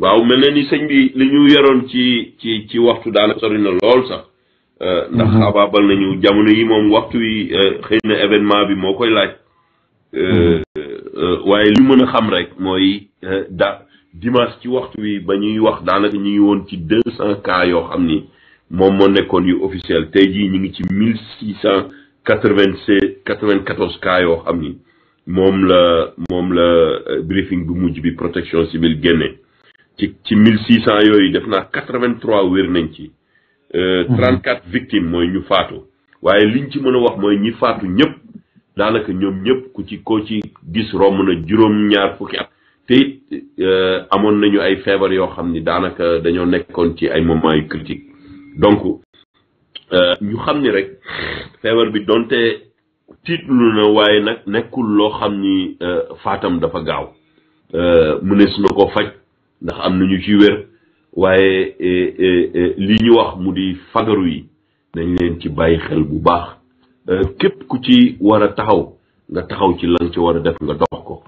waaw mel na ni sëñ bi li ñu yoroon ci ci ci waxtu daanaka sori na lool sax. Euh, ndax mhm. xaabaabal nañu jamono yi moom waxtu yi euh, xëy na événement bi moo koy laaj. Mhm. waaye li mën a xam rek mooy da dimas ci waxtu wi ba ñuy wax daanaka ñu ngi woon ci deux cent cas yoo xam ni moom moo nekkoon yu officiel tey jii ñu ngi ci mille six cent quatre vingt seize quatre vingt quatorze cas yoo xam ni. moom la moom la euh, briefing bu mujj bi protection civile génne ci ci mille six cent yooyu def naa quatre vingt trois wér nañ ci euh, mhm. trente quatre victimes mooy ñu faatu waaye liñ ci mën a wax mooy ñi faatu ñëpp daanaka ñoom ñëpp ku ci ko ci gis romb na juróom ñaar fukki at te it euh, amoon nañu ay feebar yoo xam ni daanaka dañoo nekkoon ci ay moments yu critique donc ñu xam ni rek feebar bi donte tiitlu na waaye nag nekkul loo xam ni euh, faatam dafa gaaw euh, mënees na ko faj ndax am na ñu ci wér waaye e, e, e, li ñu wax mu di fagaru yi nañ leen ci bàyyi xel bu baax euh, képp ku ci war taxaw nga taxaw ci lan ci war a def nga dox ko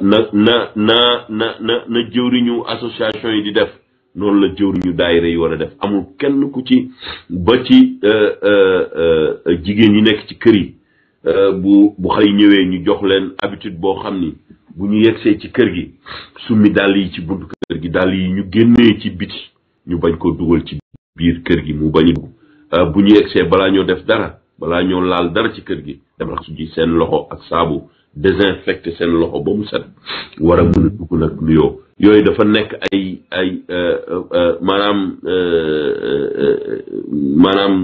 na na na na na na jëwriñu association yi di def noonu la jëwriñu daayira yi war a def amul kenn ku ci ba ci jigéen ñi nekk ci kër yi Euh, bu bu xëy ñëwee ñu jox leen habitude boo xam ni bu ñu yegsee ci kër gi summi dàll yi ci buntu kër gi dàll yi ñu génnee ci biti ñu bañ koo dugal ci biir kër gi mu bañ a dugg euh, bu ñu yegsee balaa ñoo def dara balaa ñoo laal dara ci kër gi dem raxasu ji seen loxo ak saabu désinfecté seen loxo ba mu set war a mën a dugg nag nuyoo yooyu dafa nekk ay ay euh, maanaam maanaam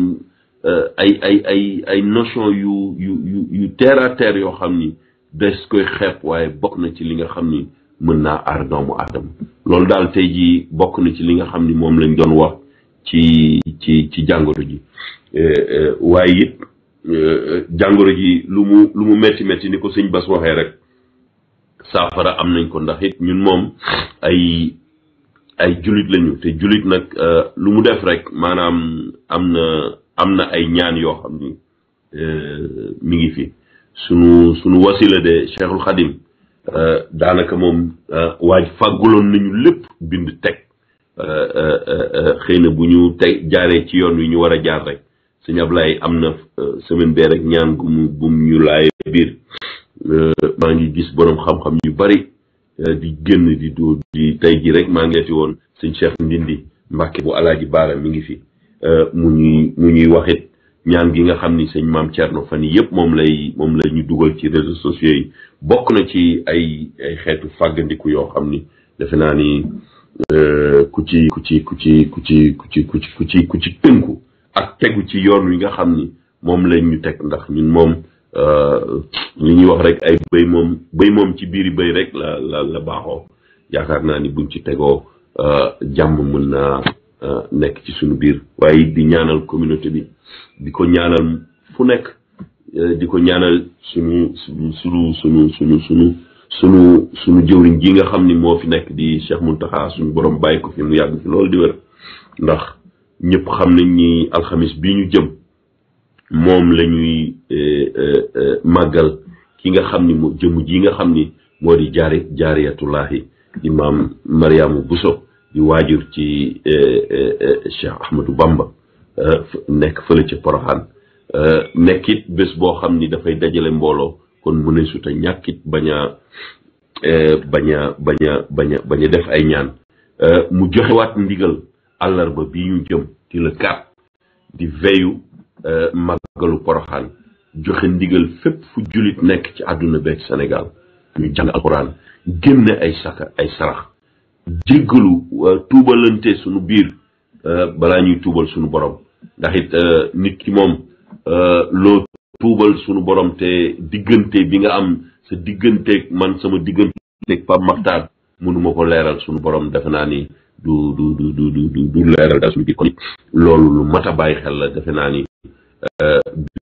ay ay ay ay notion yu yu yu yu terre yoo xam ni des koy xeeb waaye bokk na ci li nga xam ni mën naa aar doomu aadama loolu daal tey jii bokk na ci li nga xam ni moom lañ doon wax ci ci ci jàngoro ji eh, eh, waaye it eh, jàngoro ji lu mu metti metti ni ko sëñ Bas waxee rek saafara am nañ ko ndax ñun moom ay ay julit lañu te julit nag lu mu def rek maanaam am na. am na ay ñaan yoo xam ni euh, mi ngi fi sunu sunu wasila de Cheikhul Xadim euh, daanaka moom euh, waaj fàgguloon nañu lépp bind teg xëy na bu ñu teg jaaree ci yoon wi ñu war a jaar rek sëñ Ablaye am na semaine bee rek ñaan gu mu ñu laay biir maa ngi gis boroom xam-xam yu bari di génn di du di tey ji rek maa ngi fi woon sëñ Cheikh Ndindi Mbàkke bu Alaaji Baara mi ngi fi Euh, mu ñuy mu ñuy waxit ñaan gi nga xam ni sëñ maam Thierno fan yii yëpp moom lay moom la ñu dugal ci réseaux sociaux yi bokk na ci ay ay xeetu fàggandiku yoo xam ni defe naa ni euh, ku ci ku ci ku ci ku ci ku ci ku ku ci ku ci tënku ak tegu ci yoon wi nga xam ni moom lañ ñu teg ndax ñun moom euh, li ñuy wax rek ay béy moom béy moom ci biiri béy rek la la la baaxoo yaakaar naa ni buñ ci tegoo jàmm mën naa. Euh, nekk ci suñu biir waaye bi ñaanal communauté bi di ko ñaanal fu nekk euh, di ko ñaanal suñu suñu suñu suñu suñu suñu suñu jëwriñ ji nga xam ni moo fi nekk di Cheikh Mountakha suñu borom bàyyi ko fi mu yàgg fi loolu di wér ndax ñëpp xam nañ ni alxamis bi ñu jëm moom la ñuy euh, màggal ki nga xam ni moo jëmm ji nga xam ni moo di jaari jaariyatullahi imaam Mariama Bousso di waajur ci eh, eh, eh, Cheikh Ahmadou Bamba nekk fële ca Poroxaan nekkit bés boo xam ni dafay dajale mbooloo kon mu ne suta ñàkkit bañ a bañ a bañ def ay ñaan mu joxewaat ndigal àllarba bi ñu jëm ci le kat di veyu màggalu Poroxaan joxe ndigal fépp fu jullit nekk ci àdduna beeg senegal ñu jàng alxuraan génne ay saka ay sarax jéggalu euh, tuubalante suñu biir euh, balaa ñuy tuubal suñu borom ndax it euh, nit ki moom loo tuubal suñu borom te diggante bi nga am sa digganteeg man sama digganteeg Pape Makhtar mënuma ko leeral suñu borom defe naa ni du du du du du leeral daal suñu biir kon loolu lu mat a bàyyi xel la defe naa ni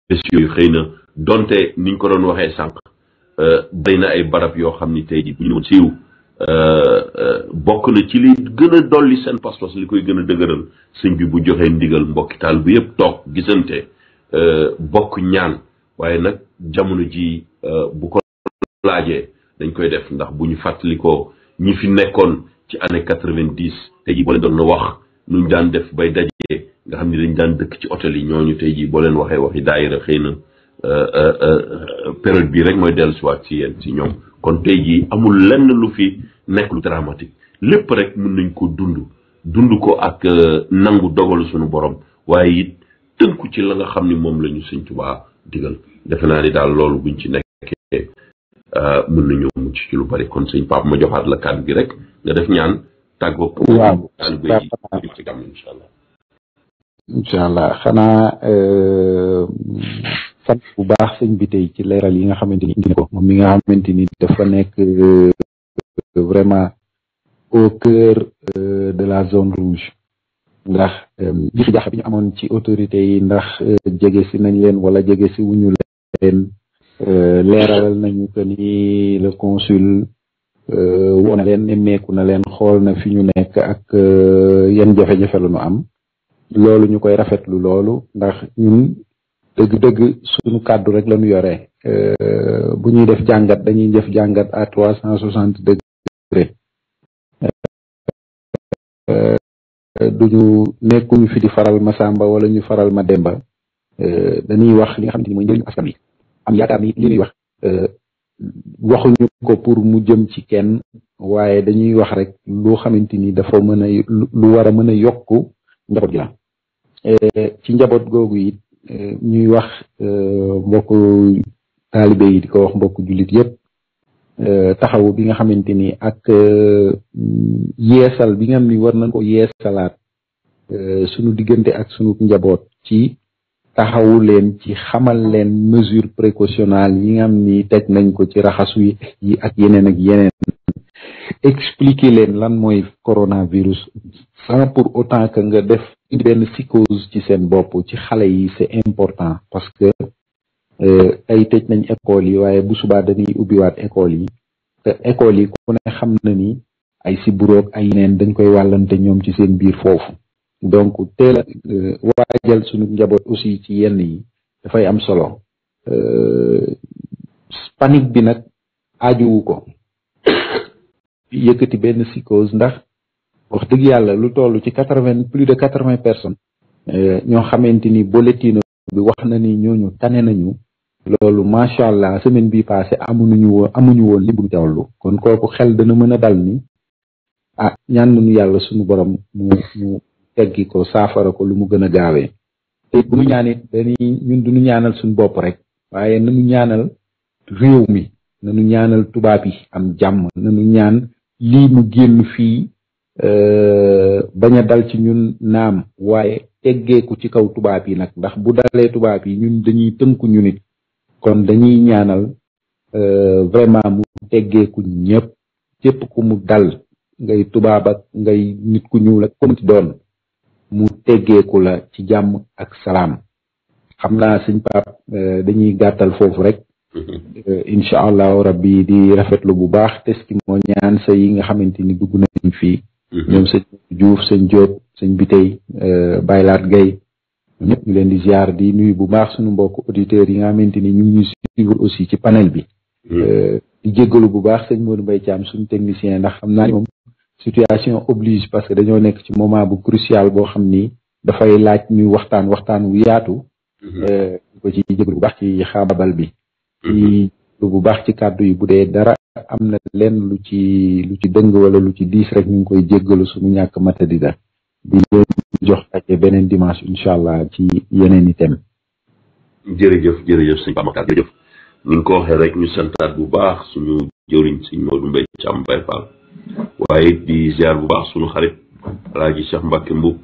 bés yooyu xëy na donte niñ ko doon waxee sànq bari na ay barab yoo xam ni tey ji bu ñu siiw Euh, euh, bokk na ci li gën a dolli seen pas si li koy gën a dëgëral sëñ bi bu joxee ndigal mbokki taal bu yëpp toog gisante euh, bokk ñaan waaye nag jamono ji bu ko laajee dañ koy def ndax bu ñu fàttalikoo ñi fi nekkoon ci année quatre-vingt-dix tey jii boo leen doon na wax nu ñu daan def bay dajee nga xam ni dañ daan dëkk ci hôtel yi ñooñu tey jii boo leen waxee yi daayira xëy na période bii rek mooy dellusiwaat ci yéen ci ñoom kon tey jii amul lenn lu fi nekk lu dramatique lépp rek mën nañ ko dund dund ko ak euh, nangu dogalu suñu borom waaye it tënku ci la nga xam ni moom lañu ñu sëñ Tuubaa digal defe naa ni daal loolu buñ ci nekkee euh, mën nañu mucc ci lu bari kon sëñ Pape ma joxaat la kàddu gi rek nga def ñaan tàggoo taalibe yi ci dam incha allah incha allah xanaa euh, sant bu baax sëñ bi tey ci leeral yi nga xamante ni indi ko moom mi nga xamante ni dafa nekk euh, vraiment au cœur euh, de la zone rouge ndax jiixi euh, jaax bi ñu amoon ci autorité yi ndax jege si nañ leen wala jege si wuñu leen leeralal nañu que ni le consul woo na leen nemmeeku na leen xool na fi ñu nekk ak yan jafe-jafe la ñu am loolu ñu koy rafetlu loolu ndax dëgg-dëgg suñu kàddu rek la yore yoree euh, bu ñuy def jàngat dañuy def jàngat à trois cent soixante degré euh, duñu nekkuñu fi di faral ma sàmba wala ñu faral ma demba euh, dañuy wax li nga xamante ni mooy njëriñu askan wi am yaakaar ni li nuy wax waxuñu ko pour mu jëm ci kenn waaye dañuy wax rek loo xamante ni dafa mën a lu war a mën a yokk njaboot gi la ci njaboot googu it ñuy wax euh, mbokk talibé yi diko wax mbokk julit yépp euh, taxaw bi nga xamanteni ak euh, yeesal bi nga xam ni war nañ ko yeesalaat suñu digënté ak suñu njaboot ci taxawu leen ci xamal leen mesure précautionnelle yi nga ni teg nañ ko ci raxasu yi ak yeneen ak yeneen expliquer leen lan mooy coronavirus sans pour autant que nga def indi benn psychose ci seen bopp ci xale yi c'est important parce que euh, ay tëj nañ école yi waaye bu subaa dañuy ubbiwaat école yi te école yi ku ne xam na ni ay siburoog ay neen dañ koy wàllante ñoom ci seen biir foofu donc teel a euh, waajal suñu njaboot aussi ci yenn yi dafay am solo euh, panique bi nag ajuwu ko yëkkati benn psychose ndax wax dëgg yàlla lu toll ci quatre vingt plus de quatre vingt personnes euh, ñoo xamante ni boletino bi wax na ni ñooñu tane nañu loolu macha allah semaine bi passé amuñu woon amuñu woon li bu teewlu kon kooku xel dana mën a dal ni ah ñaan nañu yàlla suñu borom mu mu teggi ko saafara ko lu mu gën a gaawee te bu ñu ñaanit dañuy ñun duñu ñaanal suñu bopp rek waaye nañu ñaanal réew mi nañu ñaanal tubaab yi am jàmm nañu ñaan lii mu génn fii Euh, bañ a dal ci ñun naam waaye teggeeku ci kaw tubaab yi nag ndax bu dalee tubaab yi ñun dañuy tënku ñu nit kon dañuy ñaanal euh, vraiment mu eggeeku ñëpp képp ku mu dal ngay tubaab ak ngay nit ku ñuul ak comme mu teggeeku la ci jàmm ak salaam xam naa suñ pap euh, dañuy gàttal foofu rek mm-hmm. incha allahu rabbi di rafetlu bu baax tes ki moo yi nga xamante ni dugg nañ fii Mm-hmm. ñoom sëñ Diouf sëñ Diop sëñ Bitey euh, Baylaat Gay ñëpp ñu leen di ziar di nuyu bu baax suñu mbokk auditeurs yi nga xamante ni ñu ngi ñuy aussi ci panel bi. Mm-hmm. Euh, di jéggalu bu baax sëñ Modou Mbaye Thiam suñu technicien ndax xam naa ni moom situation oblige parce que dañoo nekk ci moment bu crucial boo xam ni dafay laaj ñuy waxtaan waxtaan wu yaatu. Mm-hmm. Euh, ko ci jéggalu bu baax ci xaabal bi. ci baax ci kàddu yi bu dee dara am na lenn lu ci lu ci dëng wala lu ci diis rek ñu ngi koy jéggalu suñu ñàkk matadi da di leen jox daje beneen dimanche incha allah ci yeneen i thèmes. jërëjëf jërëjëf sëñ Pape Makhtar jërëjëf ni nga ko waxee rek ñu santaat bu baax suñu jëwriñ sëñ Modou Mbaye Thiam Baye Fall waaye di ziar bu baax suñu xarit Alaaji Cheikh Mbacke Mboub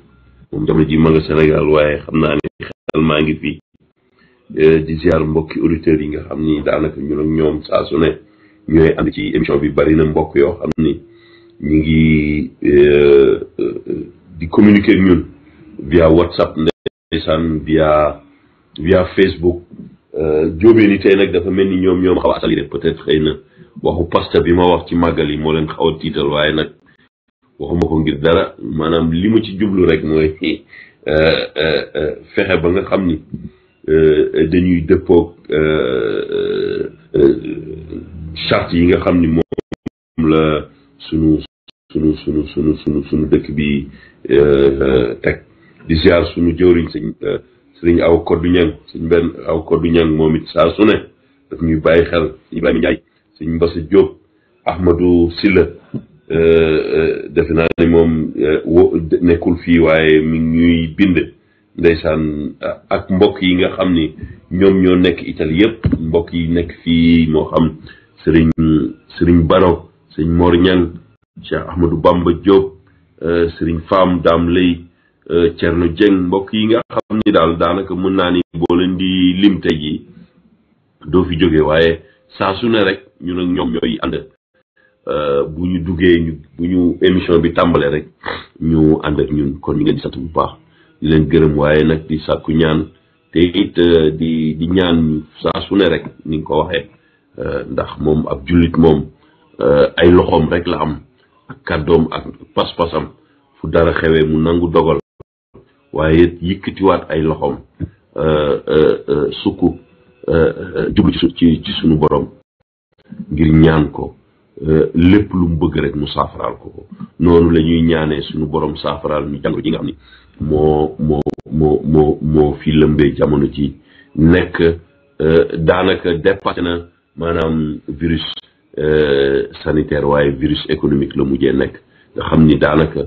moom jamono ji ma Sénégal waaye xam naa ne xel maa ngi fi eh, di ziar mbokki auditeurs yi nga xam ni daanaka ñun ak ñoom saa su ñu am ci émission bi bari na mbokk yoo xam ni ñu ngi euh, euh, di communiquer ñun via whatsapp ndeysaan via via facebook jóobee euh, ni tey nag dafa mel ni ñoom ñoom xaw a asali rek peut-être xëy na waxu pasta bi ma wax ci màggal yi moo leen xaw a tiital waaye nag waxuma ko ngir dara maanaam li ma ci jublu rek mooy fexe ba nga xam ni dañuy dëppoog charte yi nga xam ni moom la sunu sunu sunu sunu sunu sunu dëkk bi euh, teg di ziar sunu sëñ euh, sëriñ aw koddu ñang sëñ benn aw koddu ñang moom it saa su ne daf ñuy bàyyi xel sëñ Ibrahima Ndiaye sëñ Mbasa Diop Ahmadou Silla euh, defe naa ne moom nekkul fii waaye mi ñuy bind ndeysaan ak mbokk yi nga xam ni ñoom ñoo nekk Italie yëpp mbokk yi nekk fii moo xam sëriñ sëriñ Baro sëriñ Mor Ñang Cheikh Ahmadou Bamba Diop euh, sëriñ Faam Daam Lay Cerno euh, Jeng mbokk yi nga xam ni daal daanaka mën naa ni boo leen di lim tey jii doo fi jóge waaye saa su ne rek ñun ak ñoom ñooy ànd euh, bu ñu duggee ñu bu ñu émission bi tàmbalee rek ñu ànd ak ñun kon ñu ngi di sant bu baax di leen gërëm waaye nag di saku ñaan te it di ñaan saa su ne rek ni nga ko waxee Euh, ndax moom ab jullit moom euh, ay loxoom rek la am kàddoom ak pas-pasam fu dara xewee mu nangu dogal waaye yëkkatiwaat ay loxoom euh, sukk jublu ci ci suñu borom ngir ñaan ko lépp lu mu bëgg rek mu saafaraal ko ko noonu la ñaanee suñu borom saafaraal ñu jàngoro ji nga xam ni moo moo moo moo fi lëmbee jamono ci nekk daanaka dépassé na. maanaam virus euh, sanitaire waaye virus économique la mujjee nekk nga xam ni daanaka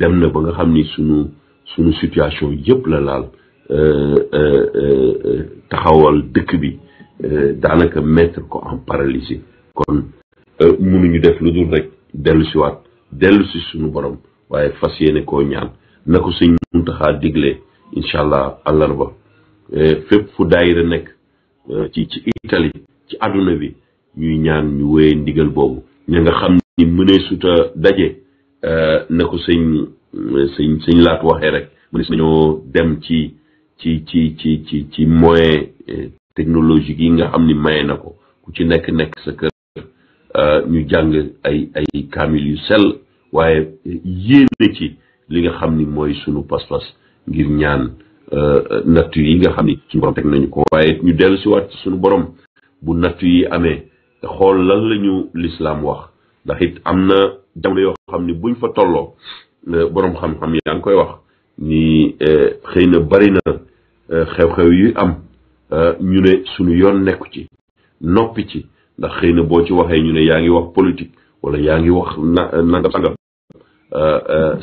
dem na ba nga xam ni sunu sunu situation yëpp la laal euh, euh, taxawal dëkk bi daanaka mettre ko en paralysie kon mënuñu def lu dul rek dellu si waat dellu si sunu borom waaye fas yéene koo ñaan na ko sëñ Muntaxa digle incha allah àllarba fépp fu daayira nekk ci ci Italie ci àdduna bi ñuy ñaan ñu wéye ndigal boobu ña nga xam ni mënee suta daje euh, na ko sëñ sëñ sëñ laat waxee rek mu ne nañoo dem ci ci ci ci ci ci moyen euh, technologique yi nga xam ni maye na ko ku ci nekk nekk sa kër euh, ñu jàng ay ay kaamil yu sel waaye yéene ci li nga xam ni mooy sunu pas-pas ngir ñaan nattu yi nga xam ni suñu borom teg nañu ko waaye ñu dellu si waat ci suñu borom bu nattu yi amee te xool lan la ñu lislaam wax ndax it am na jamono yoo xam ni buñ fa tolloo boroom xam-xam yaa ngi koy wax ni eh, xëy na bari na eh, xew-xew yi am eh, ñu ne suñu yoon nekku ci noppi ci ndax xëy na boo ci waxee ñu ne yaa ngi wax politique wala yaa ngi wax na nangam sangam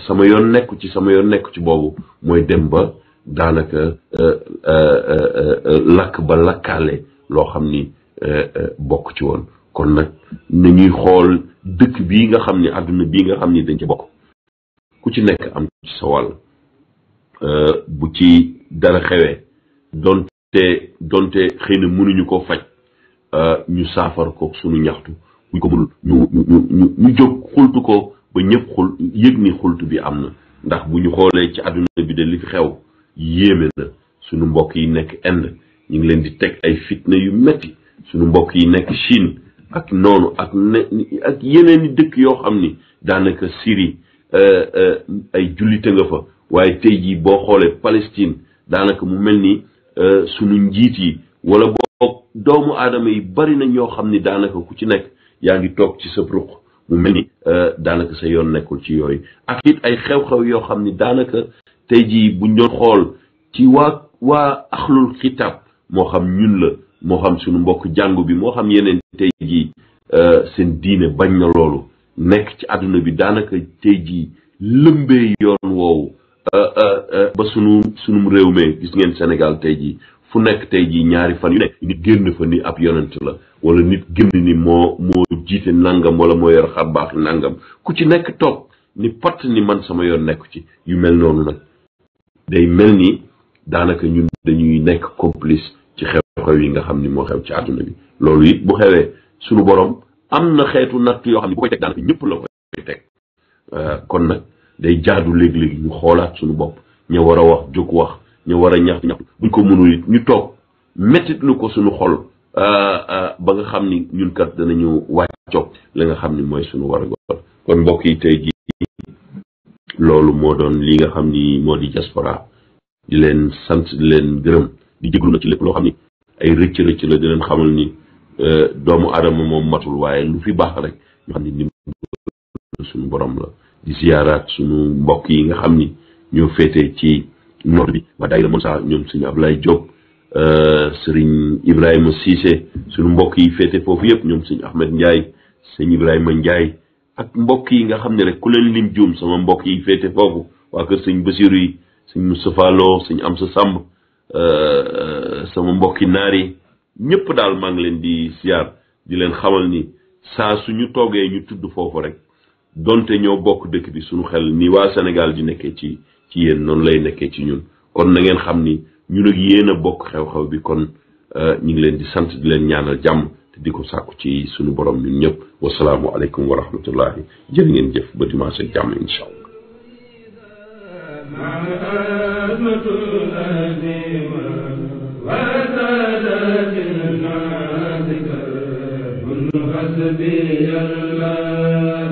sama yoon nekku ci sama yoon nekku ci boobu mooy dem ba daanaka lakk ba lakkaale loo xam ni Eh, eh, bokk ci woon kon nag nañuy xool dëkk bi nga xam ni àdduna bii nga xam ni dañ ci bokk ku ci nekk am ci sa wàll eh, bu ci dara xewee donte donte xëy na mënuñu koo faj ñu saafar ko sunu ñaxtu buñ ko ñu ñu xultu ko ba ñëpp xul yëg ni xultu bi am na ndax bu ñu xoolee ci àdduna bi de li fi xew yéeme na sunu mbokk yi nekk Inde ñu ngi leen di teg ay fitna yu metti suñu mbokk yi nekk Chine ak noonu ak ne ak yeneen i dëkk yoo xam ni daanaka Syrie ay jullite nga fa waaye tey jii boo xoolee Palestine daanaka mu mel ni suñu njiit yi wala boog doomu aadama yi bari na ñoo xam ni daanaka ku ci nekk yaa ngi toog ci sa ruq mu mel ni daanaka sa yoon nekkul ci yooyu ak it ay xew-xew yoo xam ni daanaka tey jii buñ doon xool ci waa waa axlul xitaab moo xam ñun la moo xam suñu mbokk jàngu bi moo xam yeneen tey jii euh, seen diine bañ na loolu nekk ci àdduna bi daanaka tey jii lëmbee yoon woowu euh, euh, ba sunu sunum réew me gis ngeen Sénégal tey ji fu nekk tey jii ñaari fan yu nekk nit génn fa ni ab yonent la wala nit génn ni moo moo jiite nangam wala moo yor xar baax nangam ku ci nekk toog ni patt ni man sama yoon nekku ci yu mel noonu nag day mel ni daanaka ñun dañuy nekk complice ci xew-xew yi nga xam ni moo xew ci àdduna bi loolu it bu xewee sunu borom am na xeetu natt yoo xam ne ko koy ñëpp la koy euh, kon nag day jaadu léegi xoolaat suñu bopp ñu war a wax jóg wax ñu war a ñax ñax buñ ko mënul it ñu toog méttit lu ko suñu xol euh, euh, ba nga xam ni ñun kat dana danañu wàccoog li nga xam ni mooy sunu war a gol kon mbokk yi tey loolu moo doon li nga xam ni moo di diaspora di leen sant leen gërëm di jéglu na ci lépp loo xam ni ay rëcc rëcc la di leen xamal ni euh, doomu aadama moom matul waaye lu fi baax rek ñu xam ni nim suñu borom la di suñu mbokk yi nga xam ni ñoo ci nord bi waa daayira Monsa ñoom suñu Ablaye Diop euh, sëriñ Ibrahima Cissé suñu mbokk yi féete foofu yëpp ñoom suñu Ahmed Ndiaye sëñ Ibrahima Ndiaye ak mbokk yi nga xam ne rek ku leen lim juum sama mbokk yi féete foofu waa kër sëñ Basiru yi sëñ Moustapha Lo sëñ Amsa Samb Eh, eh, sama mbokki naar yi ñëpp daal maa ngi leen di siyaar di leen xamal ni saa su ñu toogee ñu tudd foofu rek donte ñoo bokk dëkk bi suñu xel ni waa senegal di nekkee ci ci yéen noonu lay nekkee ci ñun kon na ngeen xam ni ñu ak yéen a bokk xew-xew bi kon eh, ñu ngi leen di sant di leen ñaanal jàmm te di ko sàkku ci suñu borom ñun ñëpp wasalaamu aleykum wa rahmatullahi jërë ngeen jëf ba dimanche ak jàmm incha allah حسبي الله